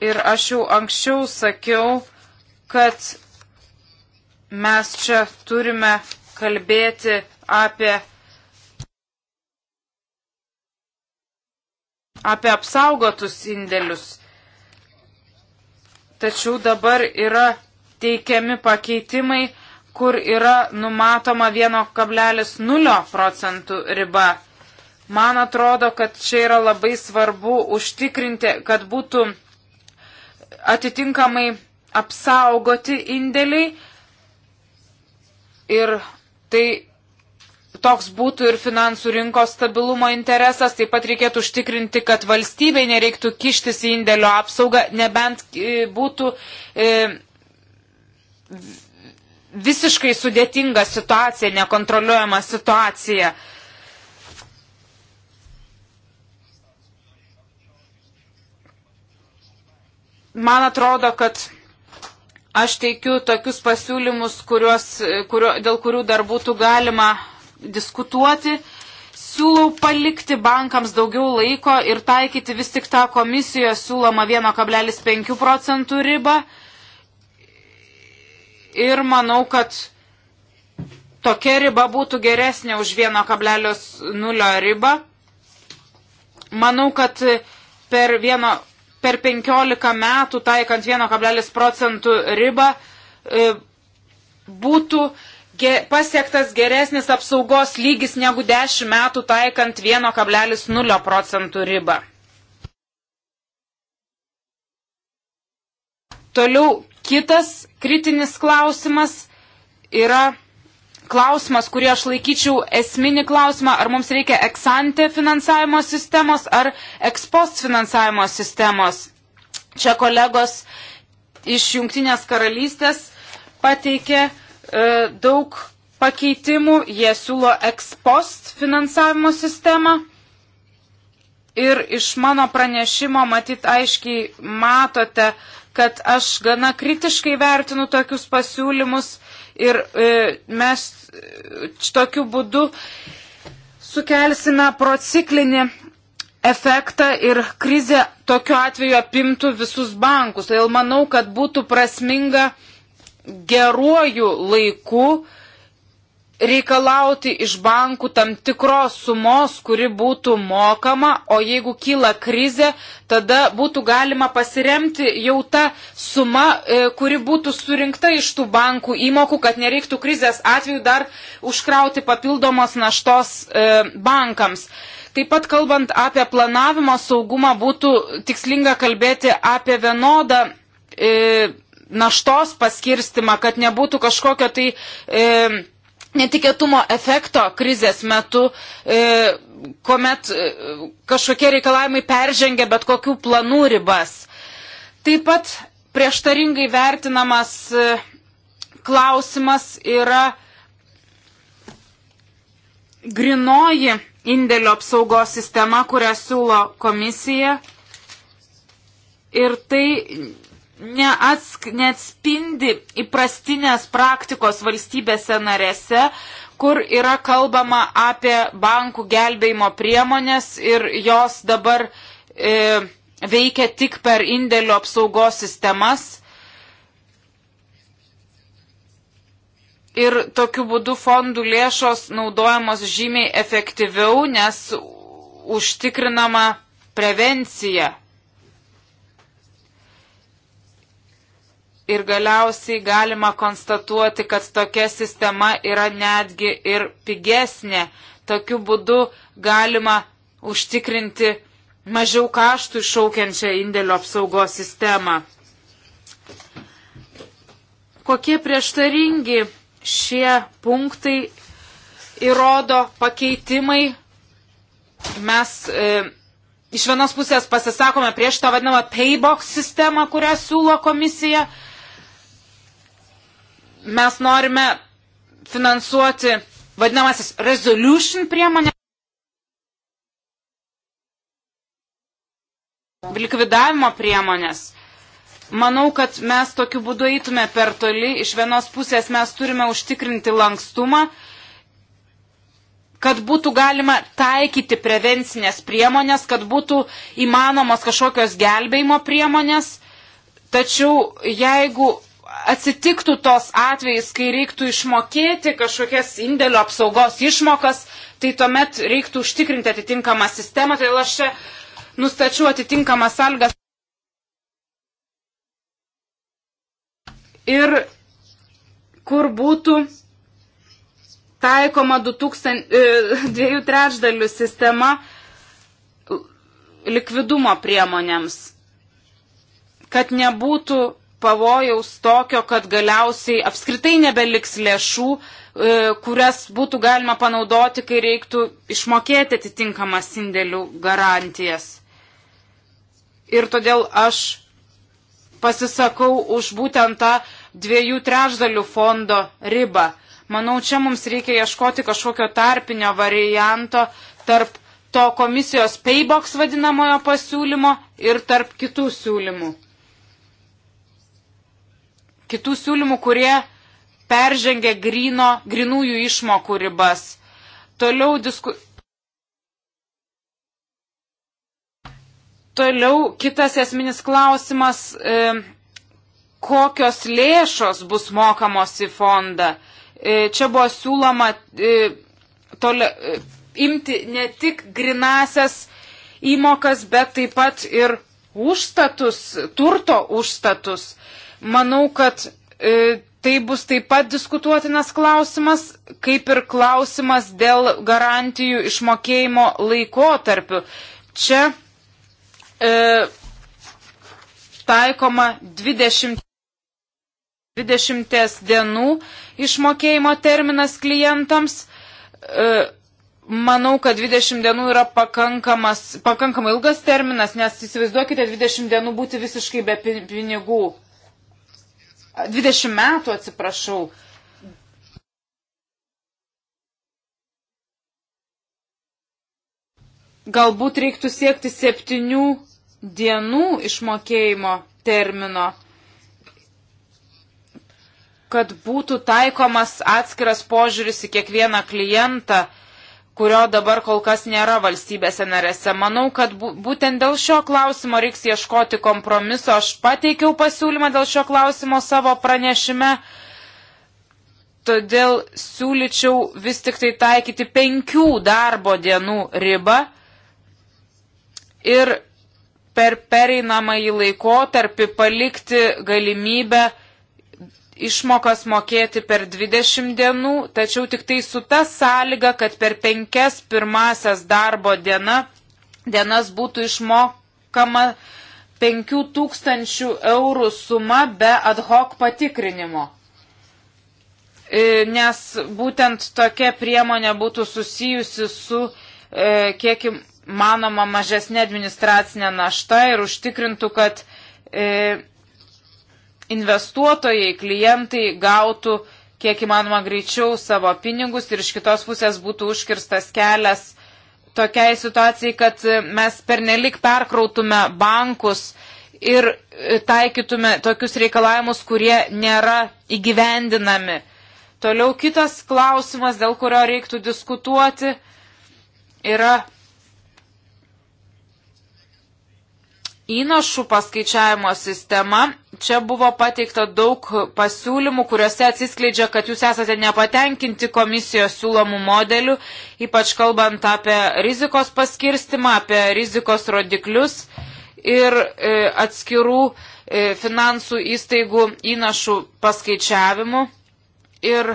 Ir aš jau anksčiau sakiau, kad mes čia turime kalbėti apie apie apsaugotus indėlius. Tačiau dabar yra teikiami pakeitimai, kur yra numatoma 1,0 procentų riba. Man atrodo, kad čia yra labai svarbu užtikrinti, kad būtų atitinkamai apsaugoti indėliai ir tai toks būtų ir finansų rinkos stabilumo interesas, taip pat reikėtų užtikrinti, kad valstybei nereiktų kištis į indėlio apsaugą, nebent e, būtų e, visiškai sudėtinga situacija, nekontroliuojama situacija. Man atrodo, kad aš teikiu tokius pasiūlymus, kuriuos, kurio, dėl kurių dar būtų galima diskutuoti. Siūlau palikti bankams daugiau laiko ir taikyti vis tik tą komisijos siūlomą 1,5 procentų ribą. Ir manau, kad tokia riba būtų geresnė už 1,0 ribą. Manau, kad per, vieno, per 15 metų taikant 1,1 procentų ribą e, būtų ge, pasiektas geresnis apsaugos lygis negu 10 metų taikant 1,0 procentų ribą. Toliau kitas kritinis klausimas yra klausimas, kurį aš laikyčiau esminį klausimą, ar mums reikia eksante finansavimo sistemos ar ekspost finansavimo sistemos. Čia kolegos iš Junktinės karalystės pateikė E, daug pakeitimų, jie siūlo ekspost finansavimo sistemą. Ir iš mano pranešimo matyt aiškiai matote, kad aš gana kritiškai vertinu tokius pasiūlymus ir e, mes e, tokiu būdu sukelsime prociklinį efektą ir krizė tokiu atveju apimtų visus bankus. Todėl manau, kad būtų prasminga e, geruoju laiku reikalauti iš bankų tam tikros sumos, kuri būtų mokama, o jeigu kyla krizė, tada būtų galima pasiremti jau tą sumą, e, kuri būtų surinkta iš tų bankų įmokų, kad nereiktų krizės atveju dar užkrauti papildomos naštos e, bankams. Taip pat kalbant apie planavimo saugumą, būtų tikslinga kalbėti apie vienodą e, naštos paskirstimą, kad nebūtų kažkokio tai e, netikėtumo efekto krizės metu, e, kuomet e, kažkokie reikalavimai peržengia bet kokių planų ribas. Taip pat prieštaringai vertinamas e, klausimas yra grinoji indėlio apsaugos sistema, kurią siūlo komisija. Ir tai neatsk, neatspindi įprastinės praktikos valstybėse narėse, kur yra kalbama apie bankų gelbėjimo priemonės ir jos dabar e, veikia tik per indėlių apsaugos sistemas. Ir tokiu būdu fondų lėšos naudojamos žymiai efektyviau, nes užtikrinama prevencija. ir galiausiai galima konstatuoti, kad tokia sistema yra netgi ir pigesnė. Tokiu būdu galima užtikrinti mažiau kaštų iššaukiančią indėlio apsaugos sistemą. Kokie prieštaringi šie punktai įrodo pakeitimai. Mes e, iš vienos pusės pasisakome prieš tą vadinamą paybox sistemą, kurią siūlo komisija, mes norime finansuoti vadinamasis resolution priemonė. likvidavimo priemonės. Manau, kad mes tokiu būdu eitume per toli. Iš vienos pusės mes turime užtikrinti lankstumą, kad būtų galima taikyti prevencinės priemonės, kad būtų įmanomos kažkokios gelbėjimo priemonės. Tačiau jeigu atsitiktų tos atvejais, kai reiktų išmokėti kažkokias indėlio apsaugos išmokas, tai tuomet reiktų užtikrinti atitinkamą sistemą. Tai aš čia nustačiau atitinkamą salgą. Ir kur būtų taikoma 2 e, trečdalių sistema likvidumo priemonėms, kad nebūtų pavojaus tokio, kad galiausiai apskritai nebeliks lėšų, e, kurias būtų galima panaudoti, kai reiktų išmokėti atitinkamas indėlių garantijas. Ir todėl aš pasisakau už būtent tą dviejų trečdalių fondo ribą. Manau, čia mums reikia ieškoti kažkokio tarpinio varianto tarp to komisijos paybox vadinamojo pasiūlymo ir tarp kitų siūlymų kitų siūlymų, kurie peržengia grino, grinųjų išmokų ribas. Toliau, disku... Toliau kitas esminis klausimas, e, kokios lėšos bus mokamos į fondą. E, čia buvo siūloma e, tole, e, imti ne tik grinasias įmokas, bet taip pat ir užstatus, turto užstatus. Manau, kad e, tai bus taip pat diskutuotinas klausimas, kaip ir klausimas dėl garantijų išmokėjimo laikotarpių. Čia e, taikoma 20. 20 dienų išmokėjimo terminas klientams. E, manau, kad 20 dienų yra pakankamas, pakankamai ilgas terminas, nes įsivaizduokite 20 dienų būti visiškai be pinigų. 20 metų atsiprašau. Galbūt reiktų siekti septynių dienų išmokėjimo termino, kad būtų taikomas atskiras požiūris į kiekvieną klientą kurio dabar kol kas nėra valstybėse narėse. Manau, kad būtent dėl šio klausimo reiks ieškoti kompromiso. Aš pateikiau pasiūlymą dėl šio klausimo savo pranešime. Todėl siūlyčiau vis tik tai taikyti penkių darbo dienų ribą ir per pereinamąjį laikotarpį palikti galimybę išmokas mokėti per 20 dienų, tačiau tik tai su ta sąlyga, kad per penkias pirmasias darbo diena, dienas būtų išmokama 5000 eurų suma be ad hoc patikrinimo. E, nes būtent tokia priemonė būtų susijusi su e, kiek manoma mažesnė administracinė našta ir užtikrintų, kad e, investuotojai, klientai gautų kiek įmanoma greičiau savo pinigus ir iš kitos pusės būtų užkirstas kelias tokiai situacijai, kad e, mes pernelik perkrautume bankus ir e, taikytume tokius reikalavimus, kurie nėra įgyvendinami. Toliau kitas klausimas, dėl kurio reiktų diskutuoti, yra įnašų paskaičiavimo sistema. Čia buvo pateikta daug pasiūlymų, kuriuose atsiskleidžia, kad jūs esate nepatenkinti komisijos siūlomų modelių, ypač kalbant apie rizikos paskirstimą, apie rizikos rodiklius ir e, atskirų e, finansų įstaigų įnašų paskaičiavimu. Ir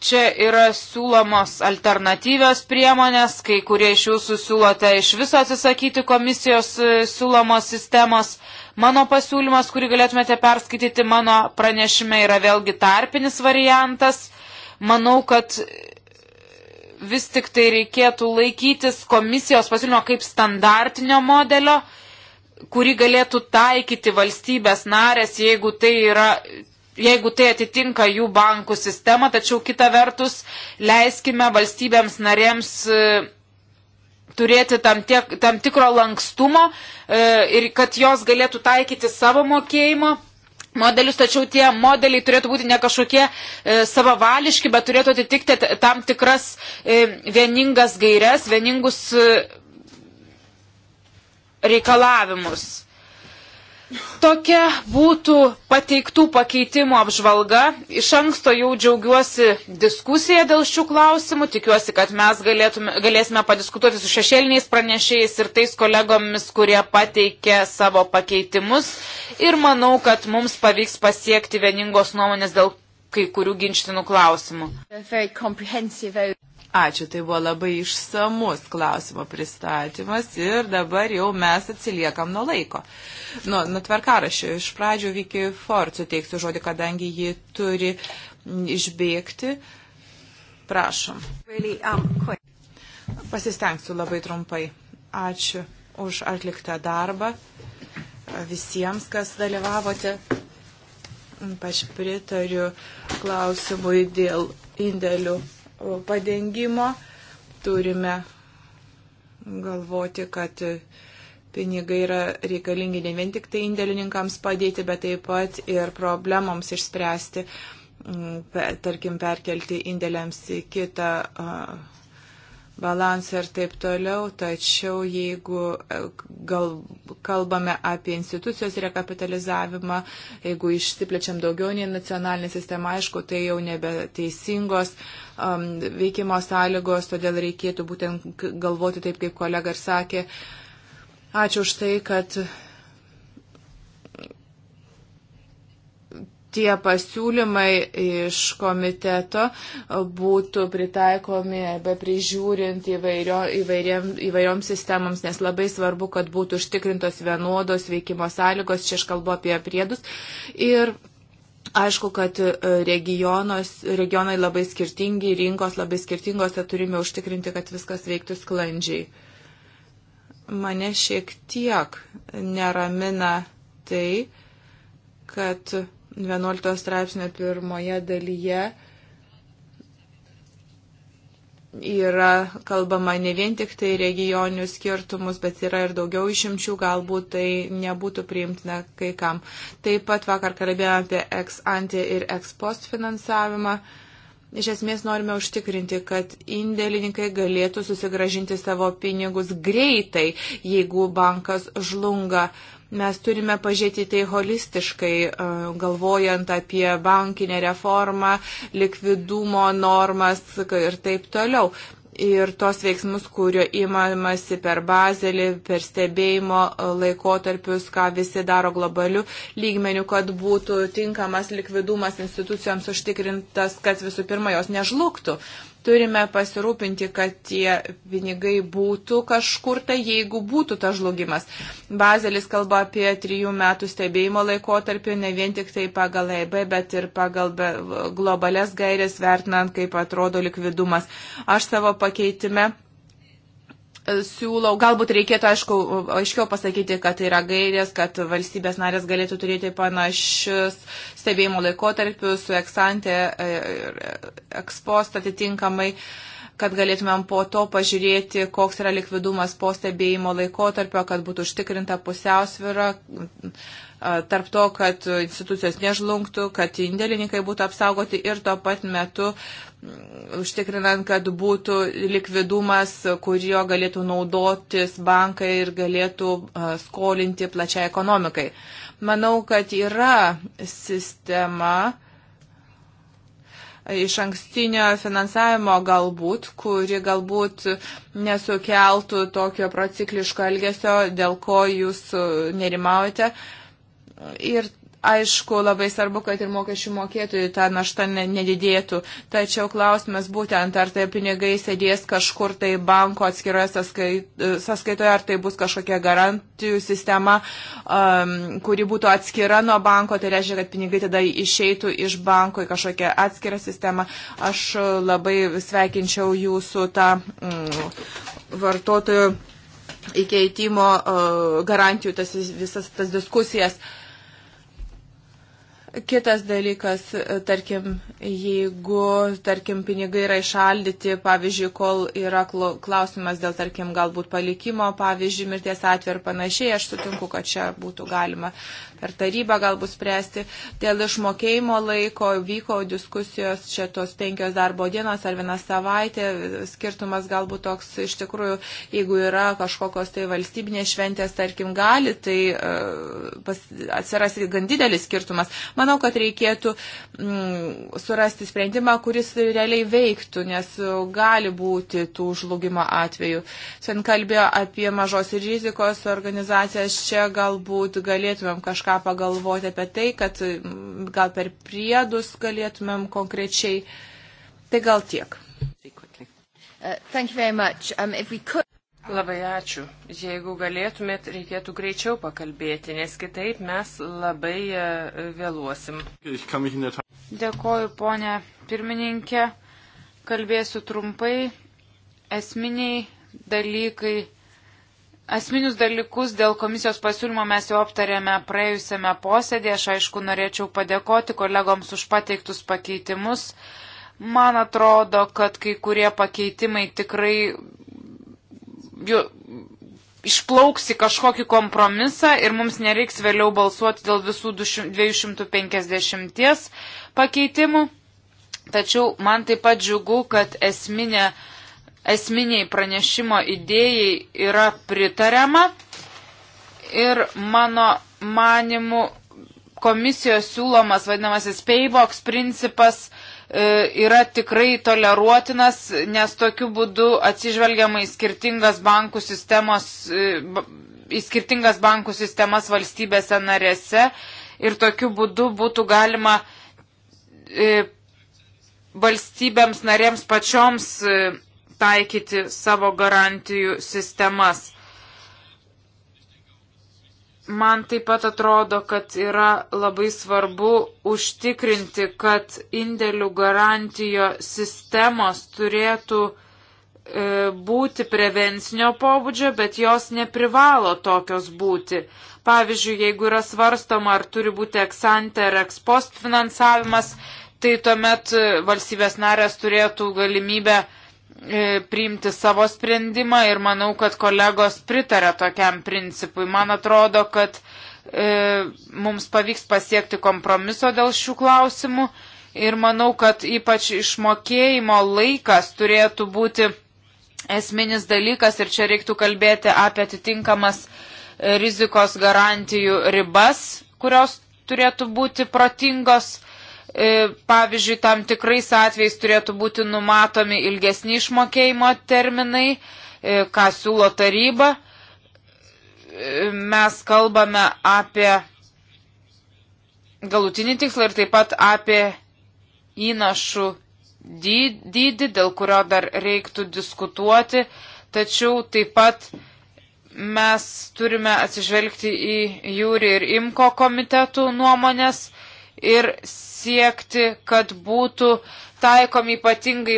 Čia yra siūlomos alternatyvios priemonės, kai kurie iš jūsų siūlote iš viso atsisakyti komisijos e, siūlomos sistemos. Mano pasiūlymas, kurį galėtumėte perskaityti mano pranešime, yra vėlgi tarpinis variantas. Manau, kad vis tik tai reikėtų laikytis komisijos pasiūlymo kaip standartinio modelio kurį galėtų taikyti valstybės narės, jeigu tai yra jeigu tai atitinka jų bankų sistemą, tačiau kita vertus leiskime valstybėms narėms e, turėti tam, tiek, tam tikro lankstumo e, ir kad jos galėtų taikyti savo mokėjimo. Modelius, tačiau tie modeliai turėtų būti ne kažkokie e, savavališki, bet turėtų atitikti tam tikras e, vieningas gairias, vieningus e, reikalavimus. Tokia būtų pateiktų pakeitimų apžvalga. Iš anksto jau džiaugiuosi diskusiją dėl šių klausimų. Tikiuosi, kad mes galėtume, galėsime padiskutuoti su šešėliniais pranešėjais ir tais kolegomis, kurie pateikė savo pakeitimus. Ir manau, kad mums pavyks pasiekti vieningos nuomonės dėl kai kurių ginčtinų klausimų. Ačiū, tai buvo labai išsamus klausimo pristatymas ir dabar jau mes atsiliekam nuo laiko. Nu, nu tvarkarašio, iš pradžių Viki Ford suteiksiu žodį, kadangi ji turi išbėgti. Prašom. Um, Pasistengsiu labai trumpai. Ačiū už atliktą darbą e, visiems, kas dalyvavote. Aš pritariu klausimui dėl indėlių padengimo. Turime galvoti, kad pinigai yra reikalingi ne vien tik tai indėlininkams padėti, bet taip pat ir problemams išspręsti, tarkim, perkelti indėliams į kitą. Uh, balansą ir taip toliau, tačiau jeigu e, gal, kalbame apie institucijos rekapitalizavimą, jeigu išsiplečiam daugiau nei nacionalinė sistema, aišku, tai jau nebeteisingos um, veikimo sąlygos, todėl reikėtų būtent galvoti taip, kaip kolega ir sakė. Ačiū už tai, kad tie pasiūlymai iš komiteto būtų pritaikomi arba prižiūrint įvairio, įvairiam, įvairiom sistemoms, nes labai svarbu, kad būtų užtikrintos vienodos veikimo sąlygos, čia aš kalbu apie priedus. Ir Aišku, kad regionos, regionai labai skirtingi, rinkos labai skirtingos, tad turime užtikrinti, kad viskas veiktų sklandžiai. Mane šiek tiek neramina tai, kad 11 straipsnio pirmoje dalyje yra kalbama ne vien tik tai regioninių skirtumus, bet yra ir daugiau išimčių, galbūt tai nebūtų priimtina kai kam. Taip pat vakar kalbėjome apie ex ante ir ex post finansavimą. Iš esmės norime užtikrinti, kad indėlininkai galėtų susigražinti savo pinigus greitai, jeigu bankas žlunga. Uh, Mes turime pažiūrėti tai holistiškai, e, galvojant apie bankinę reformą, likvidumo normas ir taip toliau ir tos veiksmus, kurio įmamasi per bazelį, per stebėjimo laikotarpius, ką visi daro globaliu lygmeniu, kad būtų tinkamas likvidumas institucijoms užtikrintas, kad visų pirma jos nežlugtų. Uh, turime pasirūpinti, kad tie pinigai būtų kažkur tai, jeigu būtų tas žlugimas. Bazelis kalba apie trijų metų stebėjimo laikotarpį, ne vien tik tai pagal EIB, bet ir pagal globales gairės vertinant, kaip atrodo likvidumas. Aš savo pakeitime E, siūlau, galbūt reikėtų, aišku, aiškiau pasakyti, kad tai yra gairės, kad valstybės narės galėtų turėti panašius stebėjimo laikotarpius su eksante e, ir ekspost atitinkamai kad galėtumėm po to pažiūrėti, koks yra likvidumas po stebėjimo laikotarpio, kad būtų užtikrinta pusiausvyra tarp to, kad institucijos nežlungtų, kad indėlininkai būtų apsaugoti ir tuo pat metu mm, užtikrinant, kad būtų likvidumas, kurio galėtų naudotis bankai ir galėtų skolinti plačiai ekonomikai. Manau, kad yra sistema iš ankstinio finansavimo galbūt, kuri galbūt nesukeltų tokio procikliško elgesio, dėl ko jūs nerimaujate. Uh, Ir aišku, labai svarbu, kad ir mokesčių mokėtojų ta našta nedidėtų. Tačiau klausimas būtent, ar tai pinigai sėdės kažkur tai banko atskiroje sąskaitoje, ar tai bus kažkokia garantijų sistema, um, kuri būtų atskira nuo banko, tai reiškia, kad pinigai tada išeitų iš banko į kažkokią atskirą sistemą. Aš labai sveikinčiau jūsų tą mm, vartotojų įkeitimo uh, garantijų tas, visas tas diskusijas. Uh, Kitas dalykas, tarkim, jeigu, tarkim, pinigai yra išaldyti, pavyzdžiui, kol yra klausimas dėl, tarkim, galbūt palikimo, pavyzdžiui, mirties atveju ir panašiai, aš sutinku, kad čia būtų galima per tarybą galbūt spręsti. Dėl išmokėjimo laiko vyko diskusijos, čia tos penkios darbo dienos ar viena savaitė, skirtumas galbūt toks iš tikrųjų, jeigu yra kažkokios tai valstybinės šventės, tarkim, gali, tai uh, atsiras gan didelis skirtumas. Manau, kad reikėtų mm, surasti sprendimą, kuris realiai veiktų, nes gali būti tų žlugimo atvejų. Sen kalbėjo apie mažos rizikos organizacijas, čia galbūt galėtumėm kažką pagalvoti apie tai, kad mm, gal per priedus galėtumėm konkrečiai. Tai gal tiek. Uh, thank you very much. Um, if we could... Labai ačiū. Jeigu galėtumėt, reikėtų greičiau pakalbėti, nes kitaip mes labai e, vėluosim. Dėkoju, ponė pirmininkė. Kalbėsiu trumpai. Esminiai dalykai. Asminius dalykus dėl komisijos pasiūlymo mes jau aptarėme praėjusiame posėdėje. Aš aišku norėčiau padėkoti kolegoms už pateiktus pakeitimus. Man atrodo, kad kai kurie pakeitimai tikrai išplauksi kažkokį kompromisą ir mums nereiks vėliau balsuoti dėl visų 250 pakeitimų. Tačiau man taip pat džiugu, kad esminė, esminiai pranešimo idėjai yra pritariama ir mano manimu komisijos siūlomas vadinamasis paybox principas E, yra tikrai toleruotinas, nes tokiu būdu atsižvelgiama į skirtingas bankų sistemos, e, į skirtingas bankų sistemas valstybėse narėse ir tokiu būdu būtų galima e, valstybėms narėms pačioms taikyti savo garantijų sistemas. Man taip pat atrodo, kad yra labai svarbu užtikrinti, kad indėlių garantijo sistemos turėtų e, būti prevencinio pobūdžio, bet jos neprivalo tokios būti. Pavyzdžiui, jeigu yra svarstoma, ar turi būti eksante ar ekspost finansavimas, tai tuomet e, valstybės narės turėtų galimybę uh, E, priimti savo sprendimą ir manau, kad kolegos pritarė tokiam principui. Man atrodo, kad e, mums pavyks pasiekti kompromiso dėl šių klausimų ir manau, kad ypač išmokėjimo laikas turėtų būti esminis dalykas ir čia reiktų kalbėti apie atitinkamas e, rizikos garantijų ribas, kurios turėtų būti protingos E, pavyzdžiui, tam tikrais atvejais turėtų būti numatomi ilgesni išmokėjimo terminai, e, ką siūlo taryba. E, mes kalbame apie galutinį tikslą ir taip pat apie įnašų dydį, dėl kurio dar reiktų diskutuoti, tačiau taip pat mes turime atsižvelgti į jūrį ir imko komitetų nuomonės ir siekti, kad būtų taikomi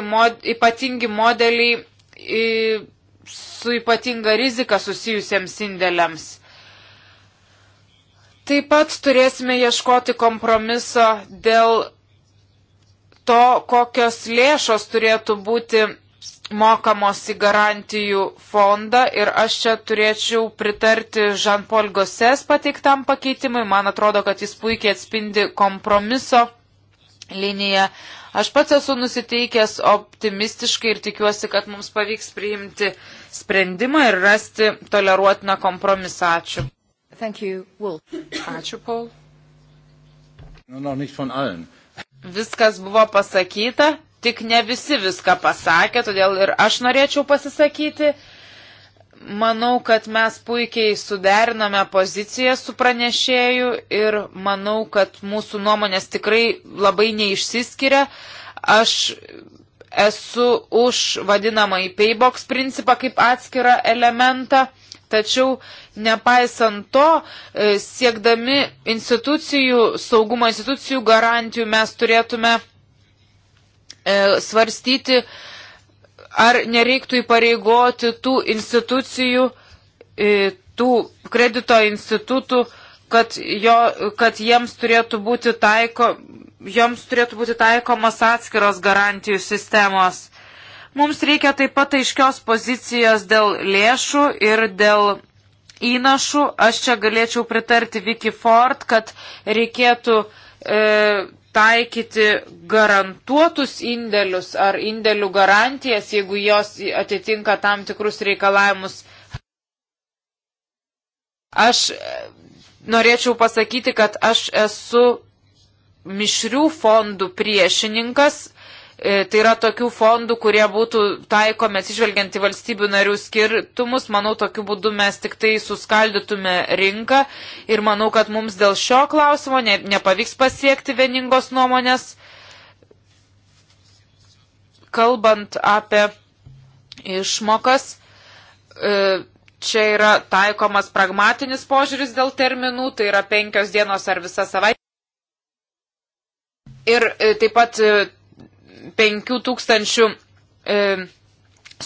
mod, ypatingi modeliai į, su ypatinga rizika susijusiems indėliams. Taip pat turėsime ieškoti kompromiso dėl to, kokios lėšos turėtų būti mokamosi garantijų fondą ir aš čia turėčiau pritarti Žanpol Goses pateiktam pakeitimui. Man atrodo, kad jis puikiai atspindi kompromiso liniją. Aš pats esu nusiteikęs optimistiškai ir tikiuosi, kad mums pavyks priimti sprendimą ir rasti toleruotiną kompromisą. Ačiū. You, Ačiū, Paul. No, no, Viskas buvo pasakyta tik ne visi viską pasakė, todėl ir aš norėčiau pasisakyti. Manau, kad mes puikiai suderinome poziciją su pranešėju ir manau, kad mūsų nuomonės tikrai labai neišsiskiria. Aš esu už vadinamąjį paybox principą kaip atskirą elementą. Tačiau nepaisant to, e, siekdami institucijų, saugumo institucijų garantijų, mes turėtume E, svarstyti, ar nereiktų įpareigoti tų institucijų, e, tų kredito institutų, kad, jo, kad jiems turėtų būti taiko, joms turėtų būti taikomas atskiros garantijų sistemos. Mums reikia taip pat aiškios pozicijos dėl lėšų ir dėl įnašų. Aš čia galėčiau pritarti Vicky Ford, kad reikėtų e, taikyti garantuotus indėlius ar indėlių garantijas, jeigu jos atitinka tam tikrus reikalavimus. Aš e, norėčiau pasakyti, kad aš esu mišrių fondų priešininkas, E, tai yra tokių fondų, kurie būtų taikomi atsižvelgiant į valstybių narių skirtumus. Manau, tokiu būdu mes tik tai suskaldytume rinką ir manau, kad mums dėl šio klausimo ne, nepavyks pasiekti vieningos nuomonės. Kalbant apie išmokas, e, čia yra taikomas pragmatinis požiūris dėl terminų, tai yra penkios dienos ar visa savaitė. Ir e, taip pat 5 tūkstančių e,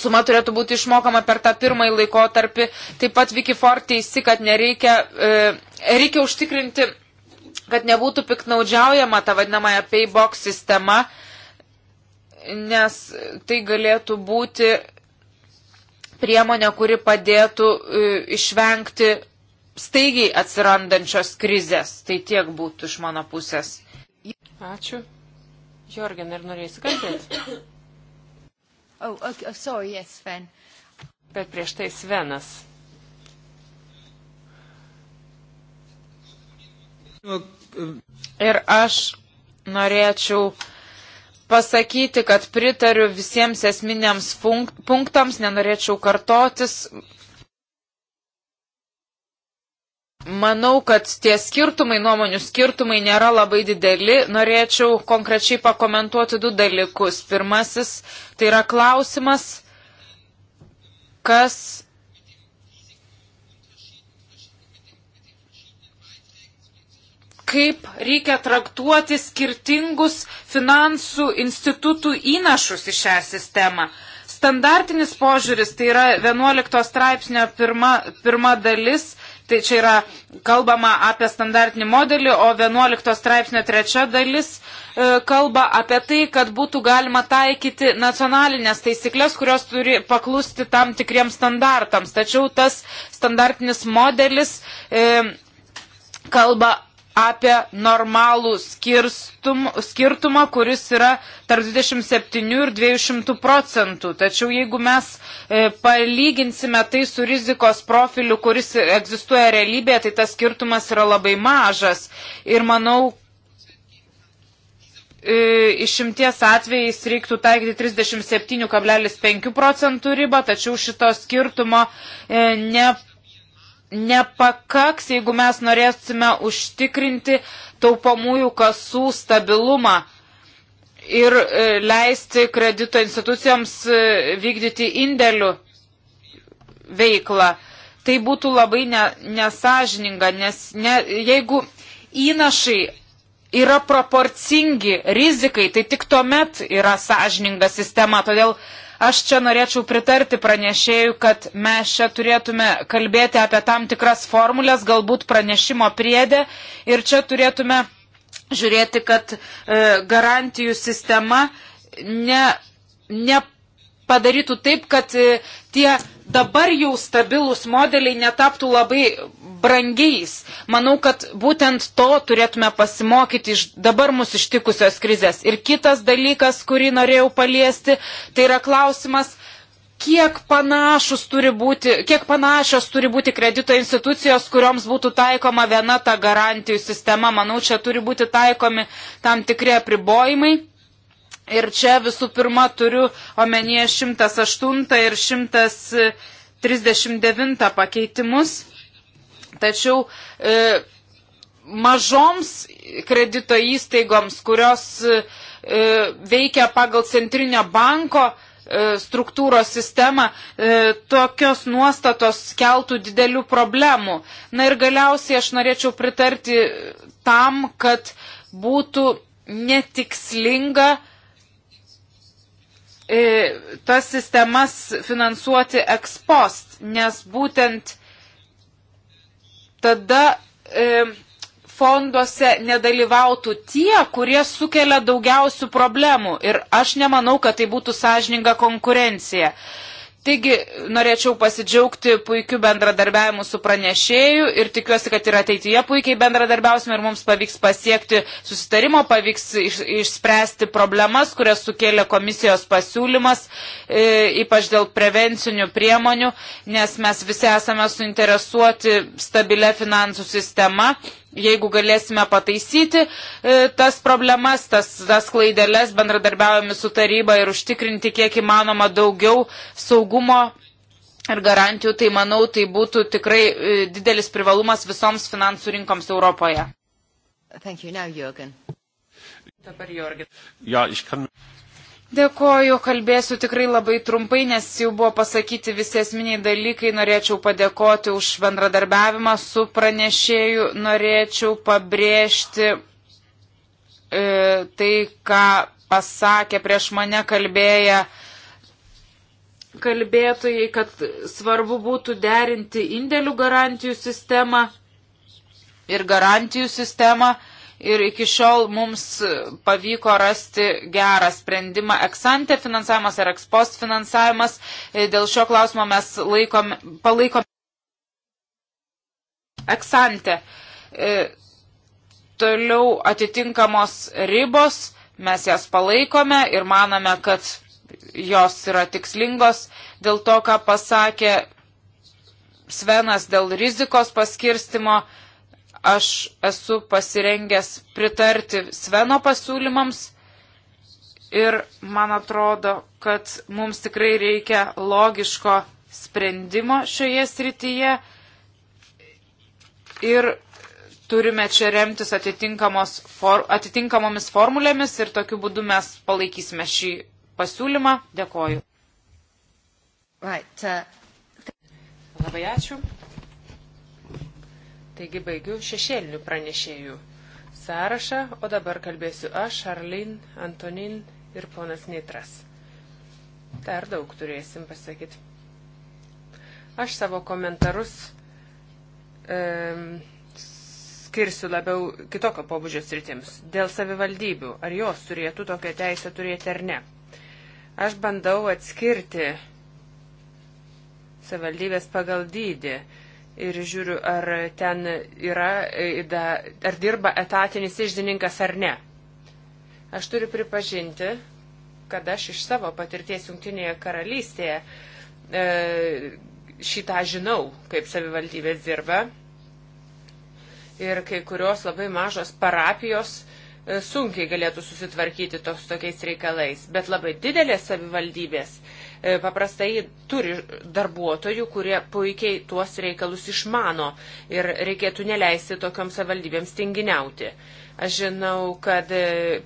suma turėtų būti išmokama per tą pirmąjį laikotarpį. Taip pat Vikifort teisi, kad nereikia, e, reikia užtikrinti, kad nebūtų piknaudžiaujama ta vadinamąją paybox sistema, nes tai galėtų būti priemonė, kuri padėtų e, išvengti staigiai atsirandančios krizės. Tai tiek būtų iš mano pusės. Ačiū. Jorgen, ar norėsi kalbėti? Oh, okay, oh, sorry, yes, Sven. Bet prieš tai Svenas. Ir aš norėčiau pasakyti, kad pritariu visiems esminiams punktams, nenorėčiau kartotis, Manau, kad tie skirtumai, nuomonių skirtumai nėra labai dideli. Norėčiau konkrečiai pakomentuoti du dalykus. Pirmasis tai yra klausimas, kas kaip reikia traktuoti skirtingus finansų institutų įnašus į šią sistemą. Standartinis požiūris tai yra 11 straipsnio pirma, pirma dalis Tai čia yra kalbama apie standartinį modelį, o 11 straipsnio trečia dalis e, kalba apie tai, kad būtų galima taikyti nacionalinės taisyklės, kurios turi paklusti tam tikriems standartams. Tačiau tas standartinis modelis e, kalba apie normalų skirstum, skirtumą, kuris yra tarp 27 ir 200 procentų. Tačiau jeigu mes e, palyginsime tai su rizikos profiliu, kuris egzistuoja realybėje, tai tas skirtumas yra labai mažas. Ir manau, e, išimties atvejais reiktų taikyti 37,5 procentų ribą, tačiau šito skirtumo e, ne, nepakaks, jeigu mes norėsime užtikrinti taupomųjų kasų stabilumą ir e, leisti kredito institucijoms e, vykdyti indėlių veiklą. Tai būtų labai ne, nesažininga, nes ne, jeigu įnašai yra proporcingi rizikai, tai tik tuomet yra sažininga sistema. Todėl Aš čia norėčiau pritarti pranešėjų, kad mes čia turėtume kalbėti apie tam tikras formulės, galbūt pranešimo priedę ir čia turėtume žiūrėti, kad e, garantijų sistema ne, nepadarytų taip, kad e, tie dabar jau stabilūs modeliai netaptų labai brangiais. Manau, kad būtent to turėtume pasimokyti iš dabar mūsų ištikusios krizės. Ir kitas dalykas, kurį norėjau paliesti, tai yra klausimas, kiek, turi būti, kiek panašios turi būti kredito institucijos, kurioms būtų taikoma viena ta garantijų sistema. Manau, čia turi būti taikomi tam tikri apribojimai. Ir čia visų pirma turiu omenyje 108 ir 139 pakeitimus. Tačiau e, mažoms kredito įstaigoms, kurios e, veikia pagal centrinio banko e, struktūros sistemą, e, tokios nuostatos keltų didelių problemų. Na ir galiausiai aš norėčiau pritarti tam, kad būtų netikslinga E, tas sistemas finansuoti ekspost, nes būtent tada e, fonduose nedalyvautų tie, kurie sukelia daugiausių problemų. Ir aš nemanau, kad tai būtų sąžininga konkurencija. E, Taigi norėčiau pasidžiaugti puikiu bendradarbiavimu su pranešėju ir tikiuosi, kad ir ateityje puikiai bendradarbiausime ir mums pavyks pasiekti susitarimo, pavyks iš, išspręsti problemas, kurias sukėlė komisijos pasiūlymas, e, ypač dėl prevencinių priemonių, nes mes visi esame suinteresuoti stabilę finansų sistemą jeigu galėsime pataisyti e, tas problemas, tas, tas klaidelės, bendradarbiaujame su taryba ir užtikrinti kiek įmanoma daugiau saugumo ir garantijų, tai manau, tai būtų tikrai e, didelis privalumas visoms finansų rinkoms Europoje. Now, Dabar Jorgen. Ja, kann... Dėkoju, kalbėsiu tikrai labai trumpai, nes jau buvo pasakyti visi esminiai dalykai. Norėčiau padėkoti už bendradarbiavimą su pranešėju. Norėčiau pabrėžti e, tai, ką pasakė prieš mane kalbėję kalbėtojai, kad svarbu būtų derinti indėlių garantijų sistemą ir garantijų sistemą. E, ir iki šiol mums pavyko rasti gerą sprendimą. Eksante finansavimas ar ekspost finansavimas, e, dėl šio klausimo mes laikom, palaikom eksante. Toliau atitinkamos ribos, mes jas palaikome ir manome, kad jos yra tikslingos dėl to, ką pasakė Svenas dėl rizikos paskirstimo aš esu pasirengęs pritarti Sveno pasiūlymams ir man atrodo, kad mums tikrai reikia logiško sprendimo šioje srityje ir turime čia remtis for, atitinkamomis formulėmis ir tokiu būdu mes palaikysime šį pasiūlymą. Dėkoju. Right, uh... Labai ačiū. Taigi baigiu šešėlinių pranešėjų sąrašą, o dabar kalbėsiu aš, Arlin, Antonin ir ponas Nitras. Dar daug turėsim pasakyti. Aš savo komentarus e, skirsiu labiau kitokio pobūdžio sritims. Dėl savivaldybių, ar jos turėtų tokią teisę turėti ar ne. Aš bandau atskirti savivaldybės pagal dydį ir žiūriu, ar ten yra, e, ar dirba etatinis išdininkas ar ne. Aš turiu pripažinti, kad aš iš savo patirties Junktinėje karalystėje e, šitą žinau, kaip savivaldybės dirba. Ir kai kurios labai mažos parapijos e, sunkiai galėtų susitvarkyti tos tokiais reikalais. Bet labai didelės savivaldybės E, paprastai turi darbuotojų, kurie puikiai tuos reikalus išmano ir reikėtų neleisti tokioms savivaldybėms tinginiauti. Aš žinau, kad e,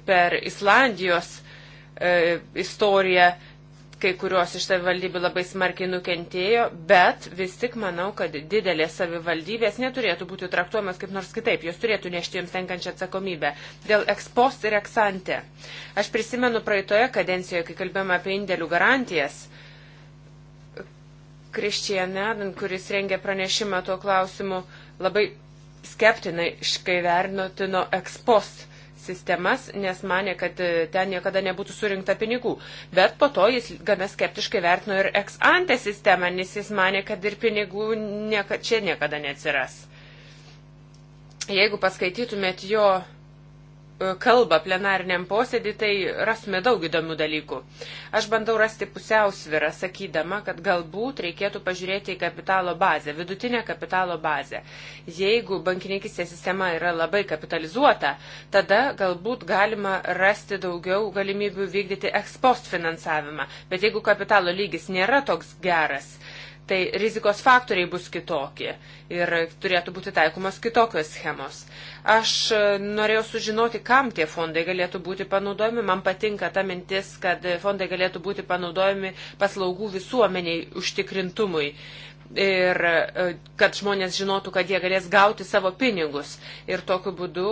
per Islandijos e, istoriją kai kurios iš savivaldybių labai smarkiai nukentėjo, bet vis tik manau, kad didelės savivaldybės neturėtų būti traktuojamas kaip nors kitaip, jos turėtų nešti jums tenkančią atsakomybę dėl ekspost ir eksante. Aš prisimenu praeitoje kadencijoje, kai kalbėjome apie indėlių garantijas, Kristijan Adan, kuris rengė pranešimą tuo klausimu, labai skeptinai iškai vertino ekspost sistemas, nes mane, kad e, ten niekada nebūtų surinkta pinigų. Bet po to jis gana skeptiškai vertino ir ex ante sistemą, nes jis mane, kad ir pinigų nieka, čia niekada neatsiras. Jeigu paskaitytumėt jo E, kalbą plenariniam posėdį, tai rasime daug įdomių dalykų. Aš bandau rasti pusiausvirą, sakydama, kad galbūt reikėtų pažiūrėti į kapitalo bazę, vidutinę kapitalo bazę. Jeigu bankininkistės sistema yra labai kapitalizuota, tada galbūt galima rasti daugiau galimybių vykdyti ekspost finansavimą. Bet jeigu kapitalo lygis nėra toks geras, tai rizikos faktoriai bus kitokie ir turėtų būti taikomos kitokios schemos. Aš e, norėjau sužinoti, kam tie fondai galėtų būti panaudojami. Man patinka ta mintis, kad fondai galėtų būti panaudojami paslaugų visuomeniai užtikrintumui ir e, kad žmonės žinotų, kad jie galės gauti savo pinigus ir tokiu būdu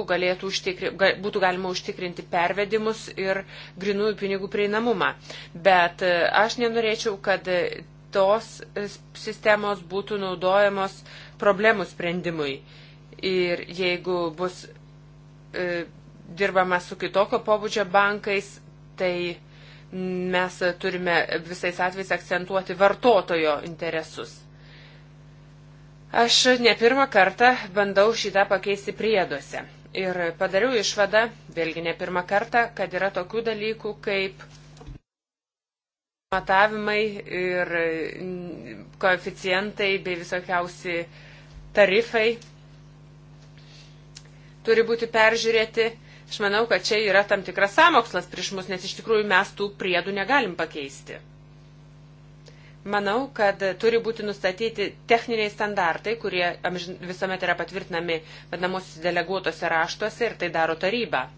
užtikri, ga, būtų galima užtikrinti pervedimus ir grinųjų pinigų prieinamumą. Bet e, aš nenorėčiau, kad tos e, sistemos būtų naudojamos problemų sprendimui. Ir jeigu bus e, dirbama su kitokio pobūdžio bankais, tai mes turime visais atvejais akcentuoti vartotojo interesus. Aš ne pirmą kartą bandau šitą pakeisti prieduose. Ir padariau išvadą, vėlgi ne pirmą kartą, kad yra tokių dalykų kaip matavimai ir koeficientai bei visokiausi tarifai turi būti peržiūrėti. Aš manau, kad čia yra tam tikras samokslas prieš mus, nes iš tikrųjų mes tų priedų negalim pakeisti. Manau, kad turi būti nustatyti techniniai standartai, kurie visuomet yra patvirtinami vadinamosios deleguotose raštuose ir tai daro taryba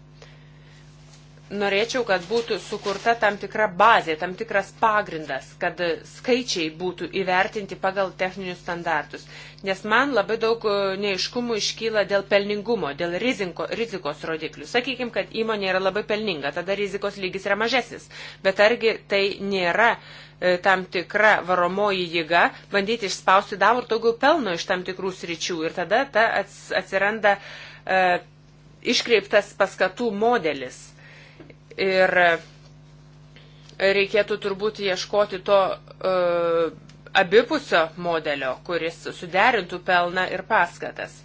norėčiau, kad būtų sukurta tam tikra bazė, tam tikras pagrindas, kad skaičiai būtų įvertinti pagal techninius standartus. Nes man labai daug e, neiškumų iškyla dėl pelningumo, dėl rizinko, rizikos rodiklių. Sakykime, kad įmonė yra labai pelninga, tada rizikos lygis yra mažesnis. Bet argi tai nėra e, tam tikra varomoji jėga, bandyti išspausti davur daugiau pelno iš tam tikrų sričių. Ir tada ta atsiranda e, iškreiptas paskatų modelis Ir reikėtų turbūt ieškoti to uh, abipusio modelio, kuris suderintų pelną ir paskatas.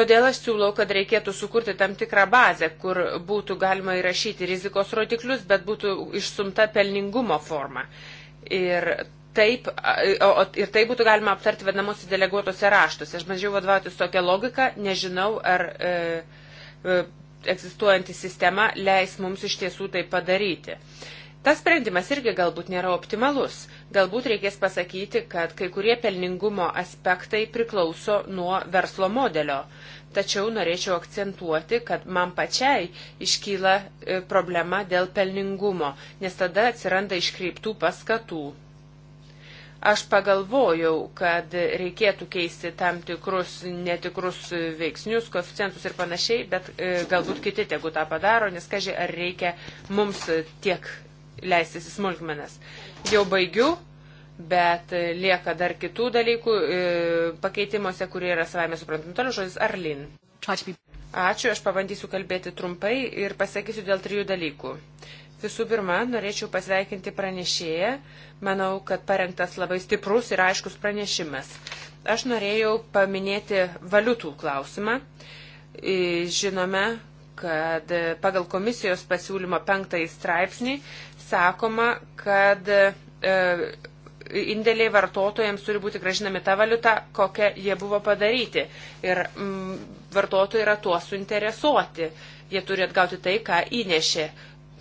Todėl aš siūlau, kad reikėtų sukurti tam tikrą bazę, kur būtų galima įrašyti rizikos rodiklius, bet būtų išsumta pelningumo forma. Ir taip, o, o, ir tai būtų galima aptarti vadinamosios deleguotose raštuose. Aš bandžiau vadovautis tokią logiką, nežinau, ar e, e, egzistuojanti sistema leis mums iš tiesų tai padaryti. Tas sprendimas irgi galbūt nėra optimalus. Galbūt reikės pasakyti, kad kai kurie pelningumo aspektai priklauso nuo verslo modelio. Tačiau norėčiau akcentuoti, kad man pačiai iškyla e, problema dėl pelningumo, nes tada atsiranda iškreiptų paskatų. Aš pagalvojau, kad reikėtų keisti tam tikrus netikrus veiksnius, koeficientus ir panašiai, bet e, galbūt kiti tegu tą padaro, nes kažkai ar reikia mums tiek leistis į smulkmenas. Jau baigiu, bet e, lieka dar kitų dalykų e, pakeitimuose, kurie yra savame suprantami. Toliau žodis Arlin. Ačiū, aš pabandysiu kalbėti trumpai ir pasakysiu dėl trijų dalykų. Visų pirma, norėčiau pasveikinti pranešėją. Manau, kad parengtas labai stiprus ir aiškus pranešimas. Aš norėjau paminėti valiutų klausimą. E, žinome, kad pagal komisijos pasiūlymo penktąjį straipsnį sakoma, kad e, indėliai vartotojams turi būti gražinami tą valiutą, kokią jie buvo padaryti. Ir mm, vartotojai yra tuo suinteresuoti. Jie turi atgauti tai, ką įnešė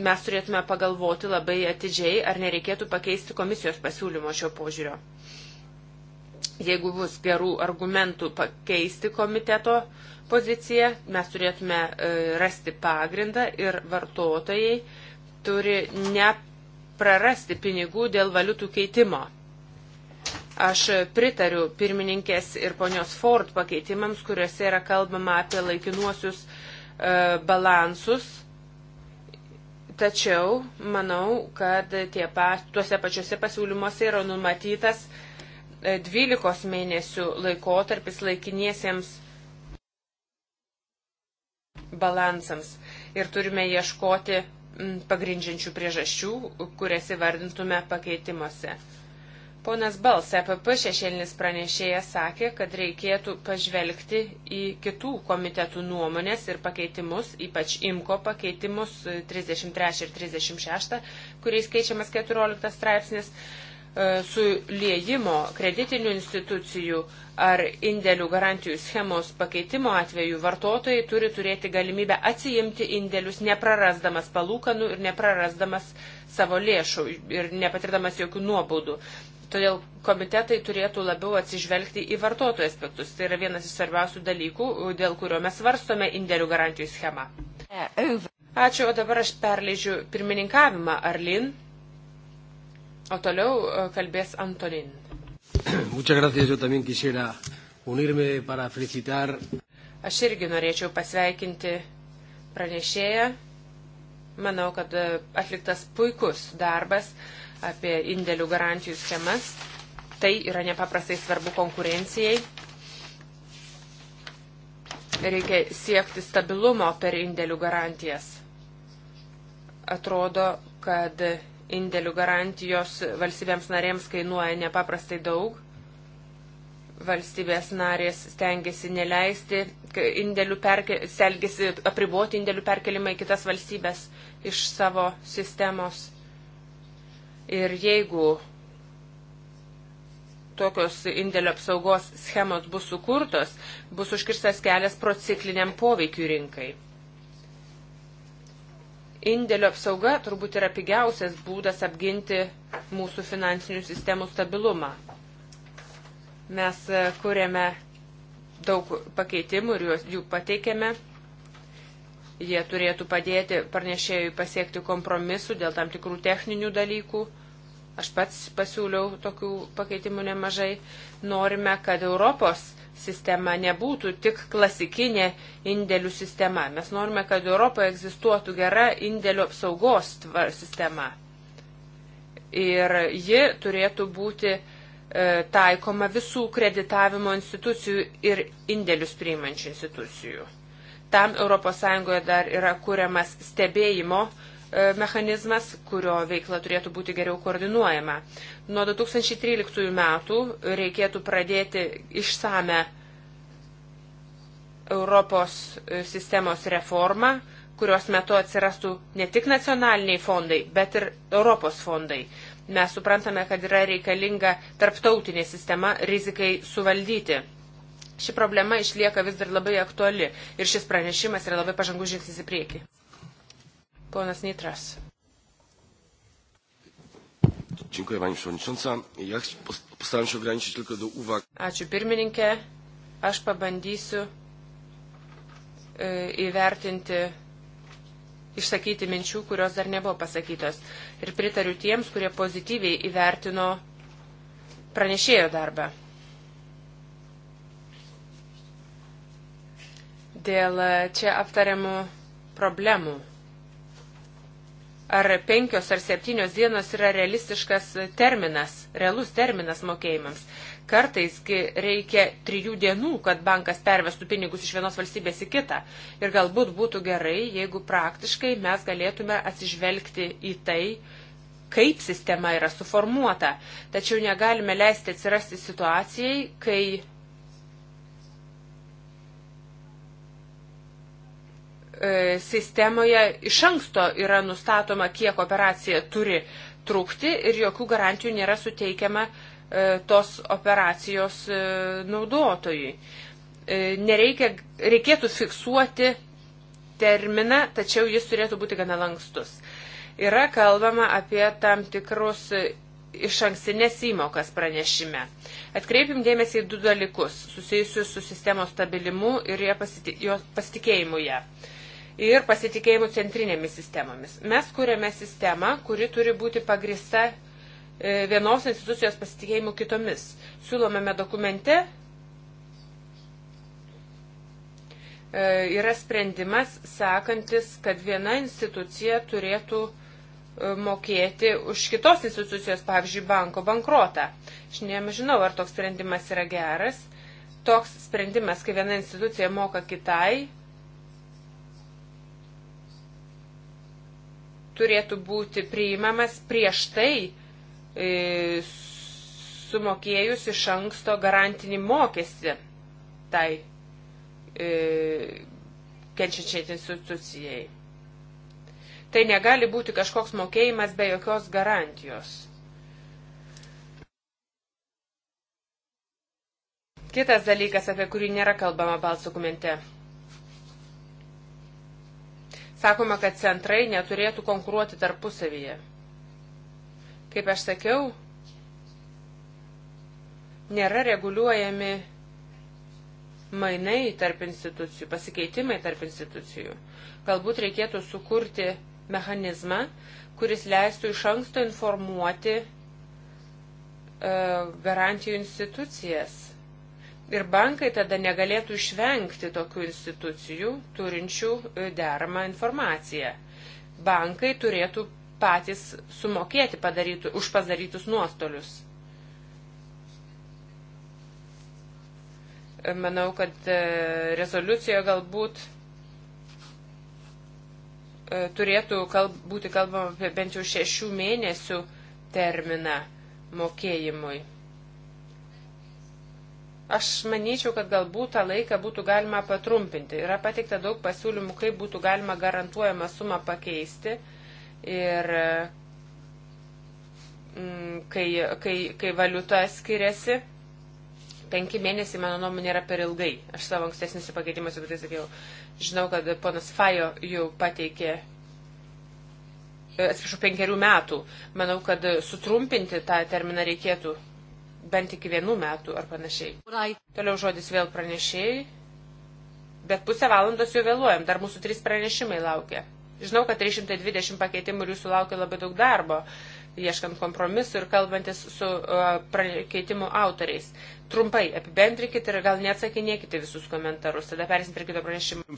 mes turėtume pagalvoti labai atidžiai, ar nereikėtų pakeisti komisijos pasiūlymo šio požiūrio. Jeigu bus gerų argumentų pakeisti komiteto poziciją, mes turėtume e, rasti pagrindą ir vartotojai turi neprarasti pinigų dėl valiutų keitimo. Aš pritariu pirmininkės ir ponios Ford pakeitimams, kuriuose yra kalbama apie laikinuosius e, balansus Tačiau manau, kad tie pa, tuose pačiuose pasiūlymuose yra numatytas 12 e, mėnesių laikotarpis laikiniesiems balansams ir turime ieškoti pagrindžiančių priežasčių, kurias įvardintume pakeitimuose. Ponas Bals, EPP šešėlinis pranešėjas sakė, kad reikėtų pažvelgti į kitų komitetų nuomonės ir pakeitimus, ypač IMKO pakeitimus 33 ir 36, kuriais keičiamas 14 straipsnis e, suliejimo kreditinių institucijų ar indėlių garantijų schemos pakeitimo atveju vartotojai turi turėti galimybę atsijimti indėlius, neprarasdamas palūkanų ir neprarasdamas savo lėšų ir nepatirdamas jokių nuobaudų. Todėl komitetai turėtų labiau atsižvelgti į vartotojų aspektus. Tai yra vienas iš svarbiausių dalykų, dėl kurio mes varstome indėlių garantijų schemą. Ačiū, o dabar aš perleidžiu pirmininkavimą Arlin, o toliau e, kalbės Antonin. Muchas gracias, yo también quisiera unirme para felicitar. Aš irgi norėčiau pasveikinti pranešėją. Manau, kad e, atliktas puikus darbas apie indėlių garantijų schemas. Tai yra nepaprastai svarbu konkurencijai. Reikia siekti stabilumo per indėlių garantijas. Atrodo, kad indėlių garantijos valstybėms narėms kainuoja nepaprastai daug valstybės narės stengiasi neleisti indėlių perke, stengiasi apriboti indėlių perkelimą į kitas valstybės iš savo sistemos. Ir jeigu tokios indėlio apsaugos schemos bus sukurtos, bus užkirstas kelias procikliniam poveikiu rinkai. Indėlio apsauga turbūt yra pigiausias būdas apginti mūsų finansinių sistemų stabilumą. Mes e, kuriame daug pakeitimų ir juos, jų pateikėme Jie turėtų padėti pranešėjui pasiekti kompromisų dėl tam tikrų techninių dalykų. Aš pats pasiūliau tokių pakeitimų nemažai. Norime, kad Europos sistema nebūtų tik klasikinė indėlių sistema. Mes norime, kad Europoje egzistuotų gera indėlių apsaugos sistema. Ir ji turėtų būti e, taikoma visų kreditavimo institucijų ir indėlius priimančių institucijų. Tam ES dar yra kuriamas stebėjimo e, mechanizmas, kurio veikla turėtų būti geriau koordinuojama. Nuo 2013 metų reikėtų pradėti išsame Europos e, sistemos reformą, kurios metu atsirastų ne tik nacionaliniai fondai, bet ir Europos fondai. Mes suprantame, kad yra reikalinga tarptautinė sistema rizikai suvaldyti. Ši problema išlieka vis dar labai aktuali ir šis pranešimas yra labai pažangus žingsnis į priekį. Ponas Nitras. Dziękuję Pani Przewodnicząca. Ja postaram się ograniczyć tylko do uwag. Ačiū pirmininkė. Aš pabandysiu įvertinti, išsakyti minčių, kurios dar nebuvo pasakytos. Ir pritariu tiems, kurie pozityviai įvertino pranešėjo darbą. dėl e, čia aptariamų problemų. Ar penkios ar septynios dienos yra realistiškas terminas, realus terminas mokėjimams? Kartais reikia trijų dienų, kad bankas pervestų pinigus iš vienos valstybės į kitą. Ir galbūt būtų gerai, jeigu praktiškai mes galėtume atsižvelgti į tai, kaip sistema yra suformuota. Tačiau negalime leisti atsirasti situacijai, kai E, sistemoje iš anksto yra nustatoma, kiek operacija turi trūkti ir jokių garantijų nėra suteikiama e, tos operacijos e, naudotojui. Nereikia, reikėtų fiksuoti terminą, tačiau jis turėtų būti gana lankstus. Yra kalbama apie tam tikrus iš anksinės įmokas pranešime. Atkreipim dėmesį į du dalykus susijusius su sistemos stabilimu ir pasiti, jos pasitikėjimu ją. Ja ir pasitikėjimu centrinėmis sistemomis. Mes kūrėme sistemą, kuri turi būti pagrista e, vienos institucijos pasitikėjimu kitomis. Siūlomame dokumente e, yra sprendimas sakantis, kad viena institucija turėtų e, mokėti už kitos institucijos, pavyzdžiui, banko bankrotą. Aš nežinau, ar toks sprendimas yra geras. Toks sprendimas, kai viena institucija moka kitai, turėtų būti priimamas prieš tai e, sumokėjus iš anksto garantinį mokestį tai e, kenčiančiai institucijai. Tai negali būti kažkoks mokėjimas be jokios garantijos. Kitas dalykas, apie kurį nėra kalbama balsukumente Sakoma, kad centrai neturėtų konkuruoti tarpusavyje. Kaip aš sakiau, nėra reguliuojami mainai tarp institucijų, pasikeitimai tarp institucijų. Galbūt reikėtų sukurti mechanizmą, kuris leistų iš anksto informuoti e, garantijų institucijas Ir bankai tada negalėtų išvengti tokių institucijų turinčių e, deramą informaciją. Bankai turėtų patys sumokėti padarytų, už padarytus nuostolius. E, manau, kad e, rezoliucijoje galbūt turėtų kalb, būti kalbama apie bent jau šešių mėnesių terminą mokėjimui. Aš manyčiau, kad galbūt tą laiką būtų galima patrumpinti. Yra pateikta daug pasiūlymų, kaip būtų galima garantuojamą sumą pakeisti. Ir mm, kai, kai, kai valiuta skiriasi, penki mėnesiai, mano nuomonė, yra per ilgai. Aš savo ankstesnėse pakeitimuose apie tai sakiau. Žinau, kad ponas Fajo jau pateikė atsiprašau, penkerių metų. Manau, kad sutrumpinti tą terminą reikėtų bent iki vienų metų ar panašiai. Toliau žodis vėl pranešėjai, bet pusę valandos jau vėluojam, dar mūsų trys pranešimai laukia. Žinau, kad 320 pakeitimų ir jūsų laukia labai daug darbo, ieškant kompromisų ir kalbantis su uh, pakeitimų autoriais. Trumpai apibendrinkit ir gal neatsakinėkite visus komentarus, tada persim prie kito pranešimo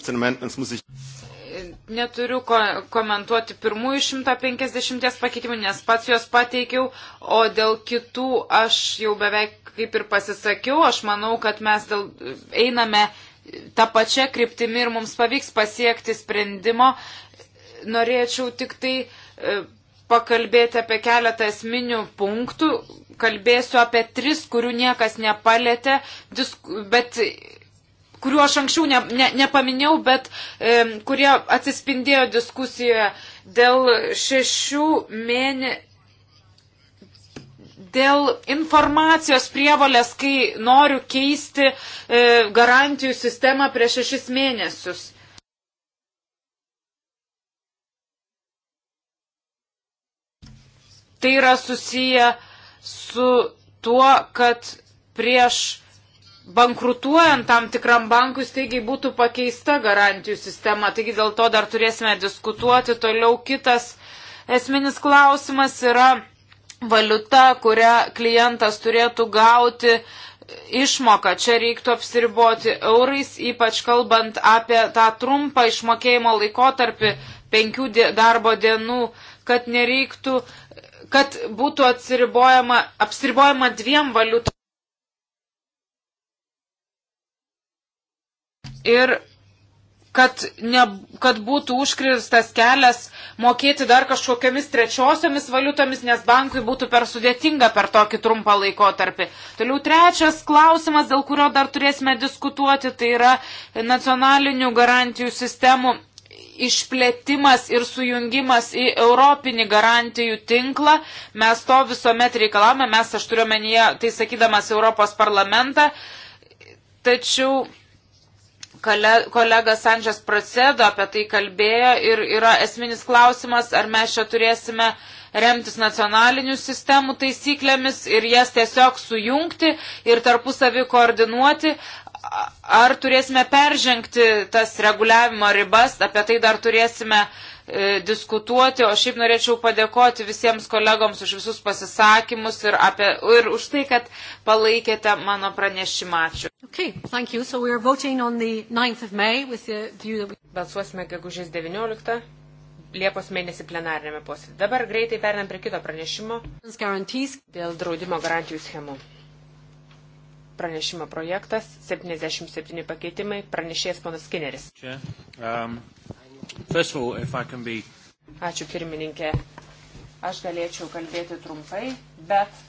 neturiu ko komentuoti pirmųjų 150 pakeitimų, nes pats juos pateikiau, o dėl kitų aš jau beveik kaip ir pasisakiau, aš manau, kad mes dėl, einame tą pačią kryptimį ir mums pavyks pasiekti sprendimo. Norėčiau tik tai e, pakalbėti apie keletą esminių punktų. Kalbėsiu apie tris, kurių niekas nepalėtė, bet kuriuo aš anksčiau ne, ne, nepaminėjau, bet e, kurie atsispindėjo diskusijoje dėl šešių mėnesių. Dėl informacijos prievalės, kai noriu keisti e, garantijų sistemą prieš šešis mėnesius. Tai yra susiję su tuo, kad prieš bankrutuojant tam tikram bankui staigiai būtų pakeista garantijų sistema. Taigi dėl to dar turėsime diskutuoti. Toliau kitas esminis klausimas yra valiuta, kurią klientas turėtų gauti išmoką. Čia reiktų apsiriboti eurais, ypač kalbant apie tą trumpą išmokėjimo laikotarpį penkių darbo dienų, kad nereiktų, kad būtų apsiribojama dviem valiutom ir kad, ne, kad būtų užkristas kelias mokėti dar kažkokiamis trečiosiomis valiutomis, nes bankui būtų per sudėtinga per tokį trumpą laikotarpį. Toliau trečias klausimas, dėl kurio dar turėsime diskutuoti, tai yra nacionalinių garantijų sistemų išplėtimas ir sujungimas į Europinį garantijų tinklą. Mes to visuomet reikalame, mes aš turiu menyje, tai sakydamas Europos parlamentą. Tačiau kolega Sanžas Pracedo apie tai kalbėjo ir yra esminis klausimas, ar mes čia turėsime remtis nacionalinių sistemų taisyklėmis ir jas tiesiog sujungti ir tarpusavį koordinuoti, ar turėsime peržengti tas reguliavimo ribas, apie tai dar turėsime E, diskutuoti, o šiaip norėčiau padėkoti visiems kolegoms už visus pasisakymus ir, apie, ir už tai, kad palaikėte mano pranešimą. Ačiū. Okay, so view... Balsuosime gegužės 19. Liepos mėnesį plenarinėme posėdį. Dabar greitai perinam prie kito pranešimo dėl draudimo garantijų schemų. Pranešimo projektas 77 pakeitimai, pranešėjas ponas Skinneris. Čia, um, First of all, if I can be... Ačiū pirmininkė. Aš galėčiau kalbėti trumpai, bet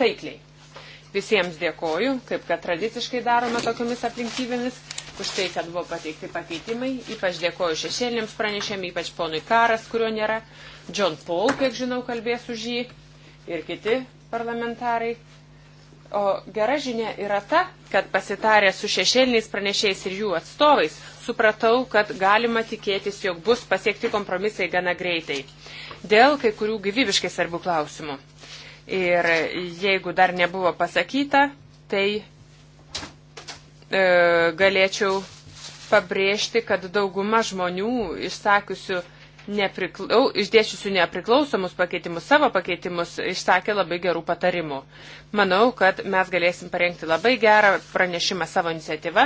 taikliai. Visiems dėkoju, kaip kad tradiciškai darome tokiomis aplinkybėmis, už tai, kad buvo pateikti pakeitimai. Ypač dėkoju šešėlėms pranešėm, ypač ponui Karas, kurio nėra. John Paul, kiek žinau, kalbės už jį ir kiti parlamentarai. O gera žinia yra ta, kad pasitarę su šešėliniais pranešėjais ir jų atstovais, supratau, kad galima tikėtis, jog bus pasiekti kompromisai gana greitai. Dėl kai kurių gyvybiškai svarbių klausimų. Ir jeigu dar nebuvo pasakyta, tai e, galėčiau pabrėžti, kad dauguma žmonių išsakiusių nepriklau, išdėšiusių nepriklausomus pakeitimus, savo pakeitimus, išsakė labai gerų patarimų. Manau, kad mes galėsim parengti labai gerą pranešimą savo iniciatyvą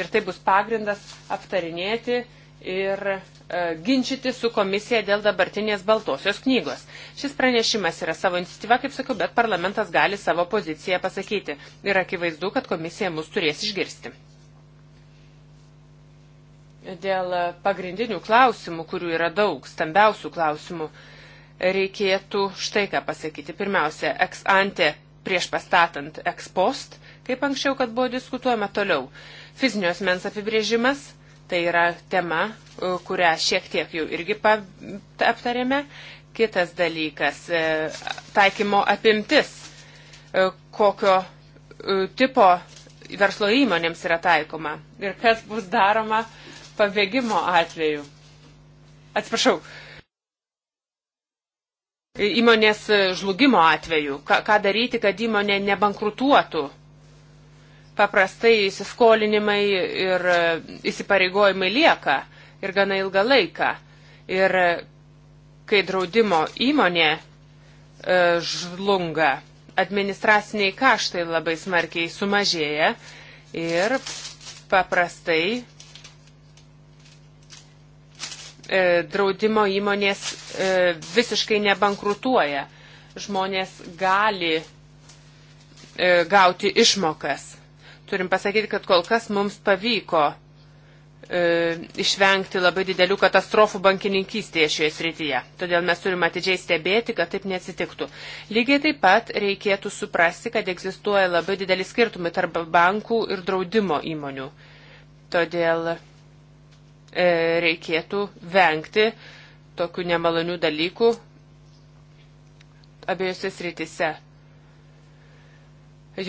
ir tai bus pagrindas aptarinėti ir e, ginčyti su komisija dėl dabartinės baltosios knygos. Šis pranešimas yra savo iniciatyva, kaip sakiau, bet parlamentas gali savo poziciją pasakyti ir akivaizdu, kad komisija mus turės išgirsti dėl pagrindinių klausimų, kurių yra daug, stambiausių klausimų, reikėtų štai ką pasakyti. Pirmiausia, ex ante prieš pastatant ex post, kaip anksčiau, kad buvo diskutuojama toliau. Fizinio asmens apibrėžimas, tai yra tema, e, kurią šiek tiek jau irgi aptarėme. Kitas dalykas e, - taikymo apimtis, e, kokio tipo verslo įmonėms yra taikoma ir kas bus daroma uh, pabėgimo atveju. Atsiprašau. Įmonės žlugimo atveju. Ką, ką daryti, kad įmonė nebankrutuotų? Paprastai įsiskolinimai ir e, įsipareigojimai lieka ir gana ilgą laiką. Ir e, kai draudimo įmonė e, žlunga, administraciniai kaštai labai smarkiai sumažėja ir paprastai E, draudimo įmonės e, visiškai nebankrutuoja. Žmonės gali e, gauti išmokas. Turim pasakyti, kad kol kas mums pavyko išvengti labai didelių katastrofų bankininkystėje šioje srityje. Todėl mes turime atidžiai stebėti, kad taip neatsitiktų. Lygiai taip pat reikėtų suprasti, kad egzistuoja labai dideli skirtumai tarp bankų ir draudimo įmonių. Todėl E, reikėtų vengti tokių nemalonių dalykų abiejose srityse.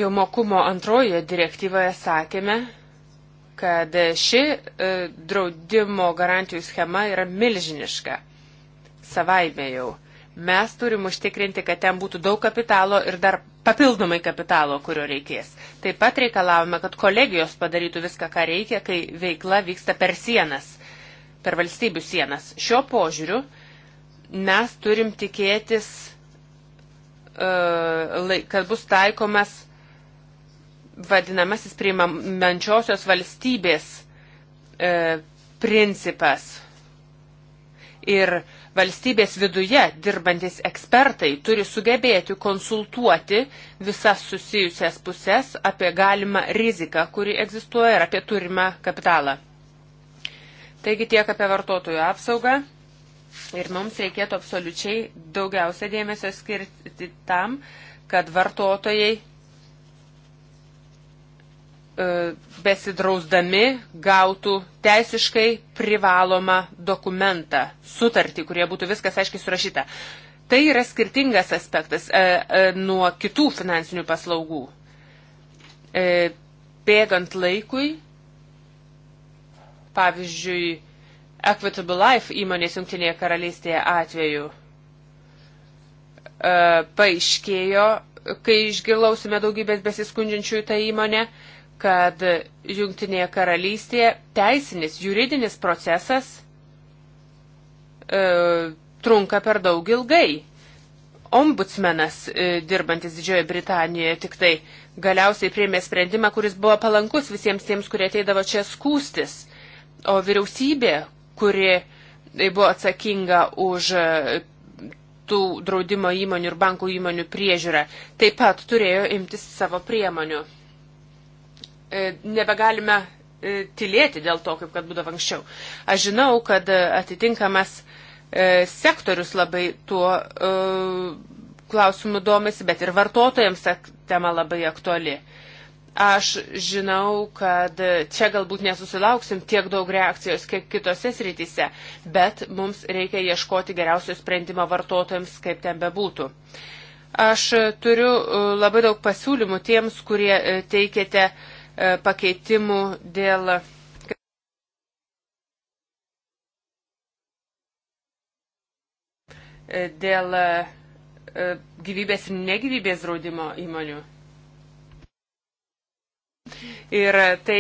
Jau mokumo antrojoje direktyvoje sakėme, kad ši e, draudimo garantijų schema yra milžiniška. Savaime jau. Mes turim užtikrinti, kad ten būtų daug kapitalo ir dar papildomai kapitalo, kurio reikės. Taip pat reikalavome, kad kolegijos padarytų viską, ką reikia, kai veikla vyksta per sienas, per valstybių sienas. Šio požiūriu mes turim tikėtis, e, kad bus taikomas vadinamasis priimančiosios valstybės e, principas. Ir uh, Valstybės viduje dirbantis ekspertai turi sugebėti konsultuoti visas susijusias pusės apie galimą riziką, kuri egzistuoja ir apie turimą kapitalą. Taigi tiek apie vartotojų apsaugą. Ir mums reikėtų absoliučiai daugiausia dėmesio skirti tam, kad vartotojai E, besidrausdami gautų teisiškai privalomą dokumentą, sutartį, kurie būtų viskas aiškiai surašyta. Tai yra skirtingas aspektas e, e, nuo kitų finansinių paslaugų. E, bėgant laikui, pavyzdžiui, Equitable Life įmonės Junktinėje karalystėje atveju e, paaiškėjo, kai išgilausime daugybės besiskundžiančių į tą įmonę, kad Junktinėje karalystėje teisinis, juridinis procesas e, trunka per daug ilgai. Ombudsmenas, e, dirbantis Didžiojo Britanijoje, tik tai galiausiai priėmė sprendimą, kuris buvo palankus visiems tiems, kurie ateidavo čia skūstis. O vyriausybė, kuri e, buvo atsakinga už e, tų draudimo įmonių ir bankų įmonių priežiūrą, taip pat turėjo imtis savo priemonių. E, nebegalime e, tylėti dėl to, kaip kad būdavo anksčiau. Aš žinau, kad e, atitinkamas sektorius labai tuo klausimu domisi, bet ir vartotojams tema labai aktuali. Aš žinau, kad čia galbūt nesusilauksim tiek daug reakcijos, kiek kitose srityse, bet mums reikia ieškoti geriausio sprendimo vartotojams, kaip ten bebūtų. Aš turiu labai daug pasiūlymų tiems, kurie teikėte uh, E, pakeitimų dėl. E, dėl e, gyvybės ir negyvybės draudimo įmonių. Ir tai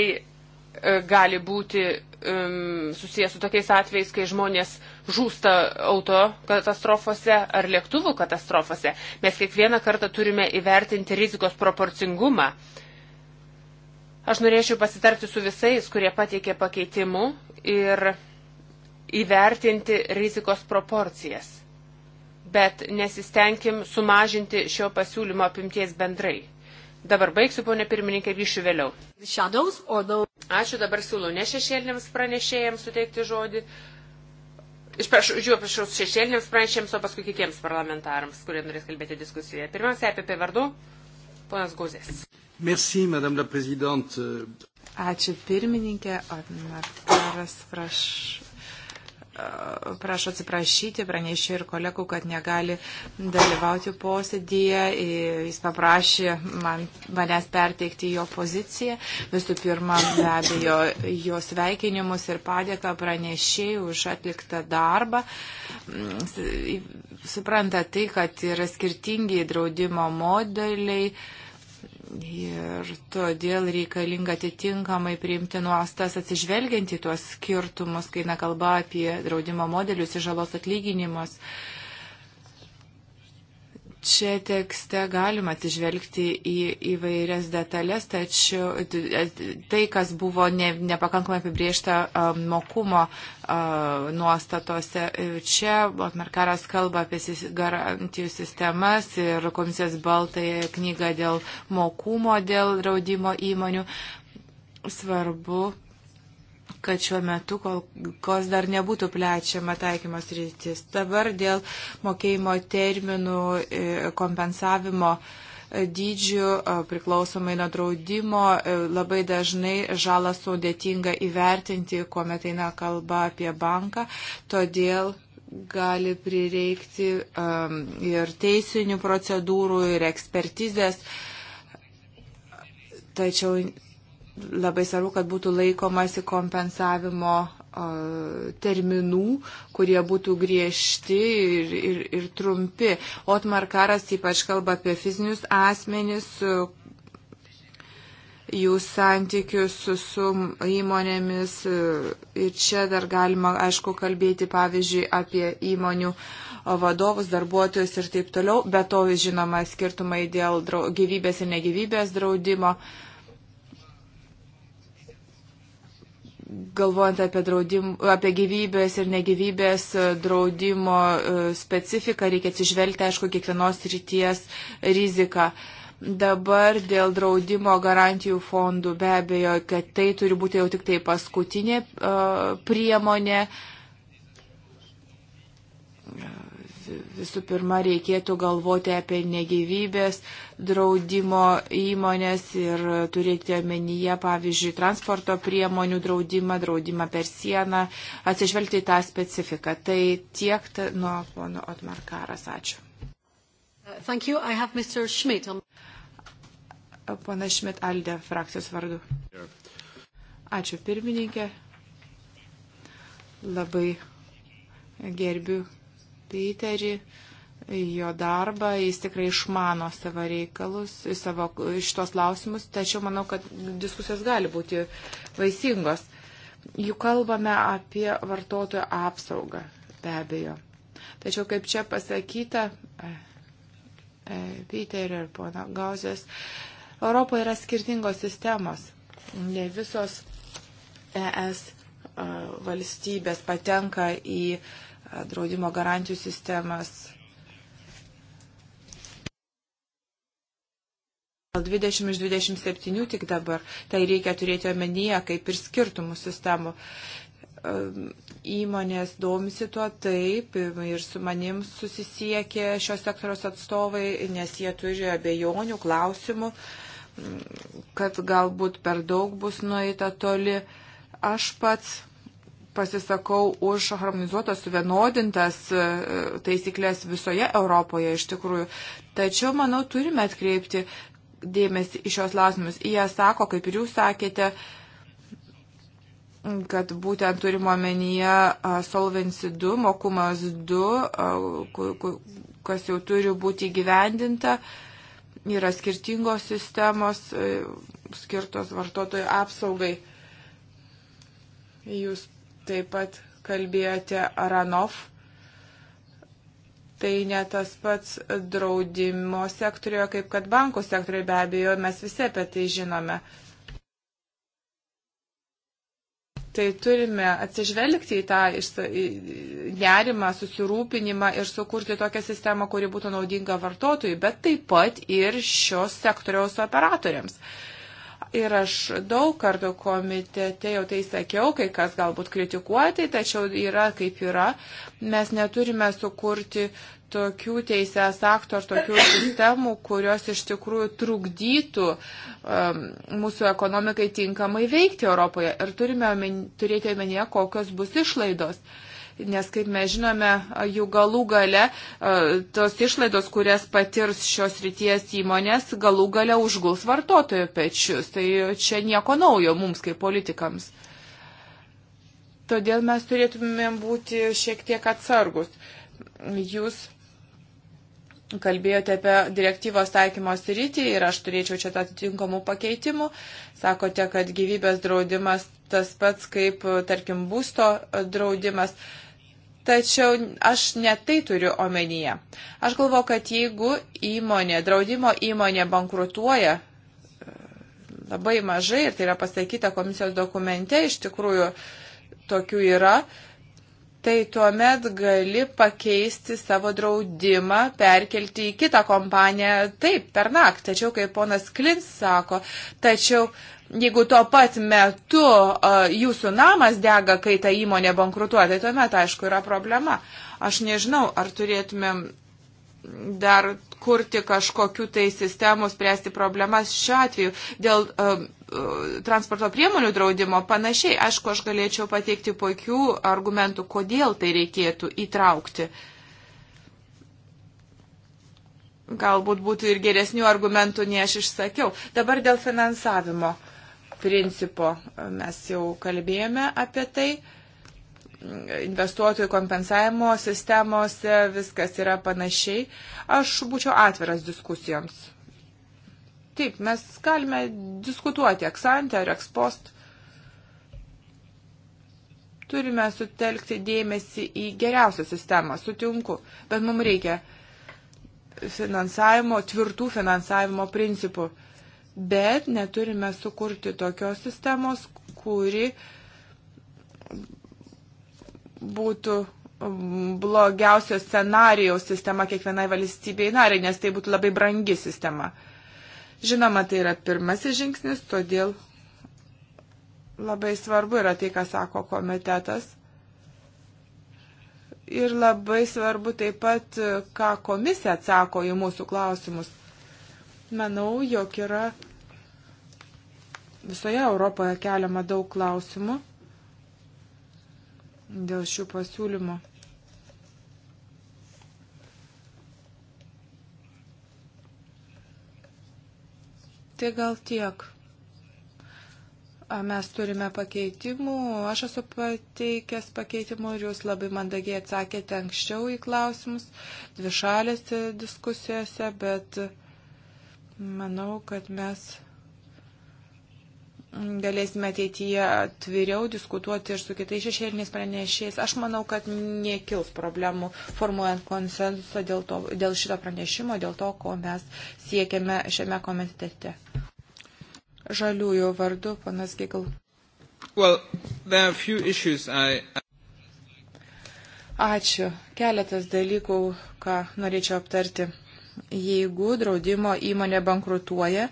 gali būti um, susijęs su tokiais atvejais, kai žmonės žūsta auto katastrofose ar lėktuvų katastrofose. Mes kiekvieną kartą turime įvertinti rizikos proporcingumą. Uh, Aš norėčiau pasitarti su visais, kurie pateikė pakeitimų ir įvertinti rizikos proporcijas. Bet nesistengim sumažinti šio pasiūlymo apimties bendrai. Dabar baigsiu, ponė pirmininkė, grįšiu vėliau. Ačiū, dabar siūlau ne šešėlinėms pranešėjams suteikti žodį. Iš jų prašau šešėlinėms pranešėjams, o paskui kitiems parlamentarams, kurie norės kalbėti diskusijoje. Pirmiausia, apie pavardų, ponas Guzės. Merci, Madame la Présidente. Ačiū pirmininkė, Otmartaras, prašau prašo atsiprašyti, pranešė ir kolegų, kad negali dalyvauti posėdėje. Jis paprašė man, manęs perteikti jo poziciją. Visų pirma, be abejo, jo sveikinimus ir padėką pranešėjai už atliktą darbą. Mm, supranta tai, kad yra skirtingi draudimo modeliai Ir todėl reikalinga atitinkamai priimti nuostas atsižvelgiant į tuos skirtumus, kai nekalba apie draudimo modelius ir žalos atlyginimus. Uh, Čia tekste galima atsižvelgti į įvairias detalės, tačiau e, tai, kas buvo ne, nepakankamai apibriešta e, mokumo e, nuostatose, čia Merkaras kalba apie garantijų sistemas ir komisijos baltąją knygą dėl mokumo, dėl draudimo įmonių. Svarbu kad šiuo metu kol kas dar nebūtų plečiama taikymas rytis. Dabar dėl mokėjimo terminų e, kompensavimo e, dydžių e, priklausomai nuo draudimo labai dažnai žalą sudėtinga įvertinti, kuomet eina kalba apie banką. Todėl gali prireikti um, ir teisinių procedūrų, ir ekspertizės. Tačiau Labai svarbu, kad būtų laikomasi kompensavimo terminų, kurie būtų griežti ir, ir, ir trumpi. Otmar Karas ypač kalba apie fizinius asmenis, jų santykius su, su įmonėmis. Ir čia dar galima, aišku, kalbėti, pavyzdžiui, apie įmonių vadovus, darbuotojus ir taip toliau. Be to, žinoma, skirtumai dėl gyvybės ir negyvybės draudimo. Uh, galvojant apie, draudim, apie gyvybės ir negyvybės e, draudimo e, specifiką, reikia atsižvelgti, aišku, kiekvienos ryties riziką. Dabar dėl draudimo garantijų fondų be abejo, kad tai turi būti jau tik tai paskutinė e, priemonė. Uh, visų pirma reikėtų galvoti apie negyvybės draudimo įmonės ir turėti omenyje, pavyzdžiui, transporto priemonių draudimą, draudimą per sieną, atsižvelgti į tą specifiką. Tai tiek ta, nuo pono Otmarkaras. Ačiū. Thank you. I have Mr. Schmidt. Pana Šmit Aldė frakcijos vardu. Ačiū pirmininkė. Labai gerbiu Peterį, jo darbą, jis tikrai išmano savo reikalus, savo šitos klausimus, tačiau manau, kad diskusijos gali būti vaisingos. Juk kalbame apie vartotojo apsaugą, be abejo. Tačiau, kaip čia pasakyta, e, e, Peterio ir pono Gauzės, Europoje yra skirtingos sistemos. Ne visos ES e, valstybės patenka į uh, draudimo garantijų sistemas. 20 iš 27 tik dabar, tai reikia turėti omenyje, kaip ir skirtumų sistemų. Įmonės domisi tuo taip ir su manim susisiekė šios sektoriaus atstovai, nes jie turi abejonių, klausimų, kad galbūt per daug bus nueita toli. Aš pats pasisakau už harmonizuotas, suvienodintas e, taisyklės visoje Europoje iš tikrųjų. Tačiau, manau, turime atkreipti dėmesį į šios lausimus. Jie sako, kaip ir jūs sakėte, kad būtent turimo omenyje Solvency 2, mokumas 2, kas jau turi būti gyvendinta, yra skirtingos sistemos e, skirtos vartotojų apsaugai. Jūs taip pat kalbėjote Aranov. Tai ne tas pats draudimo sektorijoje, kaip kad bankų sektorijoje, be abejo, mes visi apie tai žinome. Tai turime atsižvelgti į tą nerimą, susirūpinimą ir sukurti tokią sistemą, kuri būtų naudinga vartotojui, bet taip pat ir šios sektoriaus operatoriams. Uh, Ir aš daug kartų komitete jau tai sakiau, kai kas galbūt kritikuoti, tačiau yra kaip yra. Mes neturime sukurti tokių teisės aktų ar tokių sistemų, kurios iš tikrųjų trukdytų um, mūsų ekonomikai tinkamai veikti Europoje. Ir turime omeny, turėti omenyje, kokios bus išlaidos. Uh, nes, kaip mes žinome, jų galų gale e, tos išlaidos, kurias patirs šios ryties įmonės, galų gale užguls vartotojų pečius. Tai čia nieko naujo mums kaip politikams. Todėl mes turėtumėm būti šiek tiek atsargus. Jūs kalbėjote apie direktyvos taikymo sritį ir aš turėčiau čia atitinkamų pakeitimų. Sakote, kad gyvybės draudimas tas pats kaip, tarkim, būsto draudimas. Uh, Tačiau aš ne tai turiu omenyje. Aš galvoju, kad jeigu įmonė, draudimo įmonė bankrutuoja e, labai mažai, ir tai yra pasakyta komisijos dokumente, iš tikrųjų tokių yra, tai tuomet gali pakeisti savo draudimą, perkelti į kitą kompaniją, taip, per naktį. Tačiau, kaip ponas Klins sako, tačiau jeigu tuo pat metu jūsų namas dega, kai ta įmonė bankrutuoja, tai tuomet, aišku, yra problema. Aš nežinau, ar turėtumėm dar kurti kažkokių tai sistemų, spręsti problemas šiuo atveju. Dėl uh, transporto priemonių draudimo panašiai, aišku, aš galėčiau pateikti puikių argumentų, kodėl tai reikėtų įtraukti. Galbūt būtų ir geresnių argumentų, nei aš išsakiau. Dabar dėl finansavimo. Uh, principo. Mes jau kalbėjome apie tai investuotojų kompensavimo sistemose viskas yra panašiai. Aš būčiau atviras diskusijoms. Taip, mes galime diskutuoti eksantę ar ekspost. Turime sutelkti dėmesį į geriausią sistemą, sutinku, bet mums reikia finansavimo, tvirtų finansavimo principų bet neturime sukurti tokios sistemos, kuri būtų um, blogiausio scenarijaus sistema kiekvienai valstybei nariai, nes tai būtų labai brangi sistema. Žinoma, tai yra pirmasis žingsnis, todėl labai svarbu yra tai, ką sako komitetas. Ir labai svarbu taip pat, ką komisija atsako į mūsų klausimus. Manau, jog yra visoje Europoje keliama daug klausimų dėl šių pasiūlymų. Tai gal tiek. Mes turime pakeitimų, aš esu pateikęs pakeitimų ir jūs labai mandagiai atsakėte anksčiau į klausimus dvišalėse diskusijose, bet manau, kad mes galėsime ateityje atviriau diskutuoti ir su kitais šešėliniais pranešėjais. Aš manau, kad nekils problemų formuojant konsensusą dėl, to, dėl šito pranešimo, dėl to, ko mes siekiame šiame komitete. Žaliųjų vardu, panas Gigal. Well, I... Ačiū. Keletas dalykų, ką norėčiau aptarti. Jeigu draudimo įmonė bankrutuoja,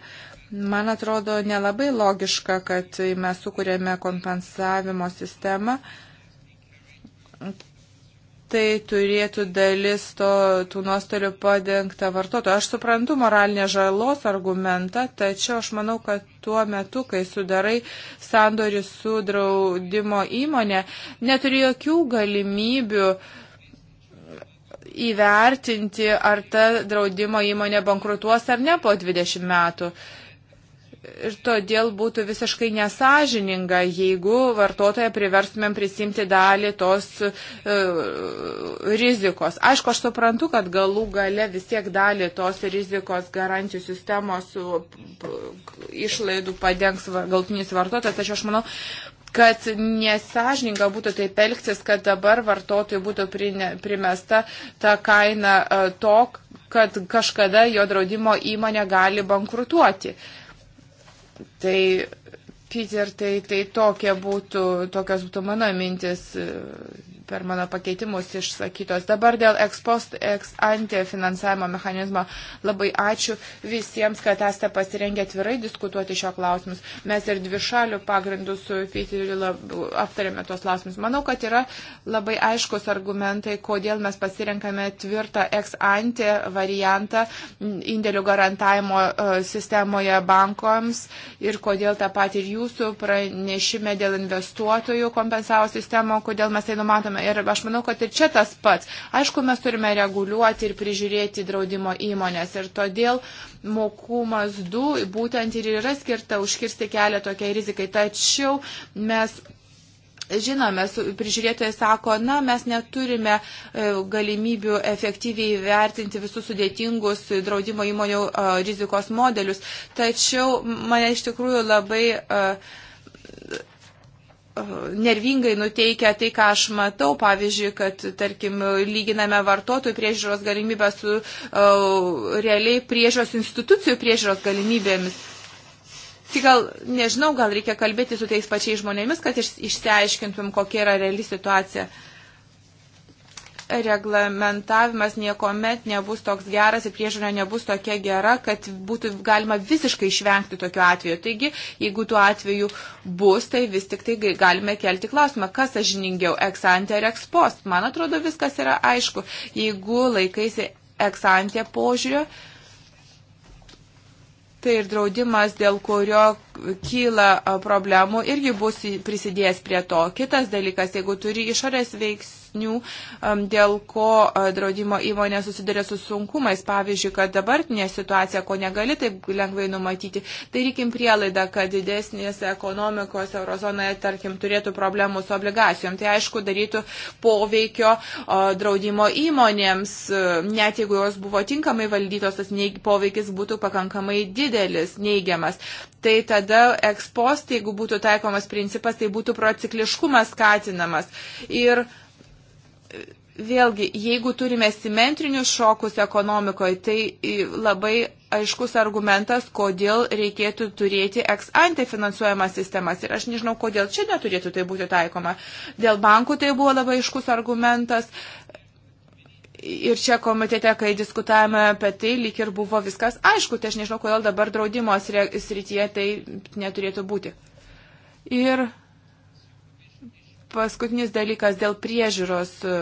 Man atrodo nelabai logiška, kad mes sukūrėme kompensavimo sistemą. Tai turėtų dalis to, tų nuostolių padengta vartotojų. Aš suprantu moralinės žalos argumentą, tačiau aš manau, kad tuo metu, kai sudarai sandorį su draudimo įmonė, neturi jokių galimybių uh, įvertinti, ar ta draudimo įmonė bankrutuos ar ne po 20 metų. Ir todėl būtų visiškai nesažininga, jeigu vartotoją priverstumėm prisimti dalį tos uh, rizikos. Aišku, aš suprantu, kad galų gale vis tiek dalį tos rizikos garantijų sistemos išlaidų padengs galtinis vartotojas, tačiau aš manau, kad nesažininga būtų taip elgtis, kad dabar vartotojui būtų primesta ta kaina e, to, kad kažkada jo draudimo įmonė gali bankrutuoti. Uh, Tai, Peter, tai, tai tokie būtų, tokios būtų mano mintis per mano pakeitimus išsakytos. Dabar dėl ekspost, eks ante finansavimo mechanizmo labai ačiū visiems, kad esate pasirengę atvirai diskutuoti šio klausimus. Mes ir dvišalių pagrindų su Fitiliu aptarėme tuos klausimus. Manau, kad yra labai aiškus argumentai, kodėl mes pasirenkame tvirtą eks ante variantą indėlių garantavimo e, sistemoje bankoms ir kodėl tą patį ir jūsų pranešime dėl investuotojų kompensavo sistemo, kodėl mes tai numatome matome. Ir aš manau, kad ir čia tas pats. Aišku, mes turime reguliuoti ir prižiūrėti draudimo įmonės. Ir todėl mokumas 2 būtent ir yra skirta užkirsti kelią tokiai rizikai. Tačiau mes Žinome, prižiūrėtojai sako, na, mes neturime e, galimybių efektyviai vertinti visus sudėtingus draudimo įmonių e, rizikos modelius. Tačiau mane iš tikrųjų labai e, nervingai nuteikia tai, ką aš matau, pavyzdžiui, kad, tarkim, lyginame vartotojų priežiūros galimybę su uh, realiai priežiūros institucijų priežiūros galimybėmis. Tai gal, nežinau, gal reikia kalbėti su tais pačiais žmonėmis, kad iš, išsiaiškintum, kokia yra reali situacija. Uh, reglamentavimas niekuomet nebus toks geras ir priežiūra nebus tokia gera, kad būtų galima visiškai išvengti tokių atvejų. Taigi, jeigu tų atvejų bus, tai vis tik tai galime kelti klausimą, kas sažiningiau, eksante ar ekspost. Man atrodo, viskas yra aišku. Jeigu laikaisi eksante požiūrio, tai ir draudimas, dėl kurio kyla problemų, irgi bus prisidėjęs prie to. Kitas dalykas, jeigu turi išorės veiks veiksnių, dėl ko e, draudimo įmonė susiduria su sunkumais. Pavyzdžiui, kad dabartinė situacija, ko negali taip lengvai numatyti, tai reikim prielaidą, kad didesnės ekonomikos eurozonoje, tarkim, turėtų problemų su obligacijom. Tai aišku, darytų poveikio e, draudimo įmonėms, e, net jeigu jos buvo tinkamai valdytos, tas poveikis būtų pakankamai didelis, neigiamas. Tai tada ekspost, jeigu būtų taikomas principas, tai būtų procikliškumas skatinamas. Ir uh, vėlgi, jeigu turime simetrinius šokus ekonomikoje, tai labai aiškus argumentas, kodėl reikėtų turėti ex ante finansuojamas sistemas. Ir aš nežinau, kodėl čia neturėtų tai būti taikoma. Dėl bankų tai buvo labai aiškus argumentas. Ir čia komitete, kai diskutavome apie tai, lyg ir buvo viskas aišku, tai aš nežinau, kodėl dabar draudimo srityje tai neturėtų būti. Ir paskutinis dalykas dėl priežiūros e,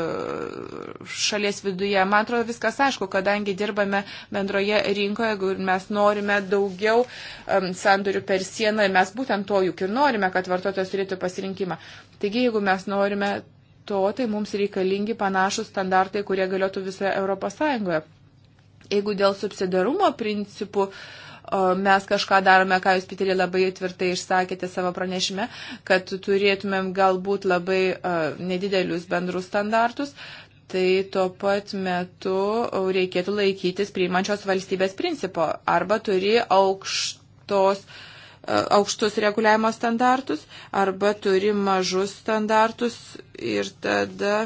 šalies viduje. Man atrodo viskas aišku, kadangi dirbame bendroje rinkoje, jeigu mes norime daugiau um, sandorių per sieną, mes būtent to juk ir norime, kad vartotojas turėtų pasirinkimą. Taigi, jeigu mes norime to, tai mums reikalingi panašus standartai, kurie galėtų visoje Europos Sąjungoje. Jeigu dėl subsidarumo principų uh, mes kažką darome, ką jūs, Piterė, labai tvirtai išsakėte savo pranešime, kad turėtumėm galbūt labai e, nedidelius bendrus standartus, tai tuo pat metu reikėtų laikytis priimančios valstybės principo arba turi aukštos e, aukštus reguliavimo standartus arba turi mažus standartus ir tada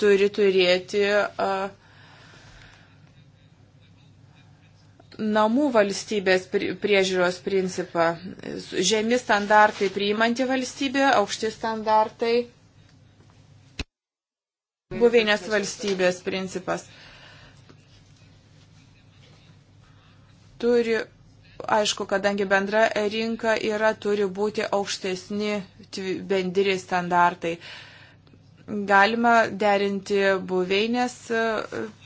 turi turėti uh, namų valstybės priežiūros principą. Žemi standartai priimanti valstybė, aukšti standartai buveinės valstybės principas. Turi, aišku, kadangi bendra rinka yra, turi būti aukštesni bendri standartai. Uh, Galima derinti buveinės e,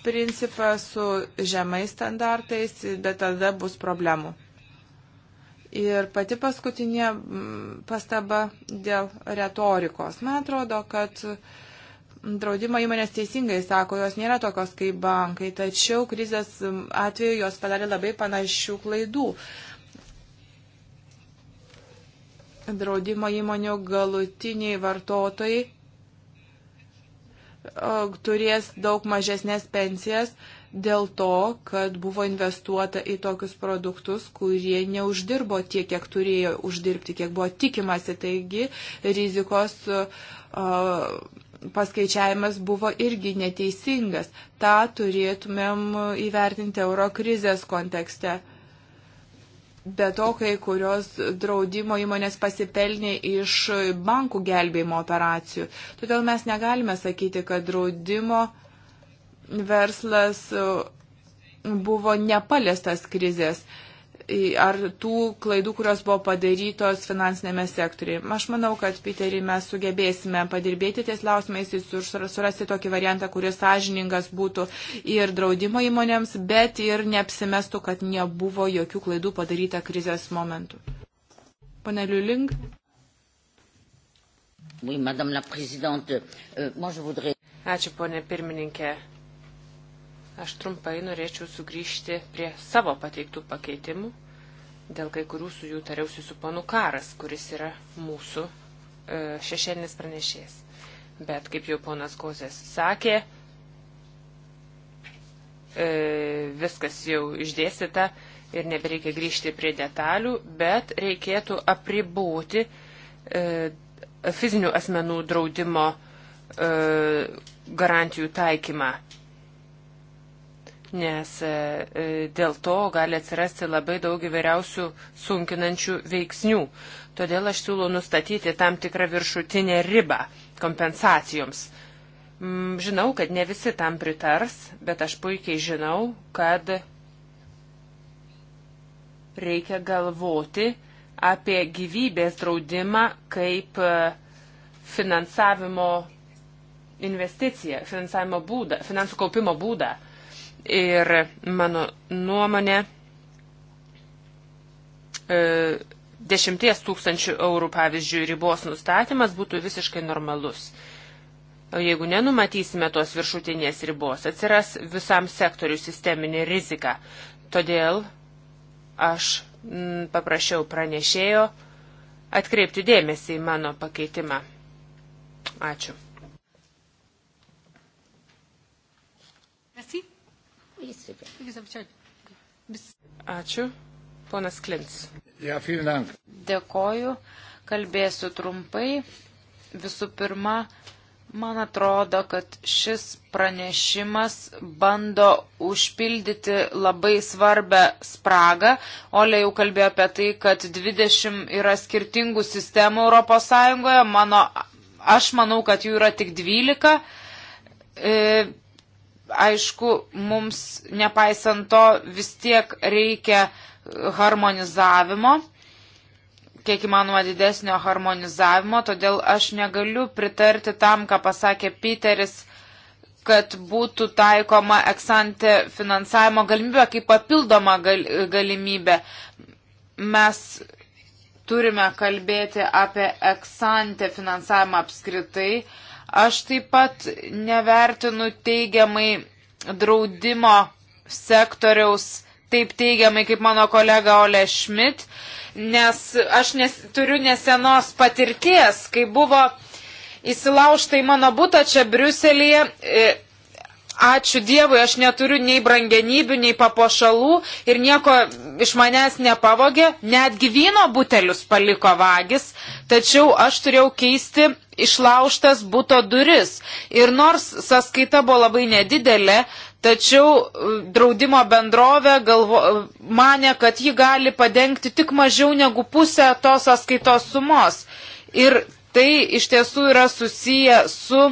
principą su žemais standartais, bet tada bus problemų. Ir pati paskutinė pastaba dėl retorikos. Man atrodo, kad draudimo įmonės teisingai sako, jos nėra tokios kaip bankai, tačiau krizės atveju jos padarė labai panašių klaidų. Draudimo įmonių galutiniai vartotojai turės daug mažesnės pensijas dėl to, kad buvo investuota į tokius produktus, kurie neuždirbo tiek, kiek turėjo uždirbti, kiek buvo tikimasi. Taigi rizikos paskaičiavimas buvo irgi neteisingas. Ta turėtumėm įvertinti euro krizės kontekste. Be to, kai kurios draudimo įmonės pasipelnė iš bankų gelbėjimo operacijų. Todėl mes negalime sakyti, kad draudimo verslas buvo nepaliestas krizės ar tų klaidų, kurios buvo padarytos finansinėme sektoriuje. Aš manau, kad Piterį mes sugebėsime padirbėti ties lausmais ir surasti tokį variantą, kuris sąžiningas būtų ir draudimo įmonėms, bet ir neapsimestų, kad nebuvo jokių klaidų padaryta krizės momentu. Pane Liuling. Oui, Madame la Présidente, euh, moi je voudrais. Ačiū, ponė pirmininkė. Aš trumpai norėčiau sugrįžti prie savo pateiktų pakeitimų. Dėl kai kurių su jų tariausi su ponu Karas, kuris yra mūsų e, šešėlinis pranešėjas. Bet, kaip jau ponas Kozės sakė, e, viskas jau išdėstyta ir nebereikia grįžti prie detalių, bet reikėtų apriboti e, fizinių asmenų draudimo garantijų taikymą nes e, e, dėl to gali atsirasti labai daug įvairiausių sunkinančių veiksnių. Todėl aš siūlau nustatyti tam tikrą viršutinę ribą kompensacijoms. Mm, žinau, kad ne visi tam pritars, bet aš puikiai žinau, kad reikia galvoti apie gyvybės draudimą kaip e, finansavimo investiciją, finansavimo būdą, finansų kaupimo būdą. Ir mano nuomonė, e, dešimties tūkstančių eurų, pavyzdžiui, ribos nustatymas būtų visiškai normalus. O jeigu nenumatysime tos viršutinės ribos, atsiras visam sektoriu sisteminė rizika. Todėl aš mm, paprašiau pranešėjo atkreipti dėmesį į mano pakeitimą. Ačiū. Ačiū. Ponas Klins. Dėkoju. Kalbėsiu trumpai. Visų pirma, Man atrodo, kad šis pranešimas bando užpildyti labai svarbę spragą. Olė jau kalbėjo apie tai, kad 20 yra skirtingų sistemų ES. Mano, aš manau, kad jų yra tik 12. E, aišku, mums nepaisant to vis tiek reikia harmonizavimo, kiek įmanoma didesnio harmonizavimo, todėl aš negaliu pritarti tam, ką pasakė Piteris kad būtų taikoma eksante finansavimo galimybė kaip papildoma gal, galimybė. Mes turime kalbėti apie eksante finansavimą apskritai. Uh, Aš taip pat nevertinu teigiamai draudimo sektoriaus taip teigiamai kaip mano kolega Ole Schmidt, nes aš nes, turiu nesenos patirties, kai buvo įsilaužta į mano būtą čia Briuselėje. E, ačiū Dievui, aš neturiu nei brangenybių, nei papošalų ir nieko iš manęs nepavogė, netgi vyno butelius paliko vagis, tačiau aš turėjau keisti išlauštas būto duris. Ir nors sąskaita buvo labai nedidelė, Tačiau e, draudimo bendrovė galvo, e, mane, kad ji gali padengti tik mažiau negu pusę tos sąskaitos sumos. Ir tai iš tiesų yra susiję su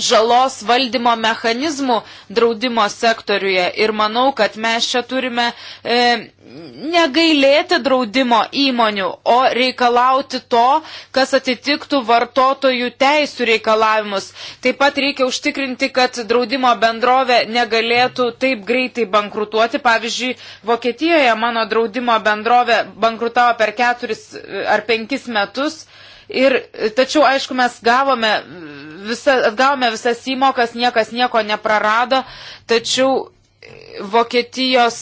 žalos valdymo mechanizmų draudimo sektoriuje ir manau, kad mes čia turime e, negailėti draudimo įmonių, o reikalauti to, kas atitiktų vartotojų teisų reikalavimus. Taip pat reikia užtikrinti, kad draudimo bendrovė negalėtų taip greitai bankrutuoti. Pavyzdžiui, Vokietijoje mano draudimo bendrovė bankrutavo per keturis ar penkis metus. Ir tačiau, aišku, mes gavome visa, atgavome visas įmokas, niekas nieko neprarado, tačiau Vokietijos.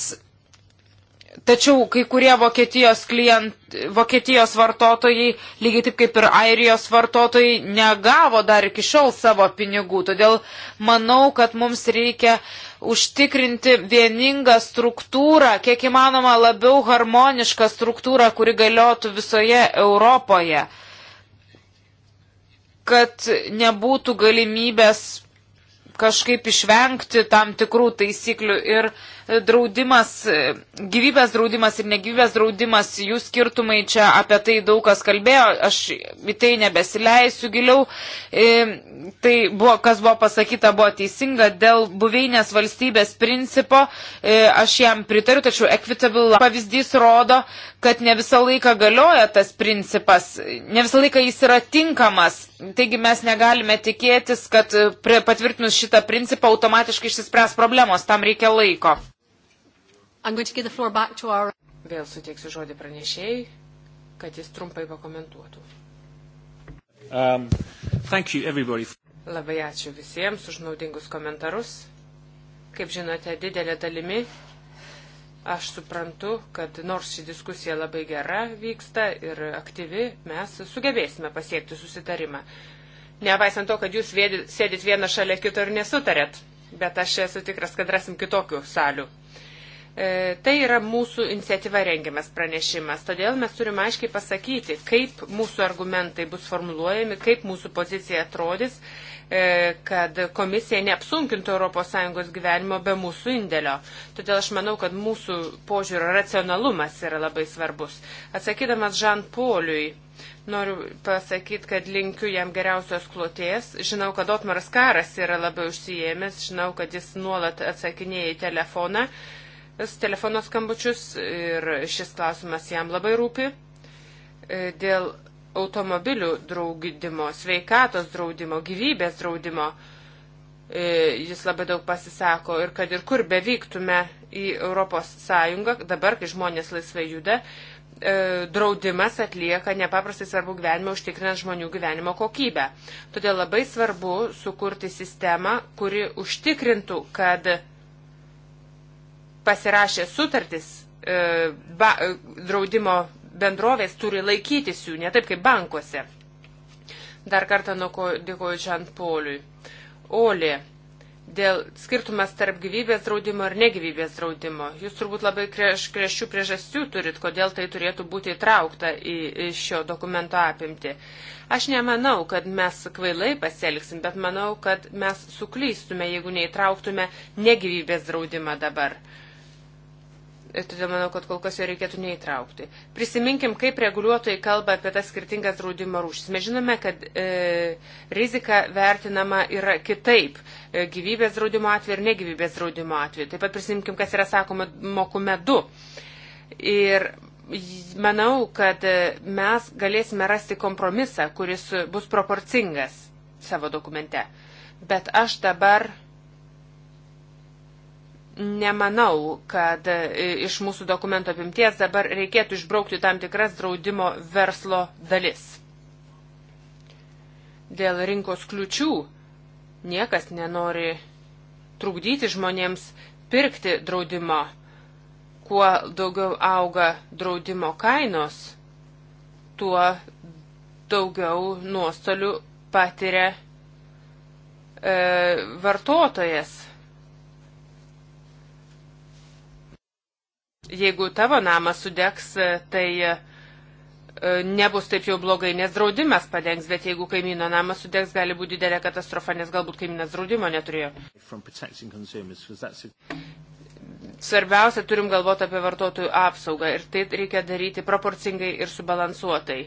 Tačiau kai kurie Vokietijos, klient, Vokietijos vartotojai, lygiai taip kaip ir Airijos vartotojai, negavo dar iki šiol savo pinigų. Todėl manau, kad mums reikia užtikrinti vieningą struktūrą, kiek įmanoma labiau harmonišką struktūrą, kuri galiotų visoje Europoje kad nebūtų galimybės kažkaip išvengti tam tikrų taisyklių ir draudimas, gyvybės draudimas ir negyvybės draudimas, jų skirtumai čia apie tai daug kas kalbėjo, aš į tai nebesileisiu giliau. E, tai buvo, kas buvo pasakyta, buvo teisinga dėl buveinės valstybės principo, e, aš jam pritariu, tačiau equitable pavyzdys rodo, kad ne visą laiką galioja tas principas, ne visą laiką jis yra tinkamas. Taigi mes negalime tikėtis, kad e, patvirtinus šitą principą automatiškai išsispręs problemos, tam reikia laiko. Our... Vėl suteiksiu žodį pranešėjai, kad jis trumpai pakomentuotų. Um, Labai ačiū visiems už naudingus komentarus. Kaip žinote, didelė dalimi aš suprantu, kad nors ši diskusija labai gera vyksta ir aktyvi, mes sugebėsime pasiekti susitarimą. Nepaisant to, kad jūs sėdit vieną šalia kito ir nesutarėt, bet aš esu tikras, kad rasim kitokių salių. E, tai yra mūsų iniciatyva rengiamas pranešimas, todėl mes turime aiškiai pasakyti, kaip mūsų argumentai bus formuluojami, kaip mūsų pozicija atrodys, e, kad komisija neapsunkintų ES gyvenimo be mūsų indėlio. Todėl aš manau, kad mūsų požiūrio racionalumas yra labai svarbus. Atsakydamas Žan Poliui, noriu pasakyti, kad linkiu jam geriausios kloties. Žinau, kad Otmaras Karas yra labai užsijėmęs, žinau, kad jis nuolat atsakinėja į telefoną telefono skambučius ir šis klausimas jam labai rūpi. E, dėl automobilių draudimo, sveikatos draudimo, gyvybės draudimo e, jis labai daug pasisako ir kad ir kur bevyktume į Europos Sąjungą, dabar, kai žmonės laisvai juda, e, draudimas atlieka nepaprastai svarbu gyvenimą užtikrinant žmonių gyvenimo kokybę. Todėl labai svarbu sukurti sistemą, kuri užtikrintų, kad pasirašė sutartis, e, ba, e, draudimo bendrovės turi laikytis jų, ne taip kaip bankuose. Dar kartą dėkoju Žan Poliui. Olė, dėl skirtumas tarp gyvybės draudimo ir negyvybės draudimo. Jūs turbūt labai kreš, krešių priežasčių turit, kodėl tai turėtų būti įtraukta į, į šio dokumento apimti. Aš nemanau, kad mes kvailai pasielgsim, bet manau, kad mes suklystume, jeigu neįtrauktume negyvybės draudimą dabar. Uh, Ir todėl manau, kad kol kas jo reikėtų neįtraukti. Prisiminkim, kaip reguliuotojai kalba apie tas skirtingas draudimo rūšis. Mes žinome, kad e, rizika vertinama yra kitaip e, gyvybės draudimo atveju ir negyvybės draudimo atveju. Taip pat prisiminkim, kas yra sakoma mokume du. Ir manau, kad e, mes galėsime rasti kompromisą, kuris bus proporcingas savo dokumente. Bet aš dabar Nemanau, kad e, iš mūsų dokumento apimties dabar reikėtų išbraukti tam tikras draudimo verslo dalis. Dėl rinkos kliučių niekas nenori trukdyti žmonėms pirkti draudimo. Kuo daugiau auga draudimo kainos, tuo daugiau nuostolių patiria e, vartotojas jeigu tavo namas sudegs, e, tai e, e, nebus taip jau blogai, nes draudimas padengs, bet jeigu kaimyno namas sudegs, gali būti didelė katastrofa, nes galbūt kaimynas draudimo neturėjo. Svarbiausia, turim galvoti apie vartotojų apsaugą ir tai reikia daryti proporcingai ir subalansuotai.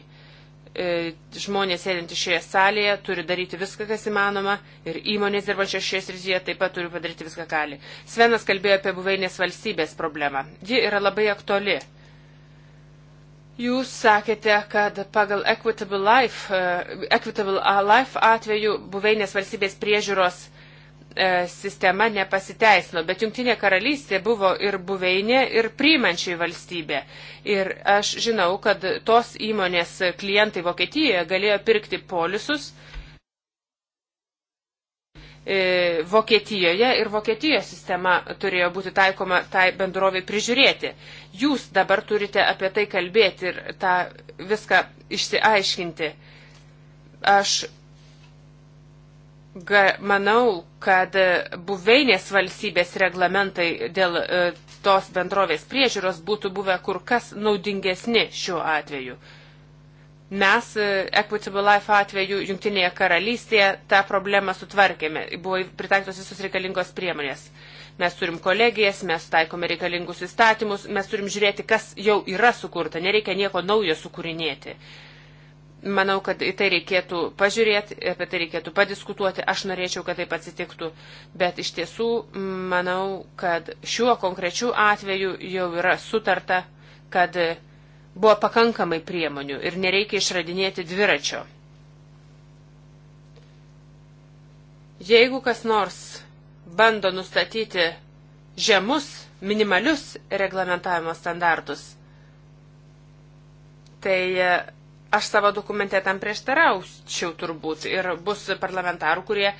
E, žmonės sėdintys šioje salėje turi daryti viską, kas įmanoma ir įmonės dirbančios šioje srityje taip pat turi padaryti viską gali. Svenas kalbėjo apie buveinės valstybės problemą. Ji yra labai aktuali. Jūs sakėte, kad pagal Equitable Life, e, Equitable Life atveju buveinės valstybės priežiūros uh, E, sistema nepasiteisino, bet Junktinė karalystė buvo ir buveinė, ir priimančiai valstybė. Ir aš žinau, kad tos įmonės klientai Vokietijoje galėjo pirkti polisus e, Vokietijoje ir Vokietijos sistema turėjo būti taikoma tai bendroviai prižiūrėti. Jūs dabar turite apie tai kalbėti ir tą viską išsiaiškinti. Aš manau, kad e, buveinės valstybės reglamentai dėl e, tos bendrovės priežiūros būtų buvę kur kas naudingesni šiuo atveju. Mes e, Equitable Life atveju Junktinėje karalystėje tą problemą sutvarkėme, buvo pritaikytos visos reikalingos priemonės. Mes turim kolegijas, mes taikome reikalingus įstatymus, mes turim žiūrėti, kas jau yra sukurta, nereikia nieko naujo sukūrinėti. Uh, Manau, kad į tai reikėtų pažiūrėti, apie tai reikėtų padiskutuoti. Aš norėčiau, kad taip atsitiktų, bet iš tiesų manau, kad šiuo konkrečiu atveju jau yra sutarta, kad buvo pakankamai priemonių ir nereikia išradinėti dviračio. Jeigu kas nors bando nustatyti žemus, minimalius reglamentavimo standartus, tai Aš savo dokumente tam prieštarausčiau turbūt ir bus parlamentarų, kurie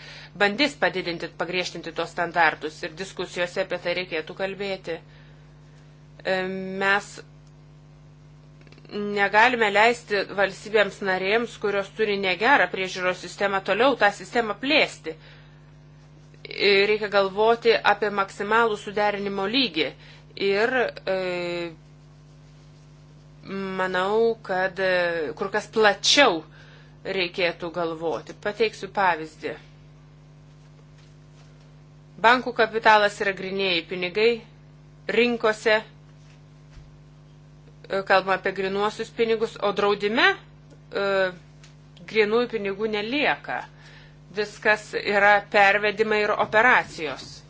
bandys padidinti, pagriežtinti tos standartus ir diskusijose apie tai reikėtų kalbėti. E, mes negalime leisti valstybėms narėms, kurios turi negerą priežiūros sistemą, toliau tą sistemą plėsti. E, reikia galvoti apie maksimalų suderinimo lygį ir e, manau, kad e, kur kas plačiau reikėtų galvoti. Pateiksiu pavyzdį. Bankų kapitalas yra grinėjai pinigai, rinkose e, kalbama apie grinuosius pinigus, o draudime e, grinųjų pinigų nelieka. Viskas yra pervedimai ir operacijos.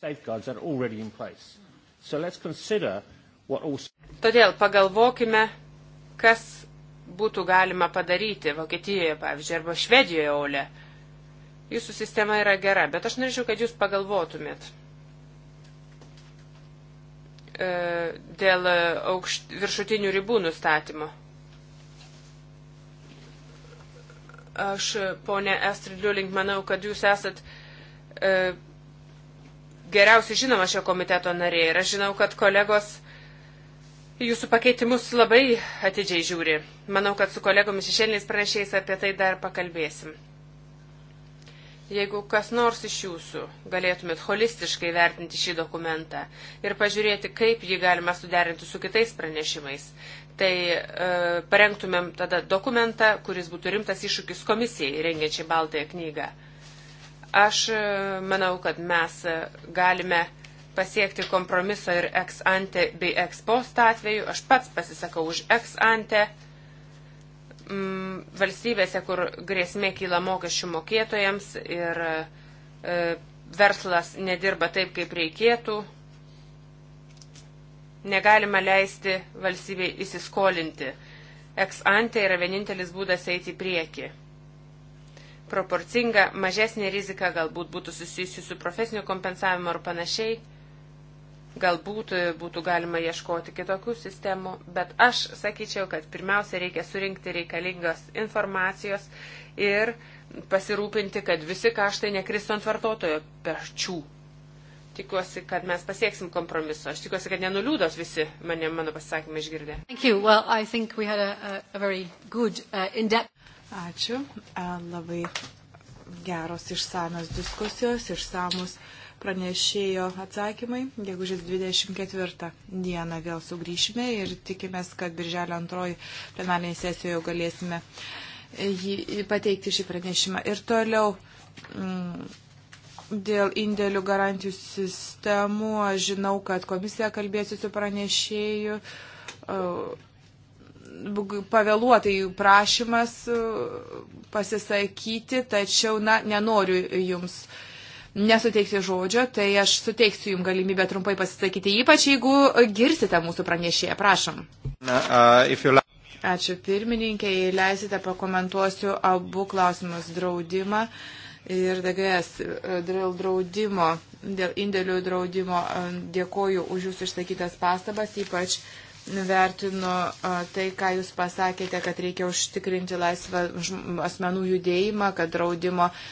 Safeguards are already in place. So let's consider Todėl pagalvokime, kas būtų galima padaryti Vokietijoje, pavyzdžiui, arba Švedijoje, Ole. Jūsų sistema yra gera, bet aš norėčiau, kad jūs pagalvotumėt e, dėl aukšt, viršutinių ribų nustatymo. Aš, ponė Astrid Liulink, manau, kad jūs esat e, geriausiai žinoma šio komiteto narė ir aš žinau, kad kolegos jūsų pakeitimus labai atidžiai žiūri. Manau, kad su kolegomis išėliniais pranešėjais apie tai dar pakalbėsim. Jeigu kas nors iš jūsų galėtumėt holistiškai vertinti šį dokumentą ir pažiūrėti, kaip jį galima suderinti su kitais pranešimais, tai e, parengtumėm tada dokumentą, kuris būtų rimtas iššūkis komisijai rengiančiai Baltąją knygą. Aš e, manau, kad mes e, galime e, pasiekti kompromiso ir ex ante bei ex post atveju. Aš pats pasisakau už ex ante mm, valstybėse, kur grėsmė kyla mokesčių mokėtojams ir e, verslas nedirba taip, kaip reikėtų. Negalima leisti valstybei įsiskolinti. Ex ante yra vienintelis būdas eiti į priekį proporcinga, mažesnė rizika galbūt būtų susijusi su profesiniu kompensavimu ar panašiai. Galbūt e, būtų galima ieškoti kitokių sistemų, bet aš sakyčiau, kad pirmiausia reikia surinkti reikalingos informacijos ir pasirūpinti, kad visi kaštai nekristų ant vartotojo perčių. Tikiuosi, kad mes pasieksim kompromiso. Aš tikiuosi, kad nenuliūdos visi mane mano pasisakymą išgirdė. Well, a, a good, uh, Ačiū. Labai geros išsamios diskusijos, išsamus pranešėjo atsakymai. Gegužės 24 dieną vėl sugrįšime ir tikimės, kad birželio antroji plenarinė sesijoje jau galėsime jį pateikti šį pranešimą. Ir toliau. Mm, Dėl indėlių garantijų sistemų aš žinau, kad komisija kalbėsi su pranešėju. Uh, pavėluotai prašymas pasisakyti, tačiau, na, nenoriu jums uh, nesuteiksiu žodžio, tai aš suteiksiu jums galimybę trumpai pasisakyti, ypač jeigu girsite mūsų pranešėją. Prašom. Na, uh, Ačiū pirmininkė, jei leisite, pakomentuosiu abu klausimus draudimą ir DGS dėl draudimo, dėl indėlių draudimo. Um, dėkoju už jūsų išsakytas pastabas, ypač vertinu uh, tai, ką Jūs pasakėte, kad reikia užtikrinti laisvą asmenų judėjimą, kad draudimo uh,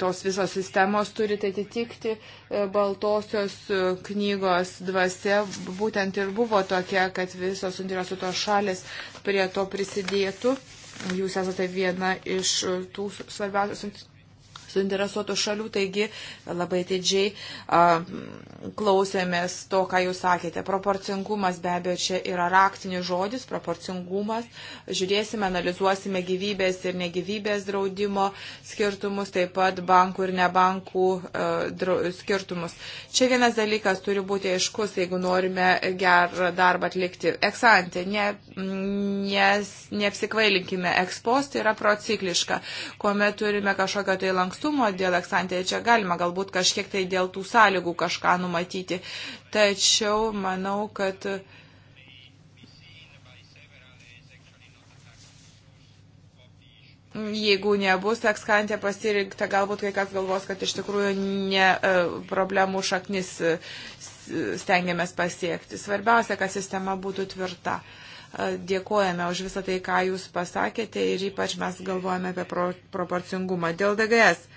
tos visos sistemos turi atitikti e, Baltosios e, knygos dvasia, būtent ir buvo tokia, kad visos suinteresuotos šalis prie to prisidėtų. Jūs esate viena iš tų svarbiausios suinteresuotų šalių, taigi labai teidžiai klausėmės to, ką jūs sakėte. Proporcingumas be abejo čia yra raktinis žodis, proporcingumas. Žiūrėsime, analizuosime gyvybės ir negyvybės draudimo skirtumus, taip pat bankų ir nebankų skirtumus. Čia vienas dalykas turi būti aiškus, jeigu norime gerą darbą atlikti. Eksantė, ne, ne, neapsikvailinkime, ekspost yra procikliška, kuomet turime kažkokio tai lankstumo lankstumo dėl eksantėje čia galima galbūt kažkiek tai dėl tų sąlygų kažką numatyti. Tačiau manau, kad jeigu nebus ekskantė pasirinkta, galbūt kai kas galvos, kad iš tikrųjų ne e, problemų šaknis e, stengiamės pasiekti. Svarbiausia, kad sistema būtų tvirta. E, dėkojame už visą tai, ką Jūs pasakėte ir ypač mes galvojame apie pro, proporcingumą. Dėl DGS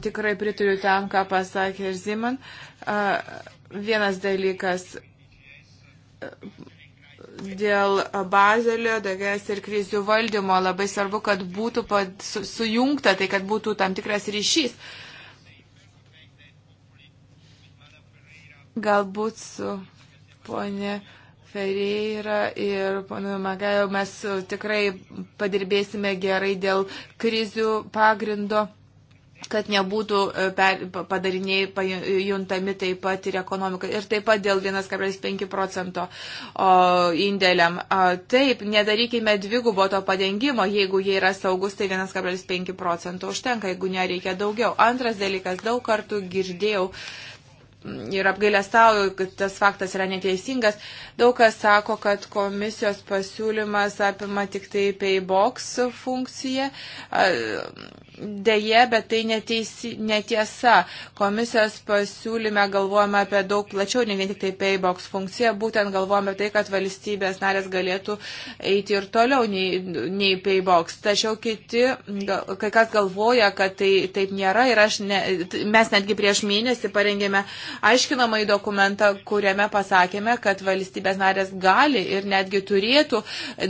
Tikrai pritariu tam, ką pasakė ir Ziman. Vienas dalykas dėl bazelio, dagės ir krizių valdymo labai svarbu, kad būtų pad, su, sujungta, tai kad būtų tam tikras ryšys. Galbūt su ponė Ferreira ir ponu Magajo mes tikrai padirbėsime gerai dėl krizių pagrindo kad nebūtų e, per, padariniai juntami taip pat ir ekonomikai. Ir taip pat dėl 1,5 procento indėliam. Taip, nedarykime dvigubo to padengimo, jeigu jie yra saugus, tai 1,5 procento užtenka, jeigu nereikia daugiau. Antras dalykas, daug kartų girdėjau. Ir apgailestauju, kad tas faktas yra neteisingas. Daug kas sako, kad komisijos pasiūlymas apima tik tai paybox funkciją. Deja, bet tai neteisi, netiesa. Komisijos pasiūlyme galvojame apie daug plačiau, ne vien tik tai paybox funkciją, būtent galvojame apie tai, kad valstybės narės galėtų eiti ir toliau nei, nei paybox. Tačiau kiti, kai kas galvoja, kad tai taip nėra ir ne, mes netgi prieš mėnesį parengėme aiškinamąjį dokumentą, kuriame pasakėme, kad valstybės narės gali ir netgi turėtų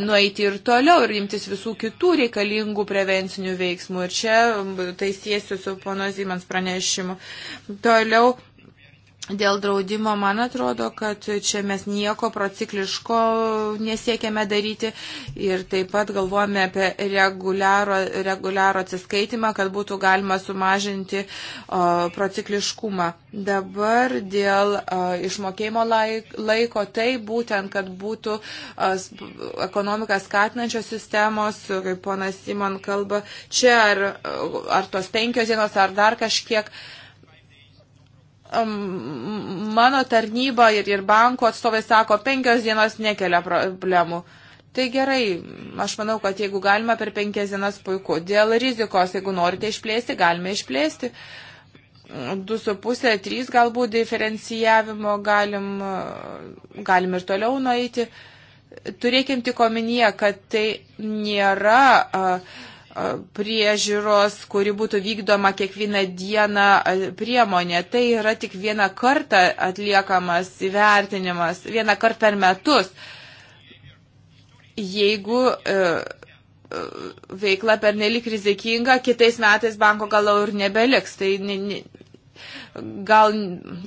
nueiti ir toliau ir imtis visų kitų reikalingų prevencinių veiksmų. Ir čia tai siesiu su pono Zimans pranešimu. Toliau Dėl draudimo, man atrodo, kad čia mes nieko procikliško nesiekėme daryti ir taip pat galvojame apie reguliaro, reguliaro atsiskaitimą, kad būtų galima sumažinti o, procikliškumą. Dabar dėl o, išmokėjimo laiko, tai būtent, kad būtų o, ekonomika skatinančios sistemos, kaip ponas Simon kalba, čia ar, ar tos penkios dienos, ar dar kažkiek. O, mano tarnyba ir, ir banko atstovai sako, penkios dienos nekelia problemų. Tai gerai, aš manau, kad jeigu galima per penkias dienas puiku. Dėl rizikos, jeigu norite išplėsti, galime išplėsti. 2,5-3 galbūt diferencijavimo galim, galim ir toliau nueiti. Turėkim tik omenyje, kad tai nėra uh, priežiūros, kuri būtų vykdoma kiekvieną dieną priemonė. Tai yra tik vieną kartą atliekamas įvertinimas, vieną kartą per metus. Jeigu e, e, veikla per nelik rizikinga, kitais metais banko gal ir nebeliks. Tai gal,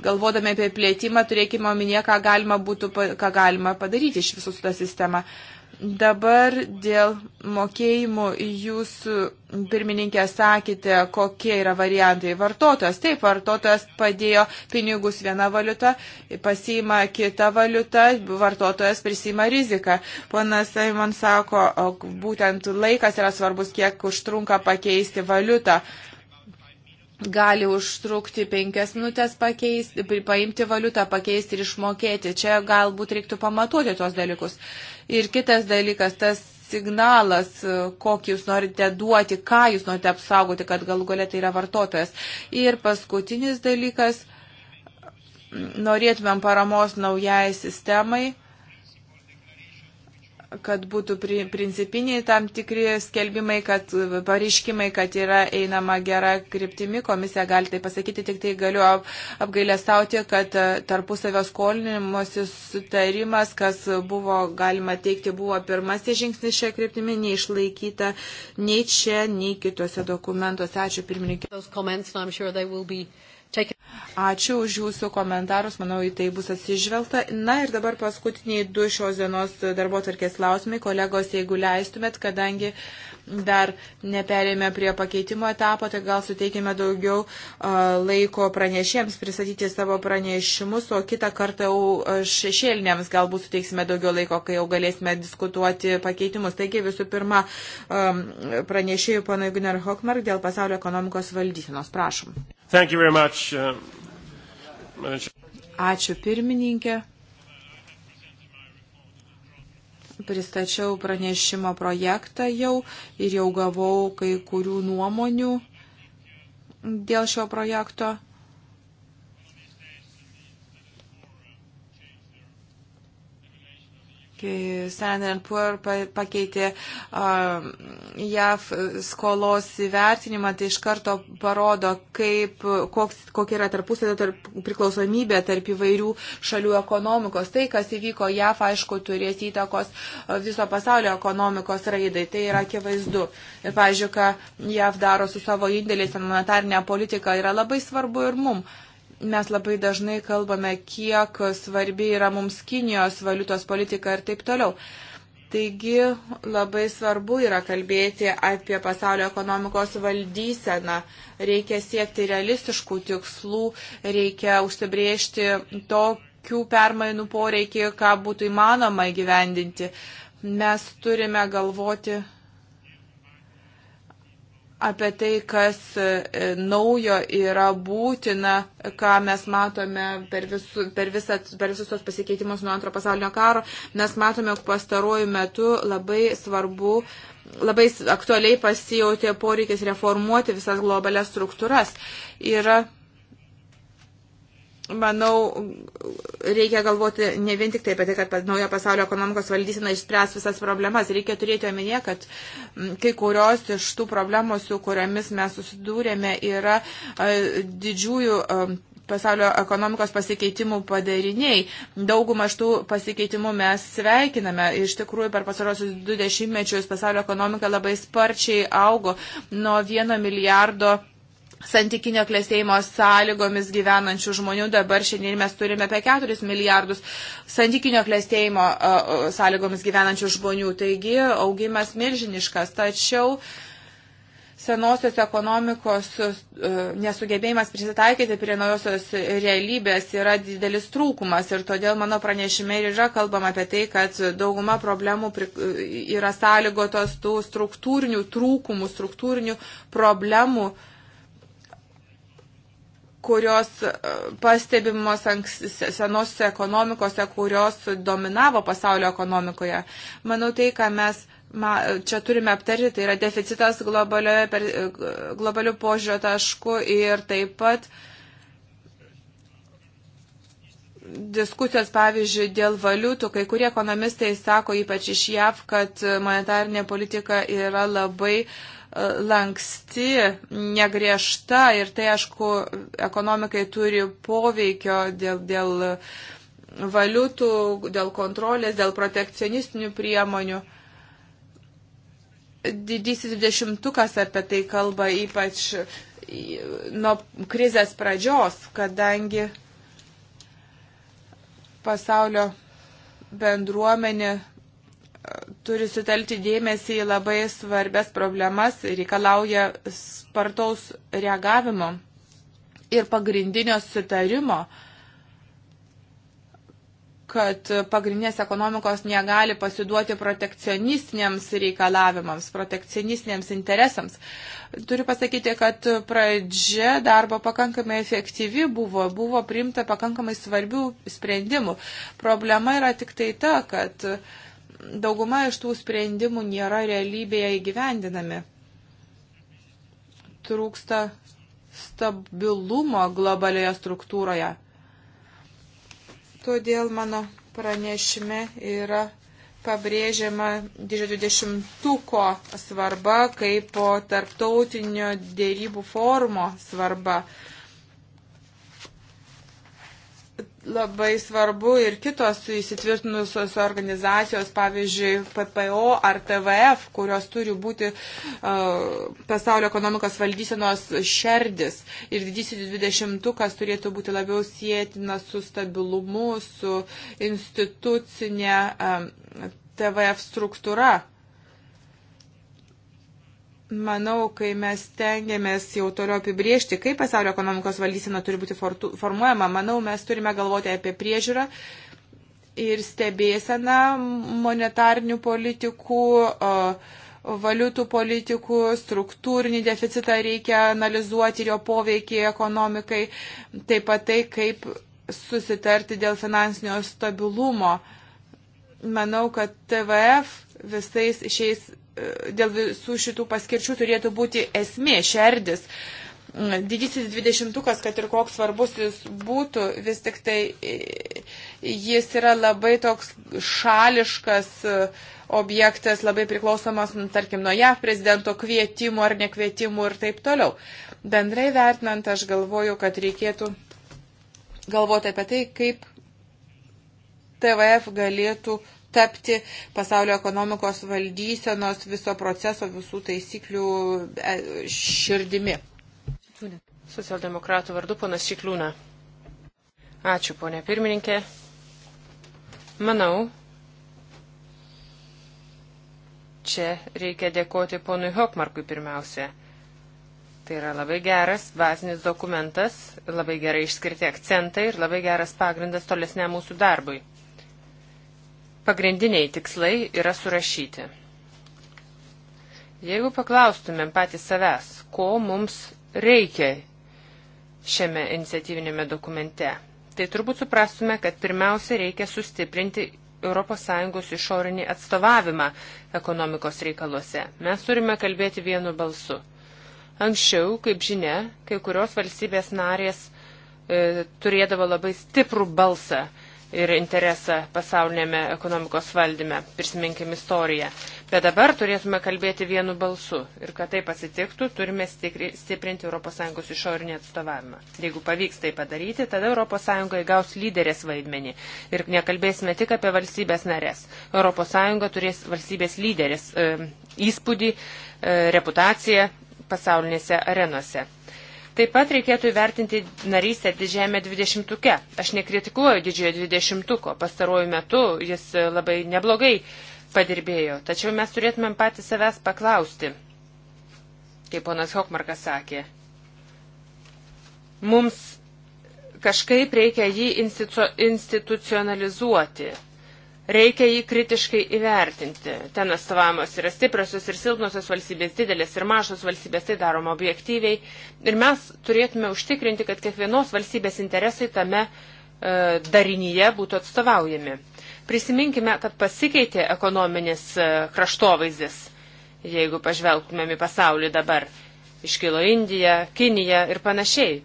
galvodami apie plėtimą, turėkime omenyje, ką galima būtų, ką galima padaryti iš visų tą sistemą. Uh, Dabar dėl mokėjimų jūs pirmininkė sakėte, kokie yra variantai. Vartotojas, taip, vartotojas padėjo pinigus vieną valiutą, pasiima kitą valiutą, vartotojas prisima riziką. Ponas Simon sako, būtent laikas yra svarbus, kiek užtrunka pakeisti valiutą. Uh, gali užtrukti penkias minutės pakeisti, paimti valiutą, pakeisti ir išmokėti. Čia galbūt reiktų pamatuoti tuos dalykus. Ir kitas dalykas, tas signalas, kokį jūs norite duoti, ką jūs norite apsaugoti, kad galų galia tai yra vartotojas. Ir paskutinis dalykas, norėtumėm paramos naujai sistemai kad būtų pri, principiniai tam tikri skelbimai, kad pareiškimai, kad yra einama gera kryptimi, komisija gali tai pasakyti, tik tai galiu ap, apgailestauti, kad e, tarpusavio skolinimuose sutarimas, kas buvo galima teikti, buvo pirmasis žingsnis šią kryptimį, neišlaikyta nei čia, nei kitose dokumentuose. Ačiū pirmininkė. Ačiū už jūsų komentarus, manau, į tai bus atsižvelgta. Na ir dabar paskutiniai du šios dienos darbo tarkės klausimai. Kolegos, jeigu leistumėt, kadangi uh, dar neperėmė prie pakeitimo etapo, tai gal suteikime daugiau laiko pranešėms pristatyti savo pranešimus, o kitą kartą jau šešėlinėms galbūt suteiksime daugiau laiko, kai jau galėsime diskutuoti pakeitimus. Taigi visų pirma, pranešėjų pana Gunnar Hockmark dėl pasaulio ekonomikos valdysenos. Prašom. Uh, Ačiū pirmininkė. pristačiau pranešimo projektą jau ir jau gavau kai kurių nuomonių dėl šio projekto. kai Standard Poor pakeitė uh, JAV skolos įvertinimą, tai iš karto parodo, kaip, koks, kokia yra tarpusavio tarp, priklausomybė tarp įvairių šalių ekonomikos. Tai, kas įvyko JAV, aišku, turės įtakos viso pasaulio ekonomikos raidai. Tai yra akivaizdu. Ir, pavyzdžiui, ką JAV daro su savo indėliais ir monetarinė politika yra labai svarbu ir mums mes labai dažnai kalbame, kiek svarbi yra mums Kinijos valiutos politika ir taip toliau. Taigi labai svarbu yra kalbėti apie pasaulio ekonomikos valdyseną. Reikia siekti realistiškų tikslų, reikia užsibriežti tokių permainų poreikį, ką būtų įmanoma įgyvendinti. Mes turime galvoti apie tai, kas e, naujo yra būtina, ką mes matome per, visu, per, visą, per visus tos pasikeitimus nuo antro pasaulinio karo. Mes matome, kad pastaruoju metu labai svarbu, labai aktualiai pasijautė poreikis reformuoti visas globalias struktūras. Yra manau, reikia galvoti ne vien tik tai apie tai, kad naujo pasaulio ekonomikos valdysena išspręs visas problemas. Reikia turėti omenyje, kad mm, kai kurios iš tų problemų, su kuriamis mes susidūrėme, yra e, didžiųjų e, pasaulio ekonomikos pasikeitimų padariniai. Daugumą iš tų pasikeitimų mes sveikiname. Iš tikrųjų, per pasarosius 20 mečius pasaulio ekonomika labai sparčiai augo nuo 1 milijardo santykinio klėstėjimo sąlygomis gyvenančių žmonių. Dabar šiandien mes turime apie 4 milijardus santykinio klėstėjimo sąlygomis gyvenančių žmonių. Taigi augimas milžiniškas. Tačiau senosios ekonomikos nesugebėjimas prisitaikyti prie naujosios realybės yra didelis trūkumas ir todėl mano pranešime ir yra kalbama apie tai, kad dauguma problemų yra sąlygotos tų struktūrinių trūkumų, struktūrinių problemų kurios e, pastebimos senose ekonomikose, kurios dominavo pasaulio ekonomikoje. Manau, tai, ką mes Ma, čia turime aptarti, tai yra deficitas per, e, globalių požiūrio taškų ir taip pat diskusijos, pavyzdžiui, dėl valiutų. Kai kurie ekonomistai sako, ypač iš JAV, kad monetarinė politika yra labai uh, lanksti, negriežta ir tai, aišku, ekonomikai turi poveikio dėl, dėl valiutų, dėl kontrolės, dėl protekcionistinių priemonių. Didysis dešimtukas apie tai kalba ypač nuo krizės pradžios, kadangi pasaulio bendruomenė turi sutelti dėmesį į labai svarbės problemas, reikalauja spartaus reagavimo ir pagrindinio sutarimo, kad pagrindinės ekonomikos negali pasiduoti protekcionistiniams reikalavimams, protekcionistiniams interesams. Turiu pasakyti, kad pradžia darbo pakankamai efektyvi buvo, buvo priimta pakankamai svarbių sprendimų. Problema yra tik tai ta, kad uh, dauguma iš tų sprendimų nėra realybėje įgyvendinami. Trūksta stabilumo globalioje struktūroje. Todėl mano pranešime yra pabrėžiama didžiojo dvidešimtuko svarba kaip po tarptautinio dėrybų forumo svarba. Uh, labai svarbu ir kitos įsitvirtinusios organizacijos, pavyzdžiui, PPO ar TVF, kurios turi būti uh, pasaulio ekonomikos valdysenos šerdis. Ir didysis dvidešimtukas turėtų būti labiau sėtinas su stabilumu, su institucinė um, TVF struktūra. Manau, kai mes tengiamės jau toliau apibriežti, kaip pasaulio ekonomikos valdysena turi būti formuojama, manau, mes turime galvoti apie priežiūrą ir stebėseną monetarnių politikų, valiutų politikų, struktūrinį deficitą reikia analizuoti ir jo poveikį ekonomikai, taip pat tai, kaip susitarti dėl finansinio stabilumo. Manau, kad TVF visais šiais dėl visų šitų paskirčių turėtų būti esmė, šerdis. Didysis dvidešimtukas, kad ir koks svarbus jis būtų, vis tik tai e, jis yra labai toks šališkas e, objektas, labai priklausomas, nu, tarkim, nuo JAV prezidento kvietimų ar nekvietimų ir taip toliau. Bendrai vertinant, aš galvoju, kad reikėtų galvoti apie tai, kaip TVF galėtų tapti pasaulio ekonomikos valdysenos viso proceso, visų taisyklių e, širdimi. Socialdemokratų vardu panas Šikliūna. Ačiū, ponė pirmininkė. Manau, čia reikia dėkoti ponui Hokmarkui pirmiausia. Tai yra labai geras bazinis dokumentas, labai gerai išskirti akcentai ir labai geras pagrindas tolesnė mūsų darbui pagrindiniai tikslai yra surašyti. Jeigu paklaustumėm patys savęs, ko mums reikia šiame iniciatyvinėme dokumente, tai turbūt suprastume, kad pirmiausia reikia sustiprinti ES išorinį atstovavimą ekonomikos reikaluose. Mes turime kalbėti vienu balsu. Anksčiau, kaip žinia, kai kurios valstybės narės e, turėdavo labai stiprų balsą ir interesą pasaulinėme ekonomikos valdyme. Prisiminkim istoriją. Bet dabar turėtume kalbėti vienu balsu. Ir kad tai pasitiktų, turime stiprinti ES išorinį atstovavimą. Jeigu pavyks tai padaryti, tada ES gaus lyderės vaidmenį. Ir nekalbėsime tik apie valstybės narės. ES turės valstybės lyderės e, įspūdį, e, reputaciją pasaulinėse arenose. Taip pat reikėtų įvertinti narystę didžiajame dvidešimtuke. Aš nekritikuoju didžiojo dvidešimtuko, pastaruoju metu jis labai neblogai padirbėjo, tačiau mes turėtumėm patys savęs paklausti, kaip ponas Hokmarkas sakė. Mums kažkaip reikia jį institucionalizuoti Reikia jį kritiškai įvertinti. Ten atstovamos yra stipriosios ir silpnosios valstybės, didelės ir mažos valstybės, tai daroma objektyviai. Ir mes turėtume užtikrinti, kad kiekvienos valstybės interesai tame e, darinyje būtų atstovaujami. Prisiminkime, kad pasikeitė ekonominis e, kraštovaizdis, jeigu pažvelgtumėm į pasaulį dabar. Iškilo Indija, Kinija ir panašiai.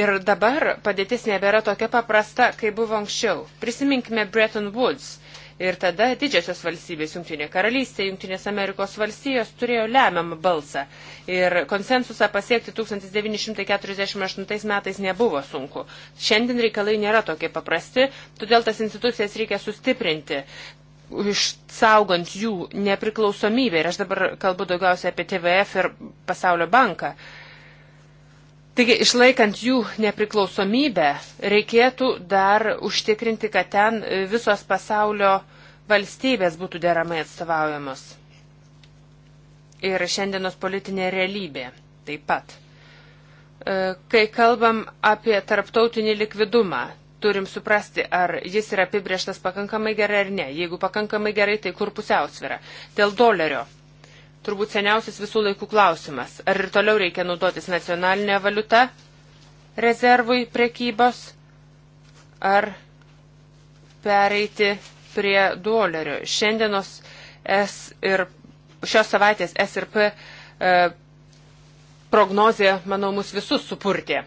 Ir dabar padėtis nebėra tokia paprasta, kaip buvo anksčiau. Prisiminkime Bretton Woods Ir tada didžiosios valstybės, Junktinė karalystė, Junktinės Amerikos valstijos turėjo lemiamą balsą. Ir konsensusą pasiekti 1948 metais nebuvo sunku. Šiandien reikalai nėra tokie paprasti, todėl tas institucijas reikia sustiprinti išsaugant jų nepriklausomybę. Ir aš dabar kalbu daugiausiai apie TVF ir Pasaulio banką. Uh, Taigi, išlaikant jų nepriklausomybę, reikėtų dar užtikrinti, kad ten e, visos pasaulio valstybės būtų deramai atstovaujamos. Ir šiandienos politinė realybė taip pat. E, kai kalbam apie tarptautinį likvidumą, turim suprasti, ar jis yra apibrieštas pakankamai gerai ar ne. Jeigu pakankamai gerai, tai kur pusiausvėra. Dėl dolerio turbūt seniausias visų laikų klausimas. Ar ir toliau reikia naudotis nacionalinę valiutą rezervui prekybos, ar pereiti prie dolerio. Šiandienos S ir šios savaitės S ir P e, prognozija, manau, mus visus supurtė.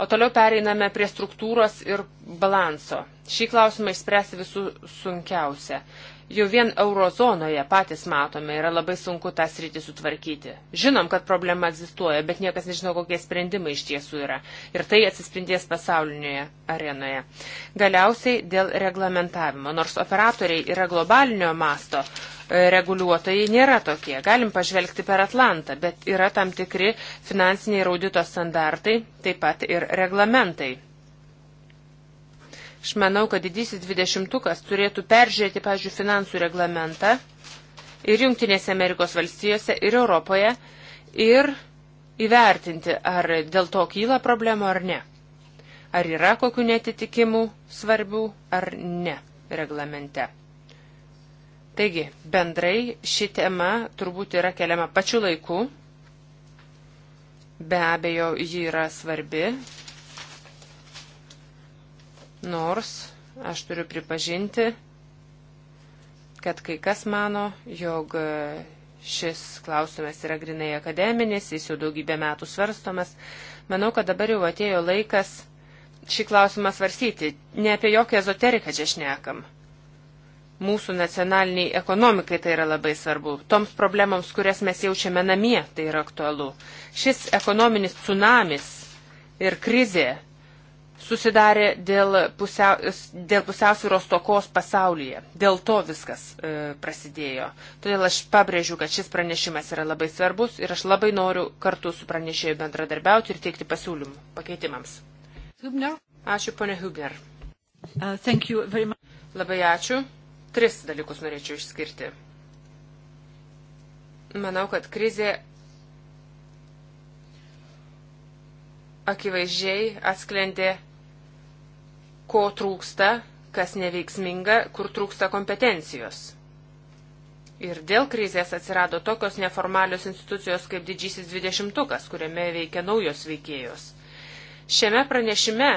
O toliau pereiname prie struktūros ir balanso. Šį klausimą išspręsti visų sunkiausia. Jau vien eurozonoje patys matome, yra labai sunku tą sritį sutvarkyti. Žinom, kad problema egzistuoja, bet niekas nežino, kokie sprendimai iš tiesų yra. Ir tai atsispindės pasaulinėje arenoje. Galiausiai dėl reglamentavimo. Nors operatoriai yra globalinio masto, e, reguliuotojai nėra tokie. Galim pažvelgti per Atlantą, bet yra tam tikri finansiniai audito standartai, taip pat ir reglamentai. Aš manau, kad didysis dvidešimtukas turėtų peržiūrėti, pažiūrėjau, finansų reglamentą ir Junktinėse Amerikos valstijose, ir Europoje ir įvertinti, ar dėl to kyla problemų ar ne. Ar yra kokių netitikimų svarbių ar ne reglamente. Taigi, bendrai ši tema turbūt yra keliama pačiu laiku. Be abejo, ji yra svarbi, Nors aš turiu pripažinti, kad kai kas mano, jog šis klausimas yra grinai akademinis, jis jau daugybę metų svarstomas. Manau, kad dabar jau atėjo laikas šį klausimą svarstyti. Ne apie jokią ezoteriką čia šnekam. Mūsų nacionaliniai ekonomikai tai yra labai svarbu. Toms problemams, kurias mes jaučiame namie, tai yra aktualu. Šis ekonominis tsunamis ir krizė susidarė dėl, pusiau, dėl pusiausvyros tokos pasaulyje. Dėl to viskas e, prasidėjo. Todėl aš pabrėžiu, kad šis pranešimas yra labai svarbus ir aš labai noriu kartu su pranešėju bendradarbiauti ir teikti pasiūlymų pakeitimams. Hübner. Ačiū, ponė Hübner. Uh, labai ačiū. Tris dalykus norėčiau išskirti. Manau, kad krizė akivaizdžiai atsklendė ko trūksta, kas neveiksminga, kur trūksta kompetencijos. Ir dėl krizės atsirado tokios neformalios institucijos kaip didžysis dvidešimtukas, kuriame veikia naujos veikėjos. Šiame pranešime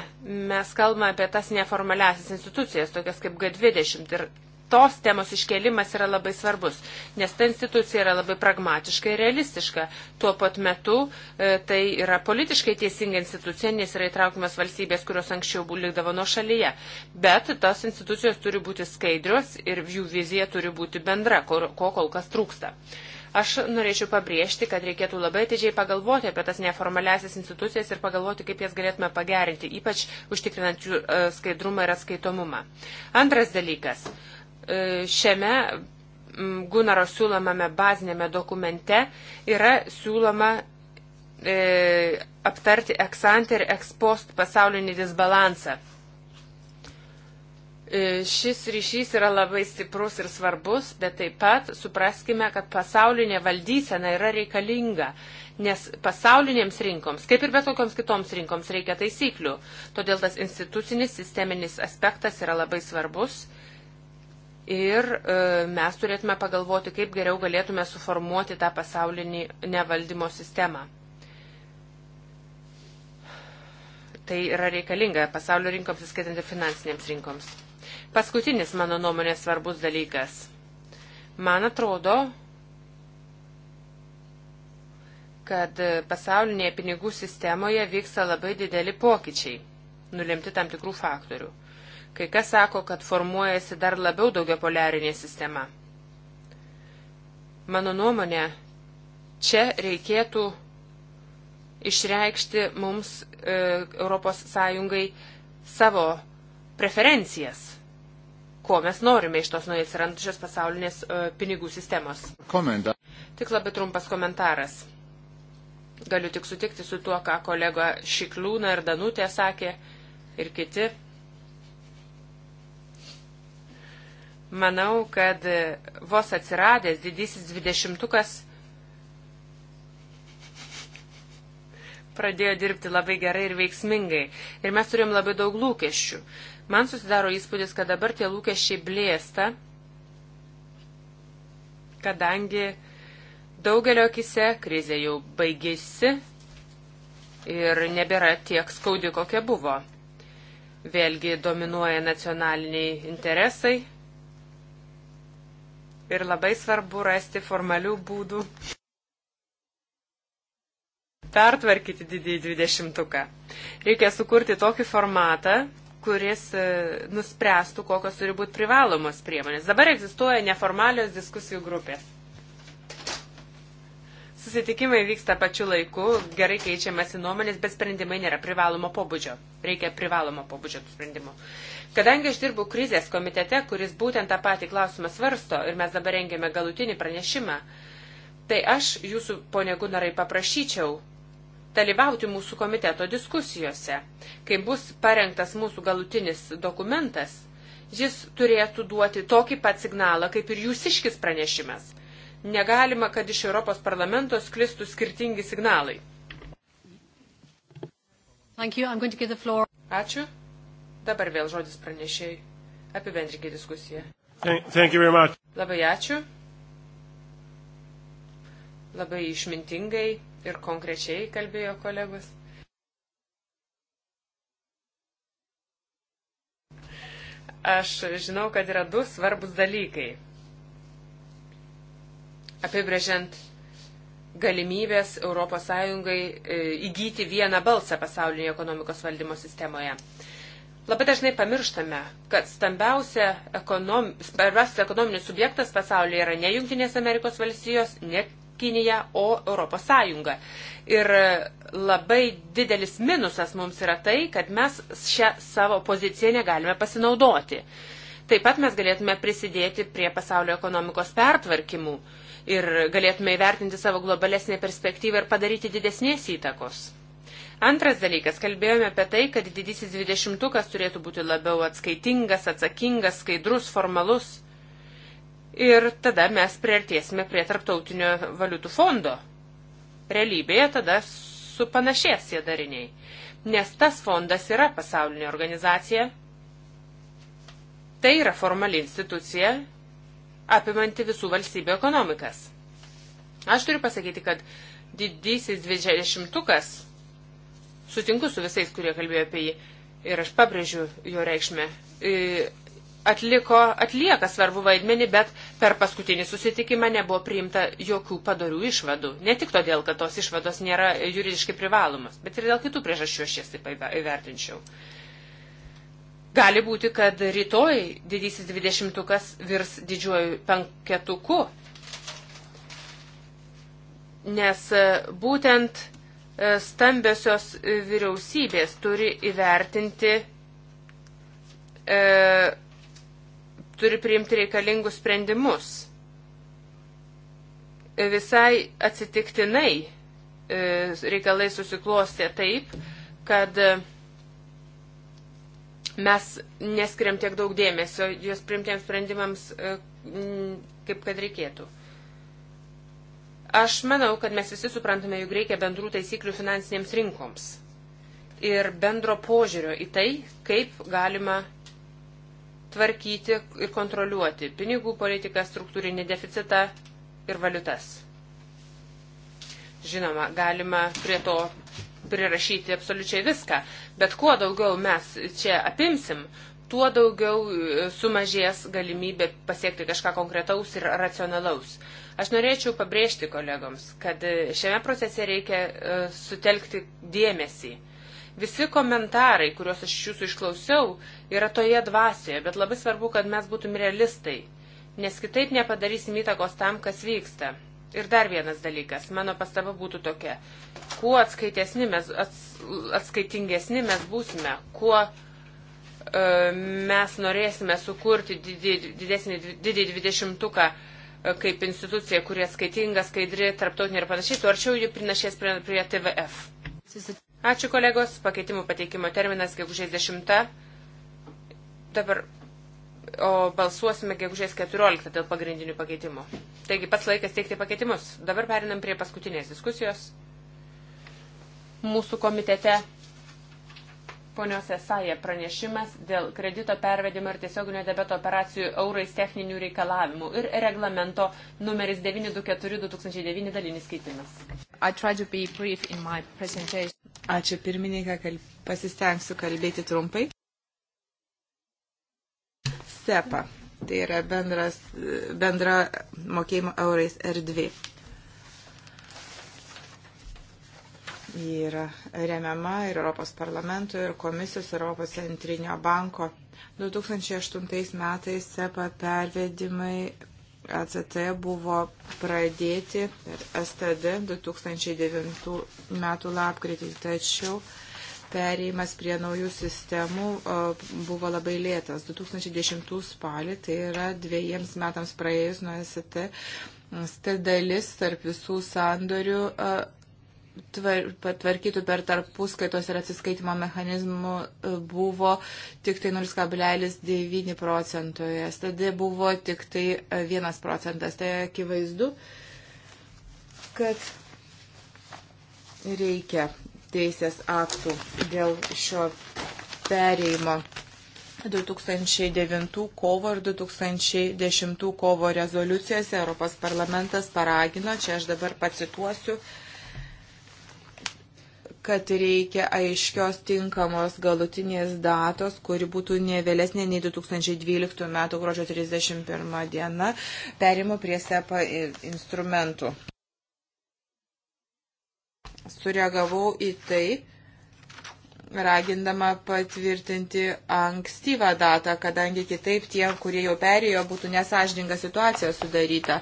mes kalbame apie tas neformaliasias institucijas, tokias kaip G20 ir tos temos iškelimas yra labai svarbus, nes ta institucija yra labai pragmatiška ir realistiška. Tuo pat metu e, tai yra politiškai teisinga institucija, nes yra įtraukimas valstybės, kurios anksčiau likdavo nuo šalyje. Bet tos institucijos turi būti skaidrios ir jų vizija turi būti bendra, ko, ko kol kas trūksta. Aš norėčiau pabrėžti, kad reikėtų labai atidžiai pagalvoti apie tas neformaliasias institucijas ir pagalvoti, kaip jas galėtume pagerinti, ypač užtikrinant jų e, skaidrumą ir atskaitomumą. Antras dalykas. E, šiame Gunaro siūlomame bazinėme dokumente yra siūloma e, aptarti eksant ir ekspost pasaulinį disbalansą. E, šis ryšys yra labai stiprus ir svarbus, bet taip pat supraskime, kad pasaulinė valdysena yra reikalinga, nes pasaulinėms rinkoms, kaip ir bet kokioms kitoms rinkoms, reikia taisyklių. Todėl tas institucinis, sisteminis aspektas yra labai svarbus ir e, mes turėtume pagalvoti, kaip geriau galėtume suformuoti tą pasaulinį nevaldymo sistemą. Tai yra reikalinga pasaulio rinkoms, įskaitant ir finansinėms rinkoms. Paskutinis, mano nuomonė, svarbus dalykas. Man atrodo, kad pasaulinėje pinigų sistemoje vyksta labai dideli pokyčiai, nulemti tam tikrų faktorių. Kai kas sako, kad formuojasi dar labiau daugiapolarinė sistema. Mano nuomonė, čia reikėtų išreikšti mums e, ES savo preferencijas, ko mes norime iš tos naujai atsirandančios pasaulinės e, pinigų sistemos. Komenda. Tik labai trumpas komentaras. Galiu tik sutikti su tuo, ką kolega Šikliūna ir Danutė sakė ir kiti Manau, kad e, vos atsiradęs didysis dvidešimtukas pradėjo dirbti labai gerai ir veiksmingai. Ir mes turėjom labai daug lūkesčių. Man susidaro įspūdis, kad dabar tie lūkesčiai blėsta, kadangi daugelio akise krizė jau baigėsi ir nebėra tiek skaudi, kokia buvo. Vėlgi dominuoja nacionaliniai interesai, ir labai svarbu rasti formalių būdų pertvarkyti didįjį dvidešimtuką. Reikia sukurti tokį formatą, kuris e, nuspręstų, kokios turi būti privalomos priemonės. Dabar egzistuoja neformalios diskusijų grupės. Susitikimai vyksta pačiu laiku, gerai keičiamasi nuomonės, bet sprendimai nėra privalomo pobūdžio. Reikia privalomo pobūdžio sprendimų. Kadangi aš dirbu krizės komitete, kuris būtent tą patį klausimą svarsto ir mes dabar rengiame galutinį pranešimą, tai aš jūsų, ponė Gunarai, paprašyčiau dalyvauti mūsų komiteto diskusijose. Kai bus parengtas mūsų galutinis dokumentas, jis turėtų duoti tokį pat signalą, kaip ir jūsiškis pranešimas. Negalima, kad iš Europos parlamento sklistų skirtingi signalai. Ačiū. Dabar vėl žodis pranešiai. Apibendrinkė diskusiją. Thank you very much. Labai ačiū. Labai išmintingai ir konkrečiai kalbėjo kolegos. Aš žinau, kad yra du svarbus dalykai. Apibrėžiant galimybės ES e, įgyti vieną balsą pasaulinėje ekonomikos valdymo sistemoje. Labai dažnai pamirštame, kad stambiausia ekonom, ekonominis subjektas pasaulyje yra ne Junktinės Amerikos valstijos, ne Kinija, o Europos Sąjunga. Ir labai didelis minusas mums yra tai, kad mes šią savo poziciją negalime pasinaudoti. Taip pat mes galėtume prisidėti prie pasaulio ekonomikos pertvarkymų ir galėtume įvertinti savo globalesnį perspektyvą ir padaryti didesnės įtakos. Antras dalykas, kalbėjome apie tai, kad didysis dvidešimtukas turėtų būti labiau atskaitingas, atsakingas, skaidrus, formalus. Ir tada mes priartėsime prie tarptautinio valiutų fondo. Realybėje tada supanašės tie dariniai. Nes tas fondas yra pasaulinė organizacija. Tai yra formali institucija, apimanti visų valstybių ekonomikas. Aš turiu pasakyti, kad didysis dvidešimtukas Sutinku su visais, kurie kalbėjo apie jį ir aš pabrėžiu jo reikšmę. E, atliko, atlieka svarbu vaidmenį, bet per paskutinį susitikimą nebuvo priimta jokių padarių išvadų. Ne tik todėl, kad tos išvados nėra juridiškai privalomas, bet ir dėl kitų priežasčių aš jas taip įvertinčiau. Gali būti, kad rytoj didysis dvidešimtukas virs didžiuoju penketuku, nes e, būtent E, stambiosios vyriausybės turi įvertinti, e, turi priimti reikalingus sprendimus. Visai atsitiktinai e, reikalai susiklostė taip, kad e, mes neskiriam tiek daug dėmesio jos primtiems sprendimams, e, kaip kad reikėtų. Aš manau, kad mes visi suprantame, jog reikia bendrų taisyklių finansinėms rinkoms ir bendro požiūrio į tai, kaip galima tvarkyti ir kontroliuoti pinigų politiką, struktūrinį deficitą ir valiutas. Žinoma, galima prie to prirašyti absoliučiai viską, bet kuo daugiau mes čia apimsim, tuo daugiau e, sumažės galimybė pasiekti kažką konkretaus ir racionalaus. Aš norėčiau pabrėžti kolegoms, kad šiame procese reikia e, sutelkti dėmesį. Visi komentarai, kuriuos aš jūsų išklausiau, yra toje dvasioje, bet labai svarbu, kad mes būtum realistai, nes kitaip nepadarysim įtakos tam, kas vyksta. Ir dar vienas dalykas, mano pastaba būtų tokia, kuo atskaitesni mes, ats, atskaitingesni mes būsime, kuo e, mes norėsime sukurti didį dvidešimtuką didį E, kaip institucija, kurie skaitinga, skaidri, tarptautinė ir panašiai, tuo arčiau jų prinašės prie, prie TVF. Ačiū kolegos, pakeitimų pateikimo terminas gegužės 10. Dabar o balsuosime gegužės 14 dėl pagrindinių pakeitimų. Taigi pats laikas teikti pakeitimus. Dabar perinam prie paskutinės diskusijos mūsų komitete ponios Esaje pranešimas dėl kredito pervedimo ir tiesioginio debeto operacijų eurais techninių reikalavimų ir reglamento numeris 924-2009 dalinis keitimas. Ačiū pirmininką, kal... pasistengsiu kalbėti trumpai. SEPA, tai yra bendras, bendra mokėjimo eurais erdvė. yra remiama ir Europos parlamento, ir komisijos Europos centrinio banko. 2008 metais SEPA pervedimai ACT buvo pradėti per STD 2009 metų lapkritį, tačiau perėjimas prie naujų sistemų buvo labai lėtas. 2010 spalį, tai yra dviejiems metams praėjus nuo ST, ta dalis tarp visų sandorių patvarkytų per tarpuskaitos ir atsiskaitimo mechanizmų e, buvo tik tai 0,9 procento, STD buvo tik tai 1 e, procentas. Tai akivaizdu, kad reikia teisės aktų dėl šio pereimo 2009 kovo ir 2010 kovo rezoliucijose Europos parlamentas paragino, čia aš dabar pacituosiu, kad reikia aiškios tinkamos galutinės datos, kuri būtų ne vėlesnė nei 2012 m. gruodžio 31 diena, perimo prie SEPA instrumentų. Sureagavau į tai, ragindama patvirtinti ankstyvą datą, kadangi kitaip tie, kurie jau perėjo, būtų nesažininga situacija sudaryta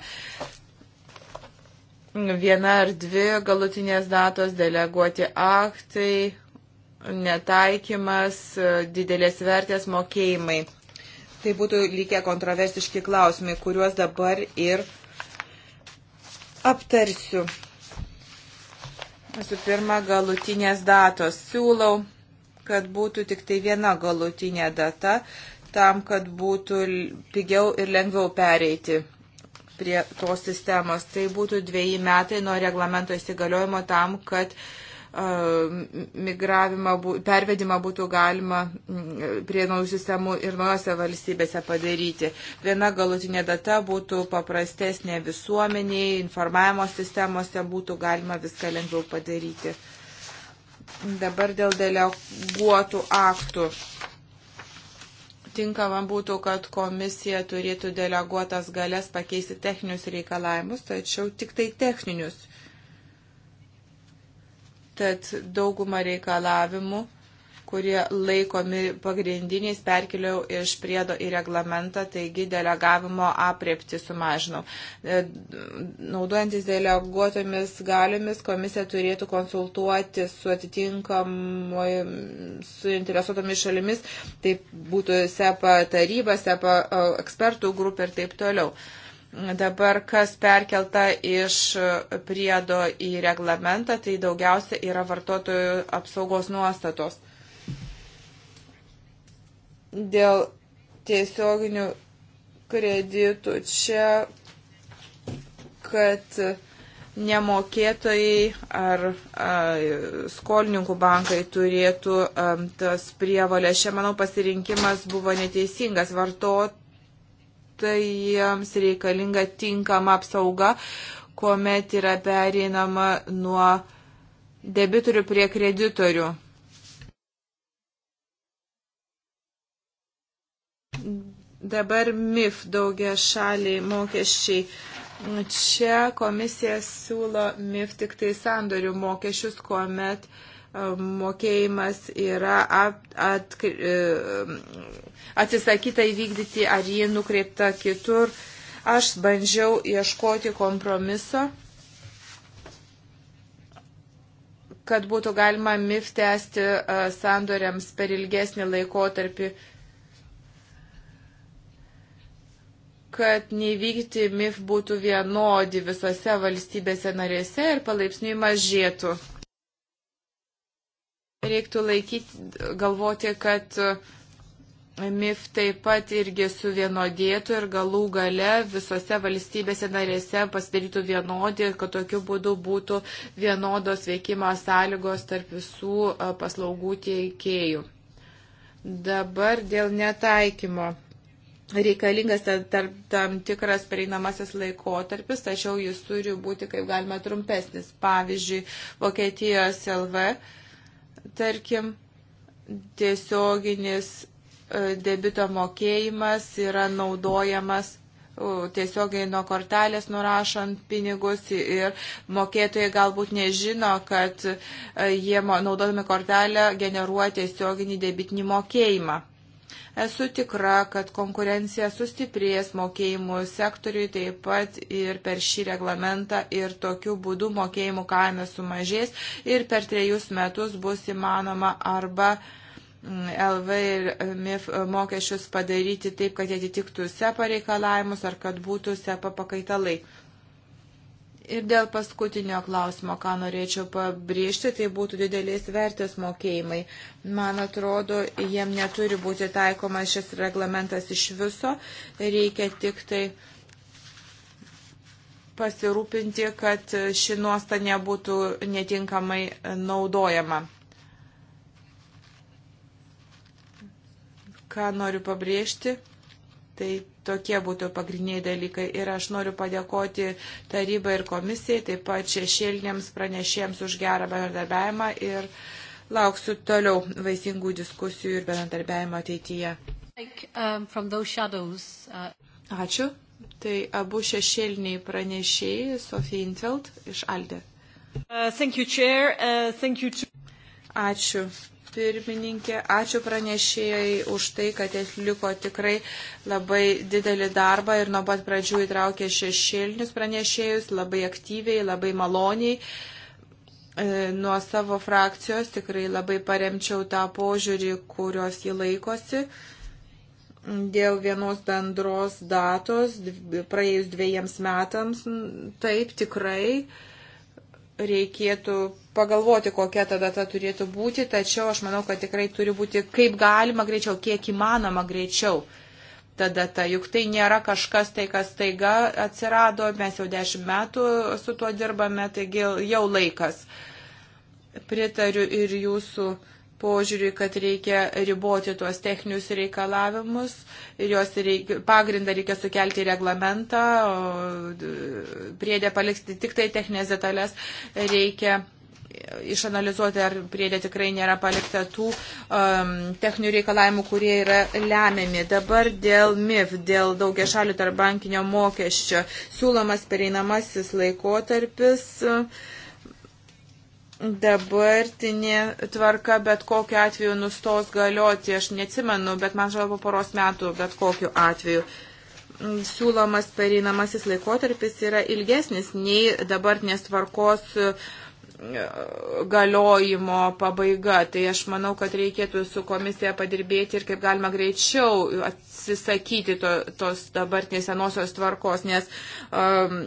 viena ar dvi galutinės datos, deleguoti aktai, netaikymas, didelės vertės mokėjimai. Tai būtų lygiai kontroversiški klausimai, kuriuos dabar ir aptarsiu. Visų pirma, galutinės datos. Siūlau, kad būtų tik tai viena galutinė data, tam, kad būtų pigiau ir lengviau pereiti prie tos sistemos. Tai būtų dviejai metai nuo reglamento įsigaliojimo tam, kad e, migravimą, pervedimą būtų galima prie naujų sistemų ir naujose valstybėse padaryti. Viena galutinė data būtų paprastesnė visuomeniai, informavimo sistemose būtų galima viską lengviau padaryti. Dabar dėl deleguotų aktų tinkama būtų, kad komisija turėtų deleguotas galės pakeisti techninius reikalavimus, tačiau tik tai techninius. Tad dauguma reikalavimų kurie laikomi pagrindiniais, perkeliau iš priedo į reglamentą, taigi delegavimo apriepti sumažinau. E, naudojantis deleguotomis galiomis, komisija turėtų konsultuoti su atitinkamoje suinteresuotomis šalimis, tai būtų SEPA taryba, SEPA e, ekspertų grupė ir taip toliau dabar kas perkelta iš priedo į reglamentą, tai daugiausia yra vartotojų apsaugos nuostatos dėl tiesioginių kreditų čia, kad nemokėtojai ar a, skolininkų bankai turėtų a, tas prievalės. Čia, manau, pasirinkimas buvo neteisingas. Vartotojams reikalinga tinkama apsauga, kuomet yra pereinama nuo debitorių prie kreditorių. Dabar MIF daugia šaliai mokesčiai. Čia komisija siūlo MIF tik tai sandorių mokesčius, kuomet e, mokėjimas yra at, at, e, atsisakyta įvykdyti ar jį nukreipta kitur. Aš bandžiau ieškoti kompromiso, kad būtų galima MIF tęsti e, sandoriams per ilgesnį laikotarpį kad neįvykti MIF būtų vienodi visose valstybėse narėse ir palaipsniui mažėtų. Reiktų laikyti, galvoti, kad MIF taip pat irgi suvienodėtų ir galų gale visose valstybėse narėse pasidarytų vienodi, kad tokiu būdu būtų vienodos veikimo sąlygos tarp visų paslaugų teikėjų. Dabar dėl netaikymo reikalingas tam, tam tikras pereinamasis laikotarpis, tačiau jis turi būti kaip galima trumpesnis. Pavyzdžiui, Vokietijos LV, tarkim, tiesioginis e, debito mokėjimas yra naudojamas tiesiogiai nuo kortelės nurašant pinigus ir mokėtojai galbūt nežino, kad e, jie naudodami kortelę generuoja tiesioginį debitinį mokėjimą. Esu tikra, kad konkurencija sustiprės mokėjimų sektoriui taip pat ir per šį reglamentą ir tokiu būdu mokėjimų kaina sumažės ir per trejus metus bus įmanoma arba mm, LV ir MIF mokesčius padaryti taip, kad jie atitiktų SEPA reikalavimus ar kad būtų SEPA pakaitalai. Ir dėl paskutinio klausimo, ką norėčiau pabrėžti, tai būtų didelės vertės mokėjimai. Man atrodo, jiem neturi būti taikomas šis reglamentas iš viso. Reikia tik tai pasirūpinti, kad ši nuosta nebūtų netinkamai naudojama. Ką noriu pabrėžti, tai Tokie būtų pagrindiniai dalykai. Ir aš noriu padėkoti tarybai ir komisijai, taip pat šešėlinėms pranešėjams už gerą bendradarbiavimą ir lauksiu toliau vaisingų diskusijų ir bendradarbiavimo ateityje. Um, uh, Ačiū. Tai abu šešėliniai pranešėjai, Sofija Intelt iš Aldė. Uh, Ačiū pirmininkė, ačiū pranešėjai už tai, kad atliko tikrai labai didelį darbą ir nuo pat pradžių įtraukė šešėlinius pranešėjus labai aktyviai, labai maloniai. E, nuo savo frakcijos tikrai labai paremčiau tą požiūrį, kurios jį laikosi dėl vienos bendros datos praėjus dviejams metams. Taip, tikrai. Uh, reikėtų pagalvoti, kokia tada ta turėtų būti, tačiau aš manau, kad tikrai turi būti kaip galima greičiau, kiek įmanoma greičiau. Tada ta, juk tai nėra kažkas tai, kas taiga atsirado, mes jau dešimt metų su tuo dirbame, taigi jau laikas. Pritariu ir jūsų uh, požiūriui, kad reikia riboti tuos techninius reikalavimus ir jos reik, pagrindą reikia sukelti reglamentą, priedė palikti tik tai techninės detalės, reikia išanalizuoti, ar priedė tikrai nėra palikta tų um, techninių reikalavimų, kurie yra lemiami. Dabar dėl MIF, dėl daugia šalių tarbankinio mokesčio, siūlomas pereinamasis laikotarpis. Uh, dabartinė tvarka bet kokiu atveju nustos galioti, aš neatsimenu, bet man žalvo poros metų bet kokiu atveju. Siūlomas pereinamasis laikotarpis yra ilgesnis nei dabartinės tvarkos uh, galiojimo pabaiga. Tai aš manau, kad reikėtų su komisija padirbėti ir kaip galima greičiau atsisakyti to, tos dabartinės senosios tvarkos, nes um,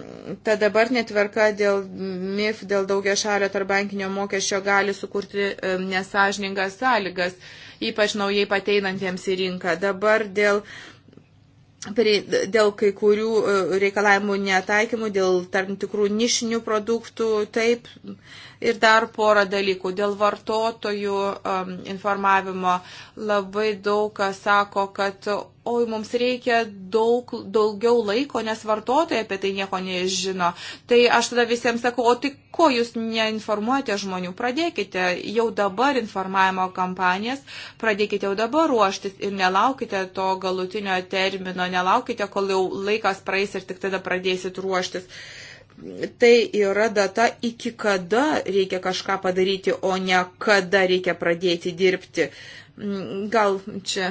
ta dabartinė tvarka dėl MIF, dėl daugia šalio tarbankinio mokesčio gali sukurti um, nesažiningas sąlygas, ypač naujai pateinantiems į rinką. Dabar dėl uh, dėl kai kurių e, reikalavimų netaikymų, dėl tam tikrų nišinių produktų, taip, Ir dar porą dalykų. Dėl vartotojų um, informavimo labai daug kas sako, kad oi, mums reikia daug, daugiau laiko, nes vartotojai apie tai nieko nežino. Tai aš tada visiems sakau, o tik ko jūs neinformuojate žmonių, pradėkite jau dabar informavimo kampanijas, pradėkite jau dabar ruoštis ir nelaukite to galutinio termino, nelaukite, kol jau laikas praeis ir tik tada pradėsit ruoštis. Uh, tai yra data, iki kada reikia kažką padaryti, o ne kada reikia pradėti dirbti. Mm, gal čia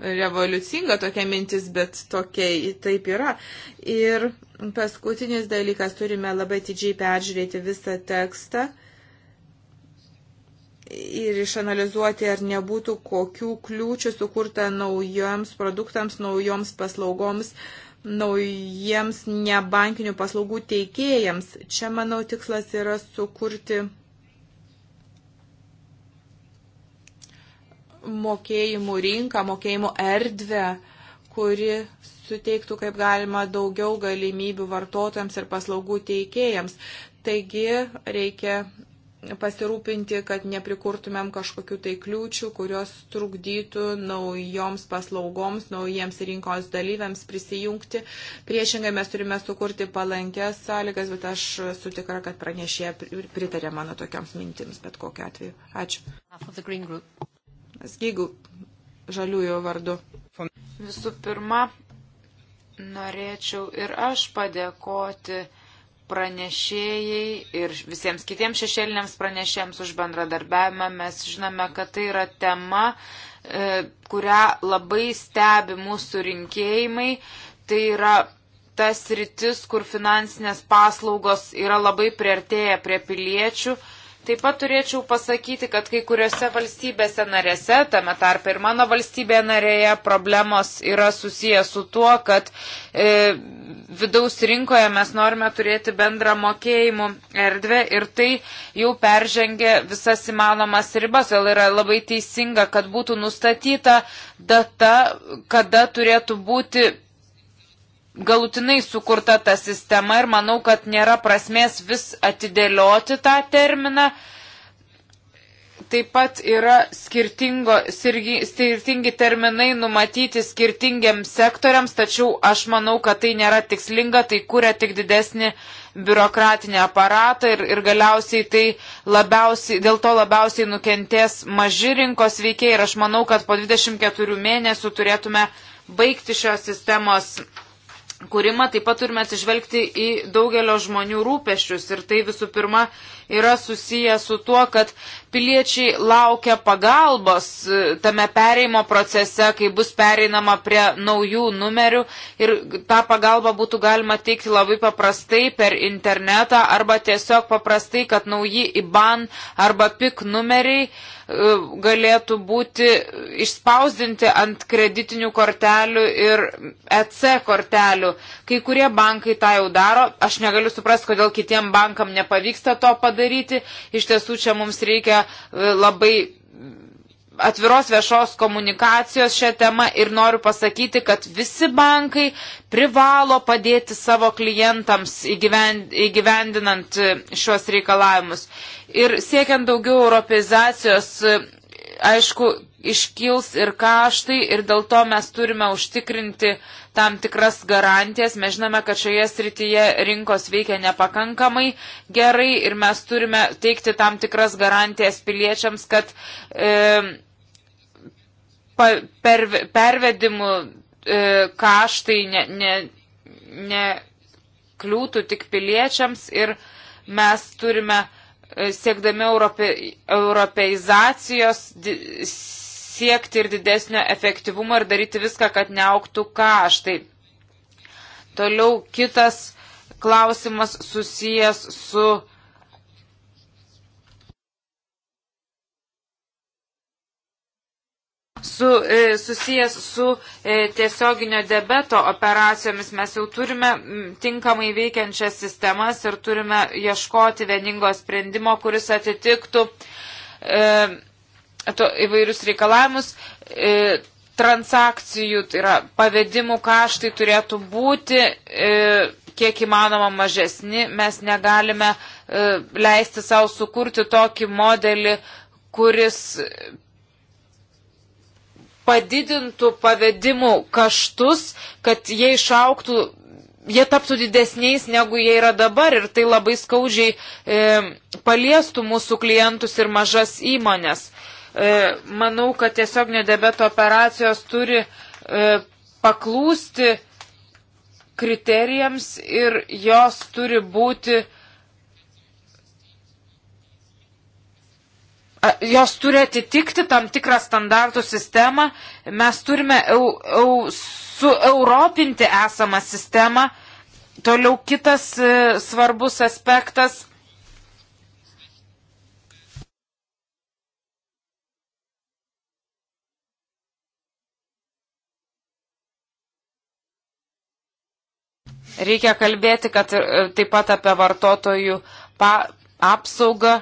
revoliucinga tokia mintis, bet tokia taip yra. Ir paskutinis dalykas, turime labai didžiai peržiūrėti visą tekstą ir išanalizuoti, ar nebūtų kokių kliūčių sukurta naujoms produktams, naujoms paslaugoms, uh, naujiems nebankinių paslaugų teikėjams. Čia, manau, tikslas yra sukurti mokėjimų rinką, mokėjimų erdvę, kuri suteiktų kaip galima daugiau galimybių vartotojams ir paslaugų teikėjams. Taigi reikia pasirūpinti, kad neprikurtumėm kažkokių tai kliūčių, kurios trukdytų naujoms paslaugoms, naujiems rinkos dalyviams prisijungti. Priešingai mes turime sukurti palankės sąlygas, bet aš sutikra, kad pranešė pritarė mano tokiams mintims, bet kokiu atveju. Ačiū. Jeigu žaliųjų vardu. Visų pirma, norėčiau ir aš padėkoti pranešėjai ir visiems kitiems šešėliniams pranešėjams už bendradarbiavimą. Mes žinome, kad tai yra tema, e, kurią labai stebi mūsų rinkėjimai. Tai yra tas rytis, kur finansinės paslaugos yra labai priartėję prie piliečių. Taip pat turėčiau pasakyti, kad kai kuriuose valstybėse narėse, tame tarp ir mano valstybėje narėje, problemos yra susijęs su tuo, kad e, vidaus rinkoje mes norime turėti bendrą mokėjimų erdvę ir tai jau peržengia visas įmanomas ribas. Vėl yra labai teisinga, kad būtų nustatyta data, kada turėtų būti galutinai sukurta ta sistema ir manau, kad nėra prasmės vis atidėlioti tą terminą. Taip pat yra sirgi, skirtingi terminai numatyti skirtingiams sektoriams, tačiau aš manau, kad tai nėra tikslinga, tai kuria tik didesnį biurokratinį aparatą ir, ir galiausiai tai labiausiai, dėl to labiausiai nukentės maži rinkos veikiai ir aš manau, kad po 24 mėnesių turėtume baigti šios sistemos kūrimą taip pat turime atsižvelgti į daugelio žmonių rūpešius ir tai visų pirma yra susiję su tuo, kad piliečiai laukia pagalbos e, tame pereimo procese, kai bus pereinama prie naujų numerių ir tą pagalbą būtų galima teikti labai paprastai per internetą arba tiesiog paprastai, kad nauji IBAN arba PIK numeriai e, galėtų būti išspausdinti ant kreditinių kortelių ir EC kortelių. Kai kurie bankai tą jau daro, aš negaliu suprasti, kodėl kitiem bankam nepavyksta to padaryti padaryti. Iš tiesų čia mums reikia e, labai atviros viešos komunikacijos šią temą ir noriu pasakyti, kad visi bankai privalo padėti savo klientams įgyvendinant e, šios reikalavimus. Ir siekiant daugiau europizacijos, e, aišku, iškils ir kaštai ir dėl to mes turime užtikrinti uh, tam tikras garantijas. Mes žinome, kad šioje srityje rinkos veikia nepakankamai gerai ir mes turime teikti tam tikras garantijas piliečiams, kad e, pa, per, pervedimų e, kaštai ne, ne, ne kliūtų tik piliečiams ir mes turime e, siekdami europe, europeizacijos siekti ir didesnio efektyvumo ir daryti viską, kad neauktų kaštai. Toliau kitas klausimas susijęs su. Su, e, susijęs su e, tiesioginio debeto operacijomis mes jau turime tinkamai veikiančias sistemas ir turime ieškoti vieningo sprendimo, kuris atitiktų e, to, įvairius reikalavimus. E, transakcijų, tai yra pavedimų kaštai turėtų būti e, kiek įmanoma mažesni. Mes negalime e, leisti savo sukurti tokį modelį, kuris padidintų pavedimų kaštus, kad jie išauktų, jie taptų didesniais negu jie yra dabar ir tai labai skaudžiai e, paliestų mūsų klientus ir mažas įmonės. E, manau, kad tiesioginio debeto operacijos turi e, paklūsti kriterijams ir jos turi būti jos turi atitikti tam tikrą standartų sistemą, mes turime eu, eu, sueuropinti esamą sistemą. Toliau kitas e, svarbus aspektas Reikia kalbėti, kad e, taip pat apie vartotojų pa, apsaugą.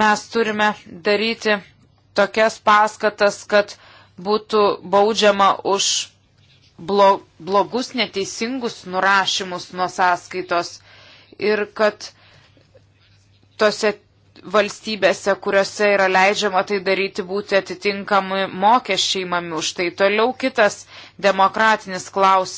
Mes turime daryti tokias paskatas, kad būtų baudžiama už blogus neteisingus nurašymus nuo sąskaitos ir kad tose valstybėse, kuriuose yra leidžiama tai daryti, būti atitinkami mokesčiai įmami už tai. Toliau kitas demokratinis klaus,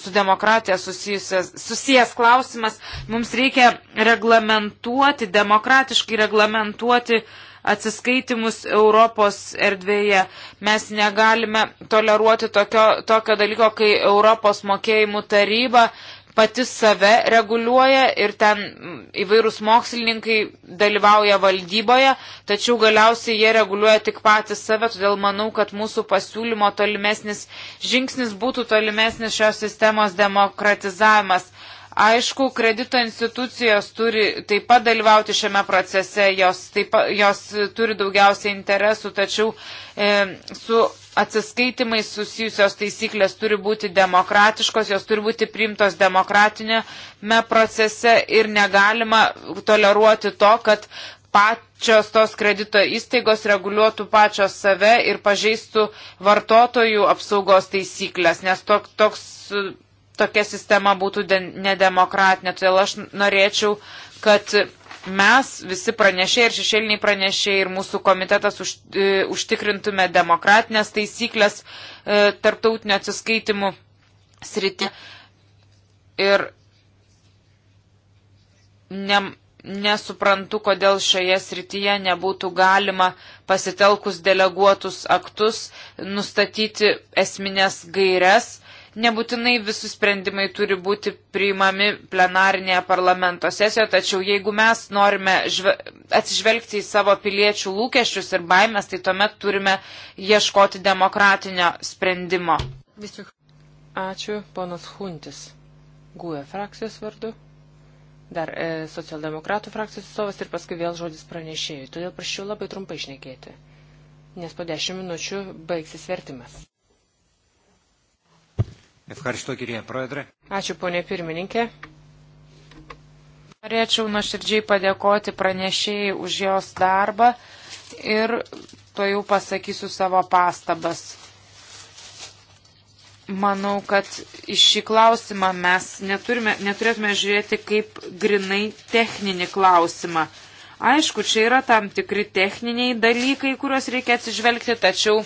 su demokratija susijęs klausimas. Mums reikia reglamentuoti, demokratiškai reglamentuoti atsiskaitimus Europos erdvėje. Mes negalime toleruoti tokio, tokio dalyko, kai Europos mokėjimų taryba pati save reguliuoja ir ten įvairūs mokslininkai dalyvauja valdyboje, tačiau galiausiai jie reguliuoja tik patys save, todėl manau, kad mūsų pasiūlymo tolimesnis žingsnis būtų tolimesnis šios sistemos demokratizavimas. Aišku, kredito institucijos turi taip pat dalyvauti šiame procese, jos, taip, jos turi daugiausiai interesų, tačiau e, su atsiskaitimai susijusios taisyklės turi būti demokratiškos, jos turi būti priimtos demokratinėme procese ir negalima toleruoti to, kad pačios tos kredito įstaigos reguliuotų pačios save ir pažeistų vartotojų apsaugos taisyklės, nes tok, toks, tokia sistema būtų de, nedemokratinė. Todėl aš norėčiau, kad mes visi pranešėjai ir šešėliniai pranešėjai ir mūsų komitetas už, e, užtikrintume demokratinės taisyklės e, tarptautinio atsiskaitimų srity. Ir ne, nesuprantu, kodėl šioje srityje nebūtų galima pasitelkus deleguotus aktus nustatyti esminės gairias Nebūtinai visi sprendimai turi būti priimami plenarinėje parlamento sesijoje, tačiau jeigu mes norime atsižvelgti į savo piliečių lūkesčius ir baimės, tai tuomet turime ieškoti demokratinio sprendimo. Ačiū, ponas Huntis. Guė frakcijos vardu dar e, socialdemokratų frakcijos atstovas ir paskui vėl žodis pranešėjui. Todėl prašiau labai trumpai išnekėti, nes po dešimt minučių baigsis vertimas. Ačiū, ponė pirmininkė. Norėčiau nuoširdžiai padėkoti pranešėjai už jos darbą ir to jau pasakysiu savo pastabas. Manau, kad iš šį klausimą mes neturime, neturėtume žiūrėti kaip grinai techninį klausimą. Aišku, čia yra tam tikri techniniai dalykai, kuriuos reikia atsižvelgti, tačiau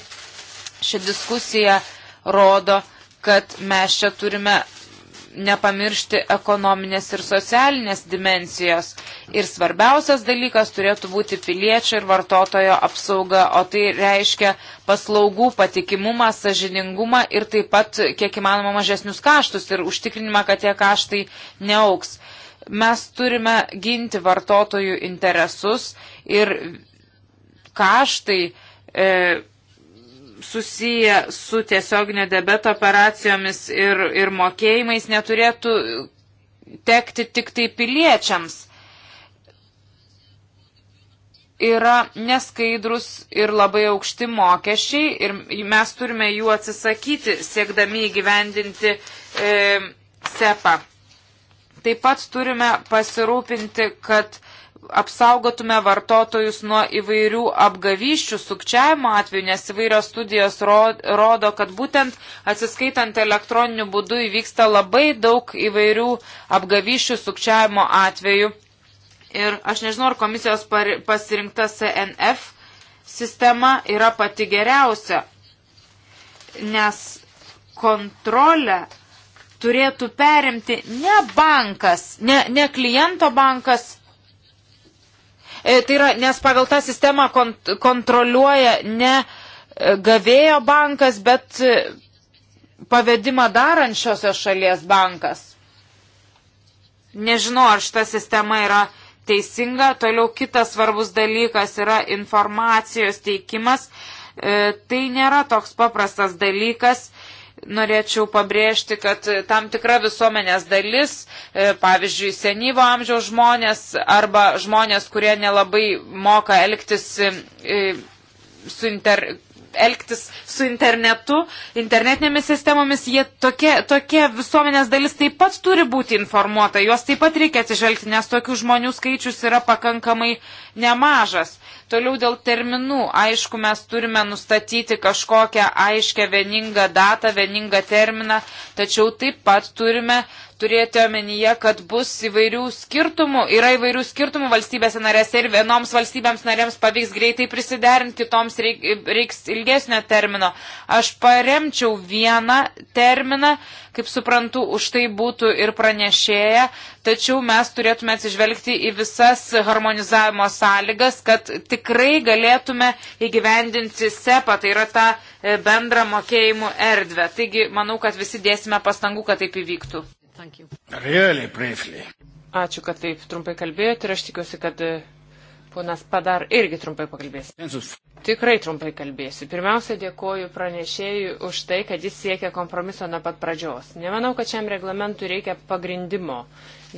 ši diskusija rodo, kad mes čia turime nepamiršti ekonominės ir socialinės dimensijos. Ir svarbiausias dalykas turėtų būti piliečio ir vartotojo apsauga, o tai reiškia paslaugų patikimumą, sažiningumą ir taip pat kiek įmanoma mažesnius kaštus ir užtikrinimą, kad tie kaštai neauks. Mes turime ginti vartotojų interesus ir kaštai. E, susiję su tiesioginio debeto operacijomis ir, ir mokėjimais neturėtų tekti tik tai piliečiams. Yra neskaidrus ir labai aukšti mokesčiai ir mes turime jų atsisakyti, siekdami įgyvendinti e, SEPA. Taip pat turime pasirūpinti, kad apsaugotume vartotojus nuo įvairių apgavyščių, sukčiavimo atveju, nes įvairios studijos rodo, kad būtent atsiskaitant elektroniniu būdu įvyksta labai daug įvairių apgavyščių sukčiavimo atveju. Ir aš nežinau, ar komisijos pasirinkta CNF sistema yra pati geriausia, nes kontrolę turėtų perimti ne bankas, ne, ne kliento bankas, E, tai yra, nes pagal tą sistemą kont kontroliuoja ne e, gavėjo bankas, bet e, pavedimą darančiosios šalies bankas. Nežinau, ar šita sistema yra teisinga. Toliau kitas svarbus dalykas yra informacijos teikimas. E, tai nėra toks paprastas dalykas norėčiau pabrėžti, kad e, tam tikra visuomenės dalis, e, pavyzdžiui, senyvo amžiaus žmonės arba žmonės, kurie nelabai moka elgtis e, su, inter, elgtis su internetu, internetinėmis sistemomis, jie tokie, tokie visuomenės dalis taip pat turi būti informuota, juos taip pat reikia atsižvelgti, nes tokių žmonių skaičius yra pakankamai nemažas. Toliau dėl terminų. Aišku, mes turime nustatyti kažkokią aiškę vieningą datą, vieningą terminą, tačiau taip pat turime turėti omenyje, kad bus įvairių skirtumų, yra įvairių skirtumų valstybėse narėse ir vienoms valstybėms narėms pavyks greitai prisiderinti, kitoms reik, reiks ilgesnio termino. Aš paremčiau vieną terminą, kaip suprantu, už tai būtų ir pranešėja, tačiau mes turėtume atsižvelgti į visas harmonizavimo sąlygas, kad tikrai galėtume įgyvendinti SEPA, tai yra tą e, bendrą mokėjimų erdvę. Taigi, manau, kad visi dėsime pastangų, kad taip įvyktų. Really briefly. Ačiū, kad taip trumpai kalbėjote ir aš tikiuosi, kad e, Ponas Padar irgi trumpai pakalbės. Tikrai trumpai kalbėsiu. Pirmiausia, dėkoju pranešėjui už tai, kad jis siekia kompromiso nuo pat pradžios. Nemanau, kad šiam reglamentui reikia pagrindimo.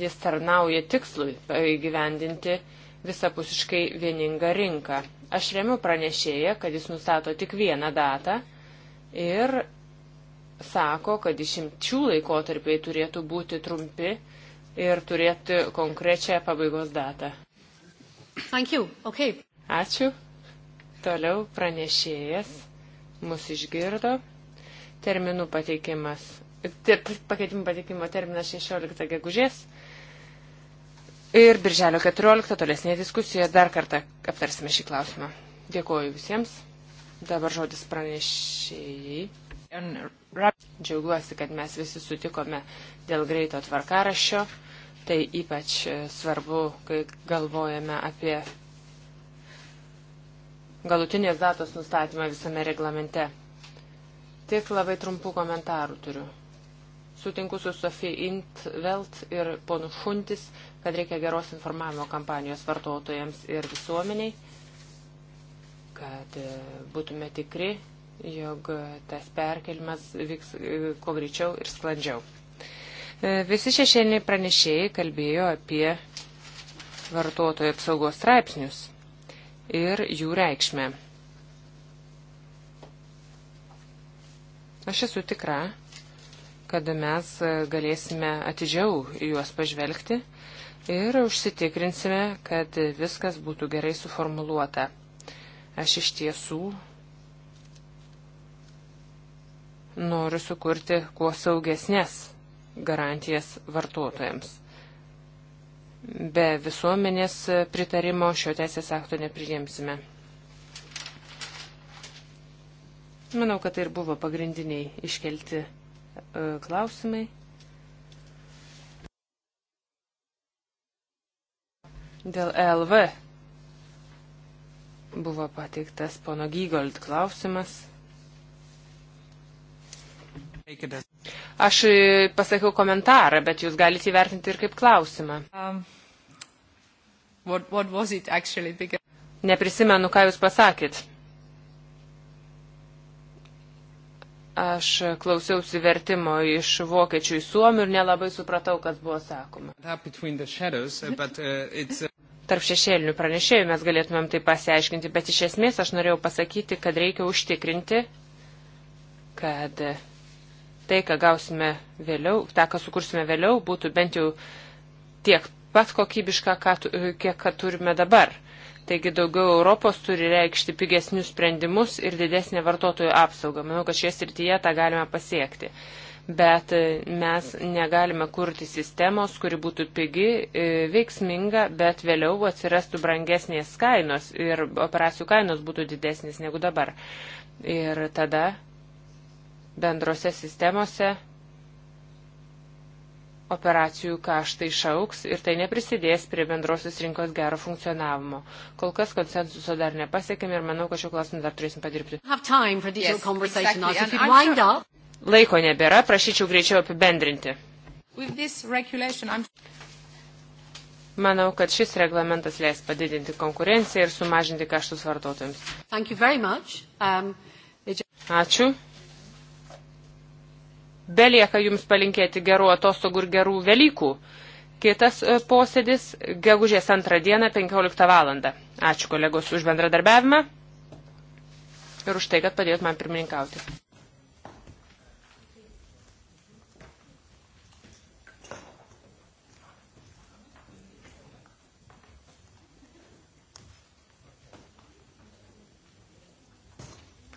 Jis tarnauja tikslui įgyvendinti visapusiškai vieningą rinką. Aš remiu pranešėją, kad jis nustato tik vieną datą ir sako, kad išimčių laikotarpiai turėtų būti trumpi ir turėti konkrečią pabaigos datą. Thank you. Okay. Ačiū. Toliau pranešėjas mus išgirdo. Terminų pateikimas. Pakeitimų pateikimo terminas 16 gegužės. Ir birželio 14 tolesnėje diskusijoje dar kartą aptarsime šį klausimą. Dėkuoju visiems. Dabar žodis pranešėjai. Džiaugiuosi, kad mes visi sutikome dėl greito tvarkaraščio. Tai ypač e, svarbu, kai galvojame apie galutinės datos nustatymą visame reglamente. Tik labai trumpų komentarų turiu. Sutinku su Sofija Intvelt ir ponu Šuntis, kad reikia geros informavimo kampanijos vartotojams ir visuomeniai, kad e, būtume tikri, jog tas perkelimas vyks e, kuo greičiau ir sklandžiau. E, visi šešėliniai pranešėjai kalbėjo apie vartotojų apsaugos straipsnius ir jų reikšmę. Aš esu tikra, kad mes galėsime atidžiau juos pažvelgti ir užsitikrinsime, kad viskas būtų gerai suformuluota. Aš iš tiesų noriu sukurti kuo saugesnės garantijas vartotojams. Be visuomenės pritarimo šio teisės akto nepriimsime. Manau, kad tai ir buvo pagrindiniai iškelti e, klausimai. Dėl ELV buvo pateiktas pono Gygold klausimas. Aš e, pasakiau komentarą, bet jūs galite įvertinti ir kaip klausimą. Um, what, what actually, because... Neprisimenu, ką jūs pasakėt. Aš klausiausi vertimo iš vokiečių į suomių ir nelabai supratau, kas buvo sakoma. Shadows, uh, but, uh, uh, Tarp šešėlinių pranešėjų mes galėtumėm tai pasiaiškinti, bet iš esmės aš norėjau pasakyti, kad reikia užtikrinti, kad uh, tai, ką gausime vėliau, tą, ką sukursime vėliau, būtų bent jau tiek pat kokybiška, ką, kiek ką turime dabar. Taigi daugiau Europos turi reikšti pigesnius sprendimus ir didesnę vartotojų apsaugą. Manau, kad šie srityje tą galime pasiekti. Bet e, mes negalime kurti sistemos, kuri būtų pigi, e, veiksminga, bet vėliau atsirastų brangesnės kainos ir operacijų kainos būtų didesnės negu dabar. Ir tada bendrose sistemose operacijų kaštai šauks ir tai neprisidės prie bendrosios rinkos gero funkcionavimo. Kol kas konsensuso dar nepasiekėm ir manau, kad šiuo klausimu dar turėsim padirbti. Yes, exactly. Laiko nebėra, prašyčiau greičiau apibendrinti. Manau, kad šis reglamentas leis padidinti konkurenciją ir sumažinti kaštus vartotojams. Um, Ačiū. Belieka jums palinkėti gerų atostogų ir gerų Velykų. Kitas e, posėdis gegužės antrą dieną 15 valandą. Ačiū kolegos už bendradarbiavimą ir už tai, kad padėjot man pirmininkauti.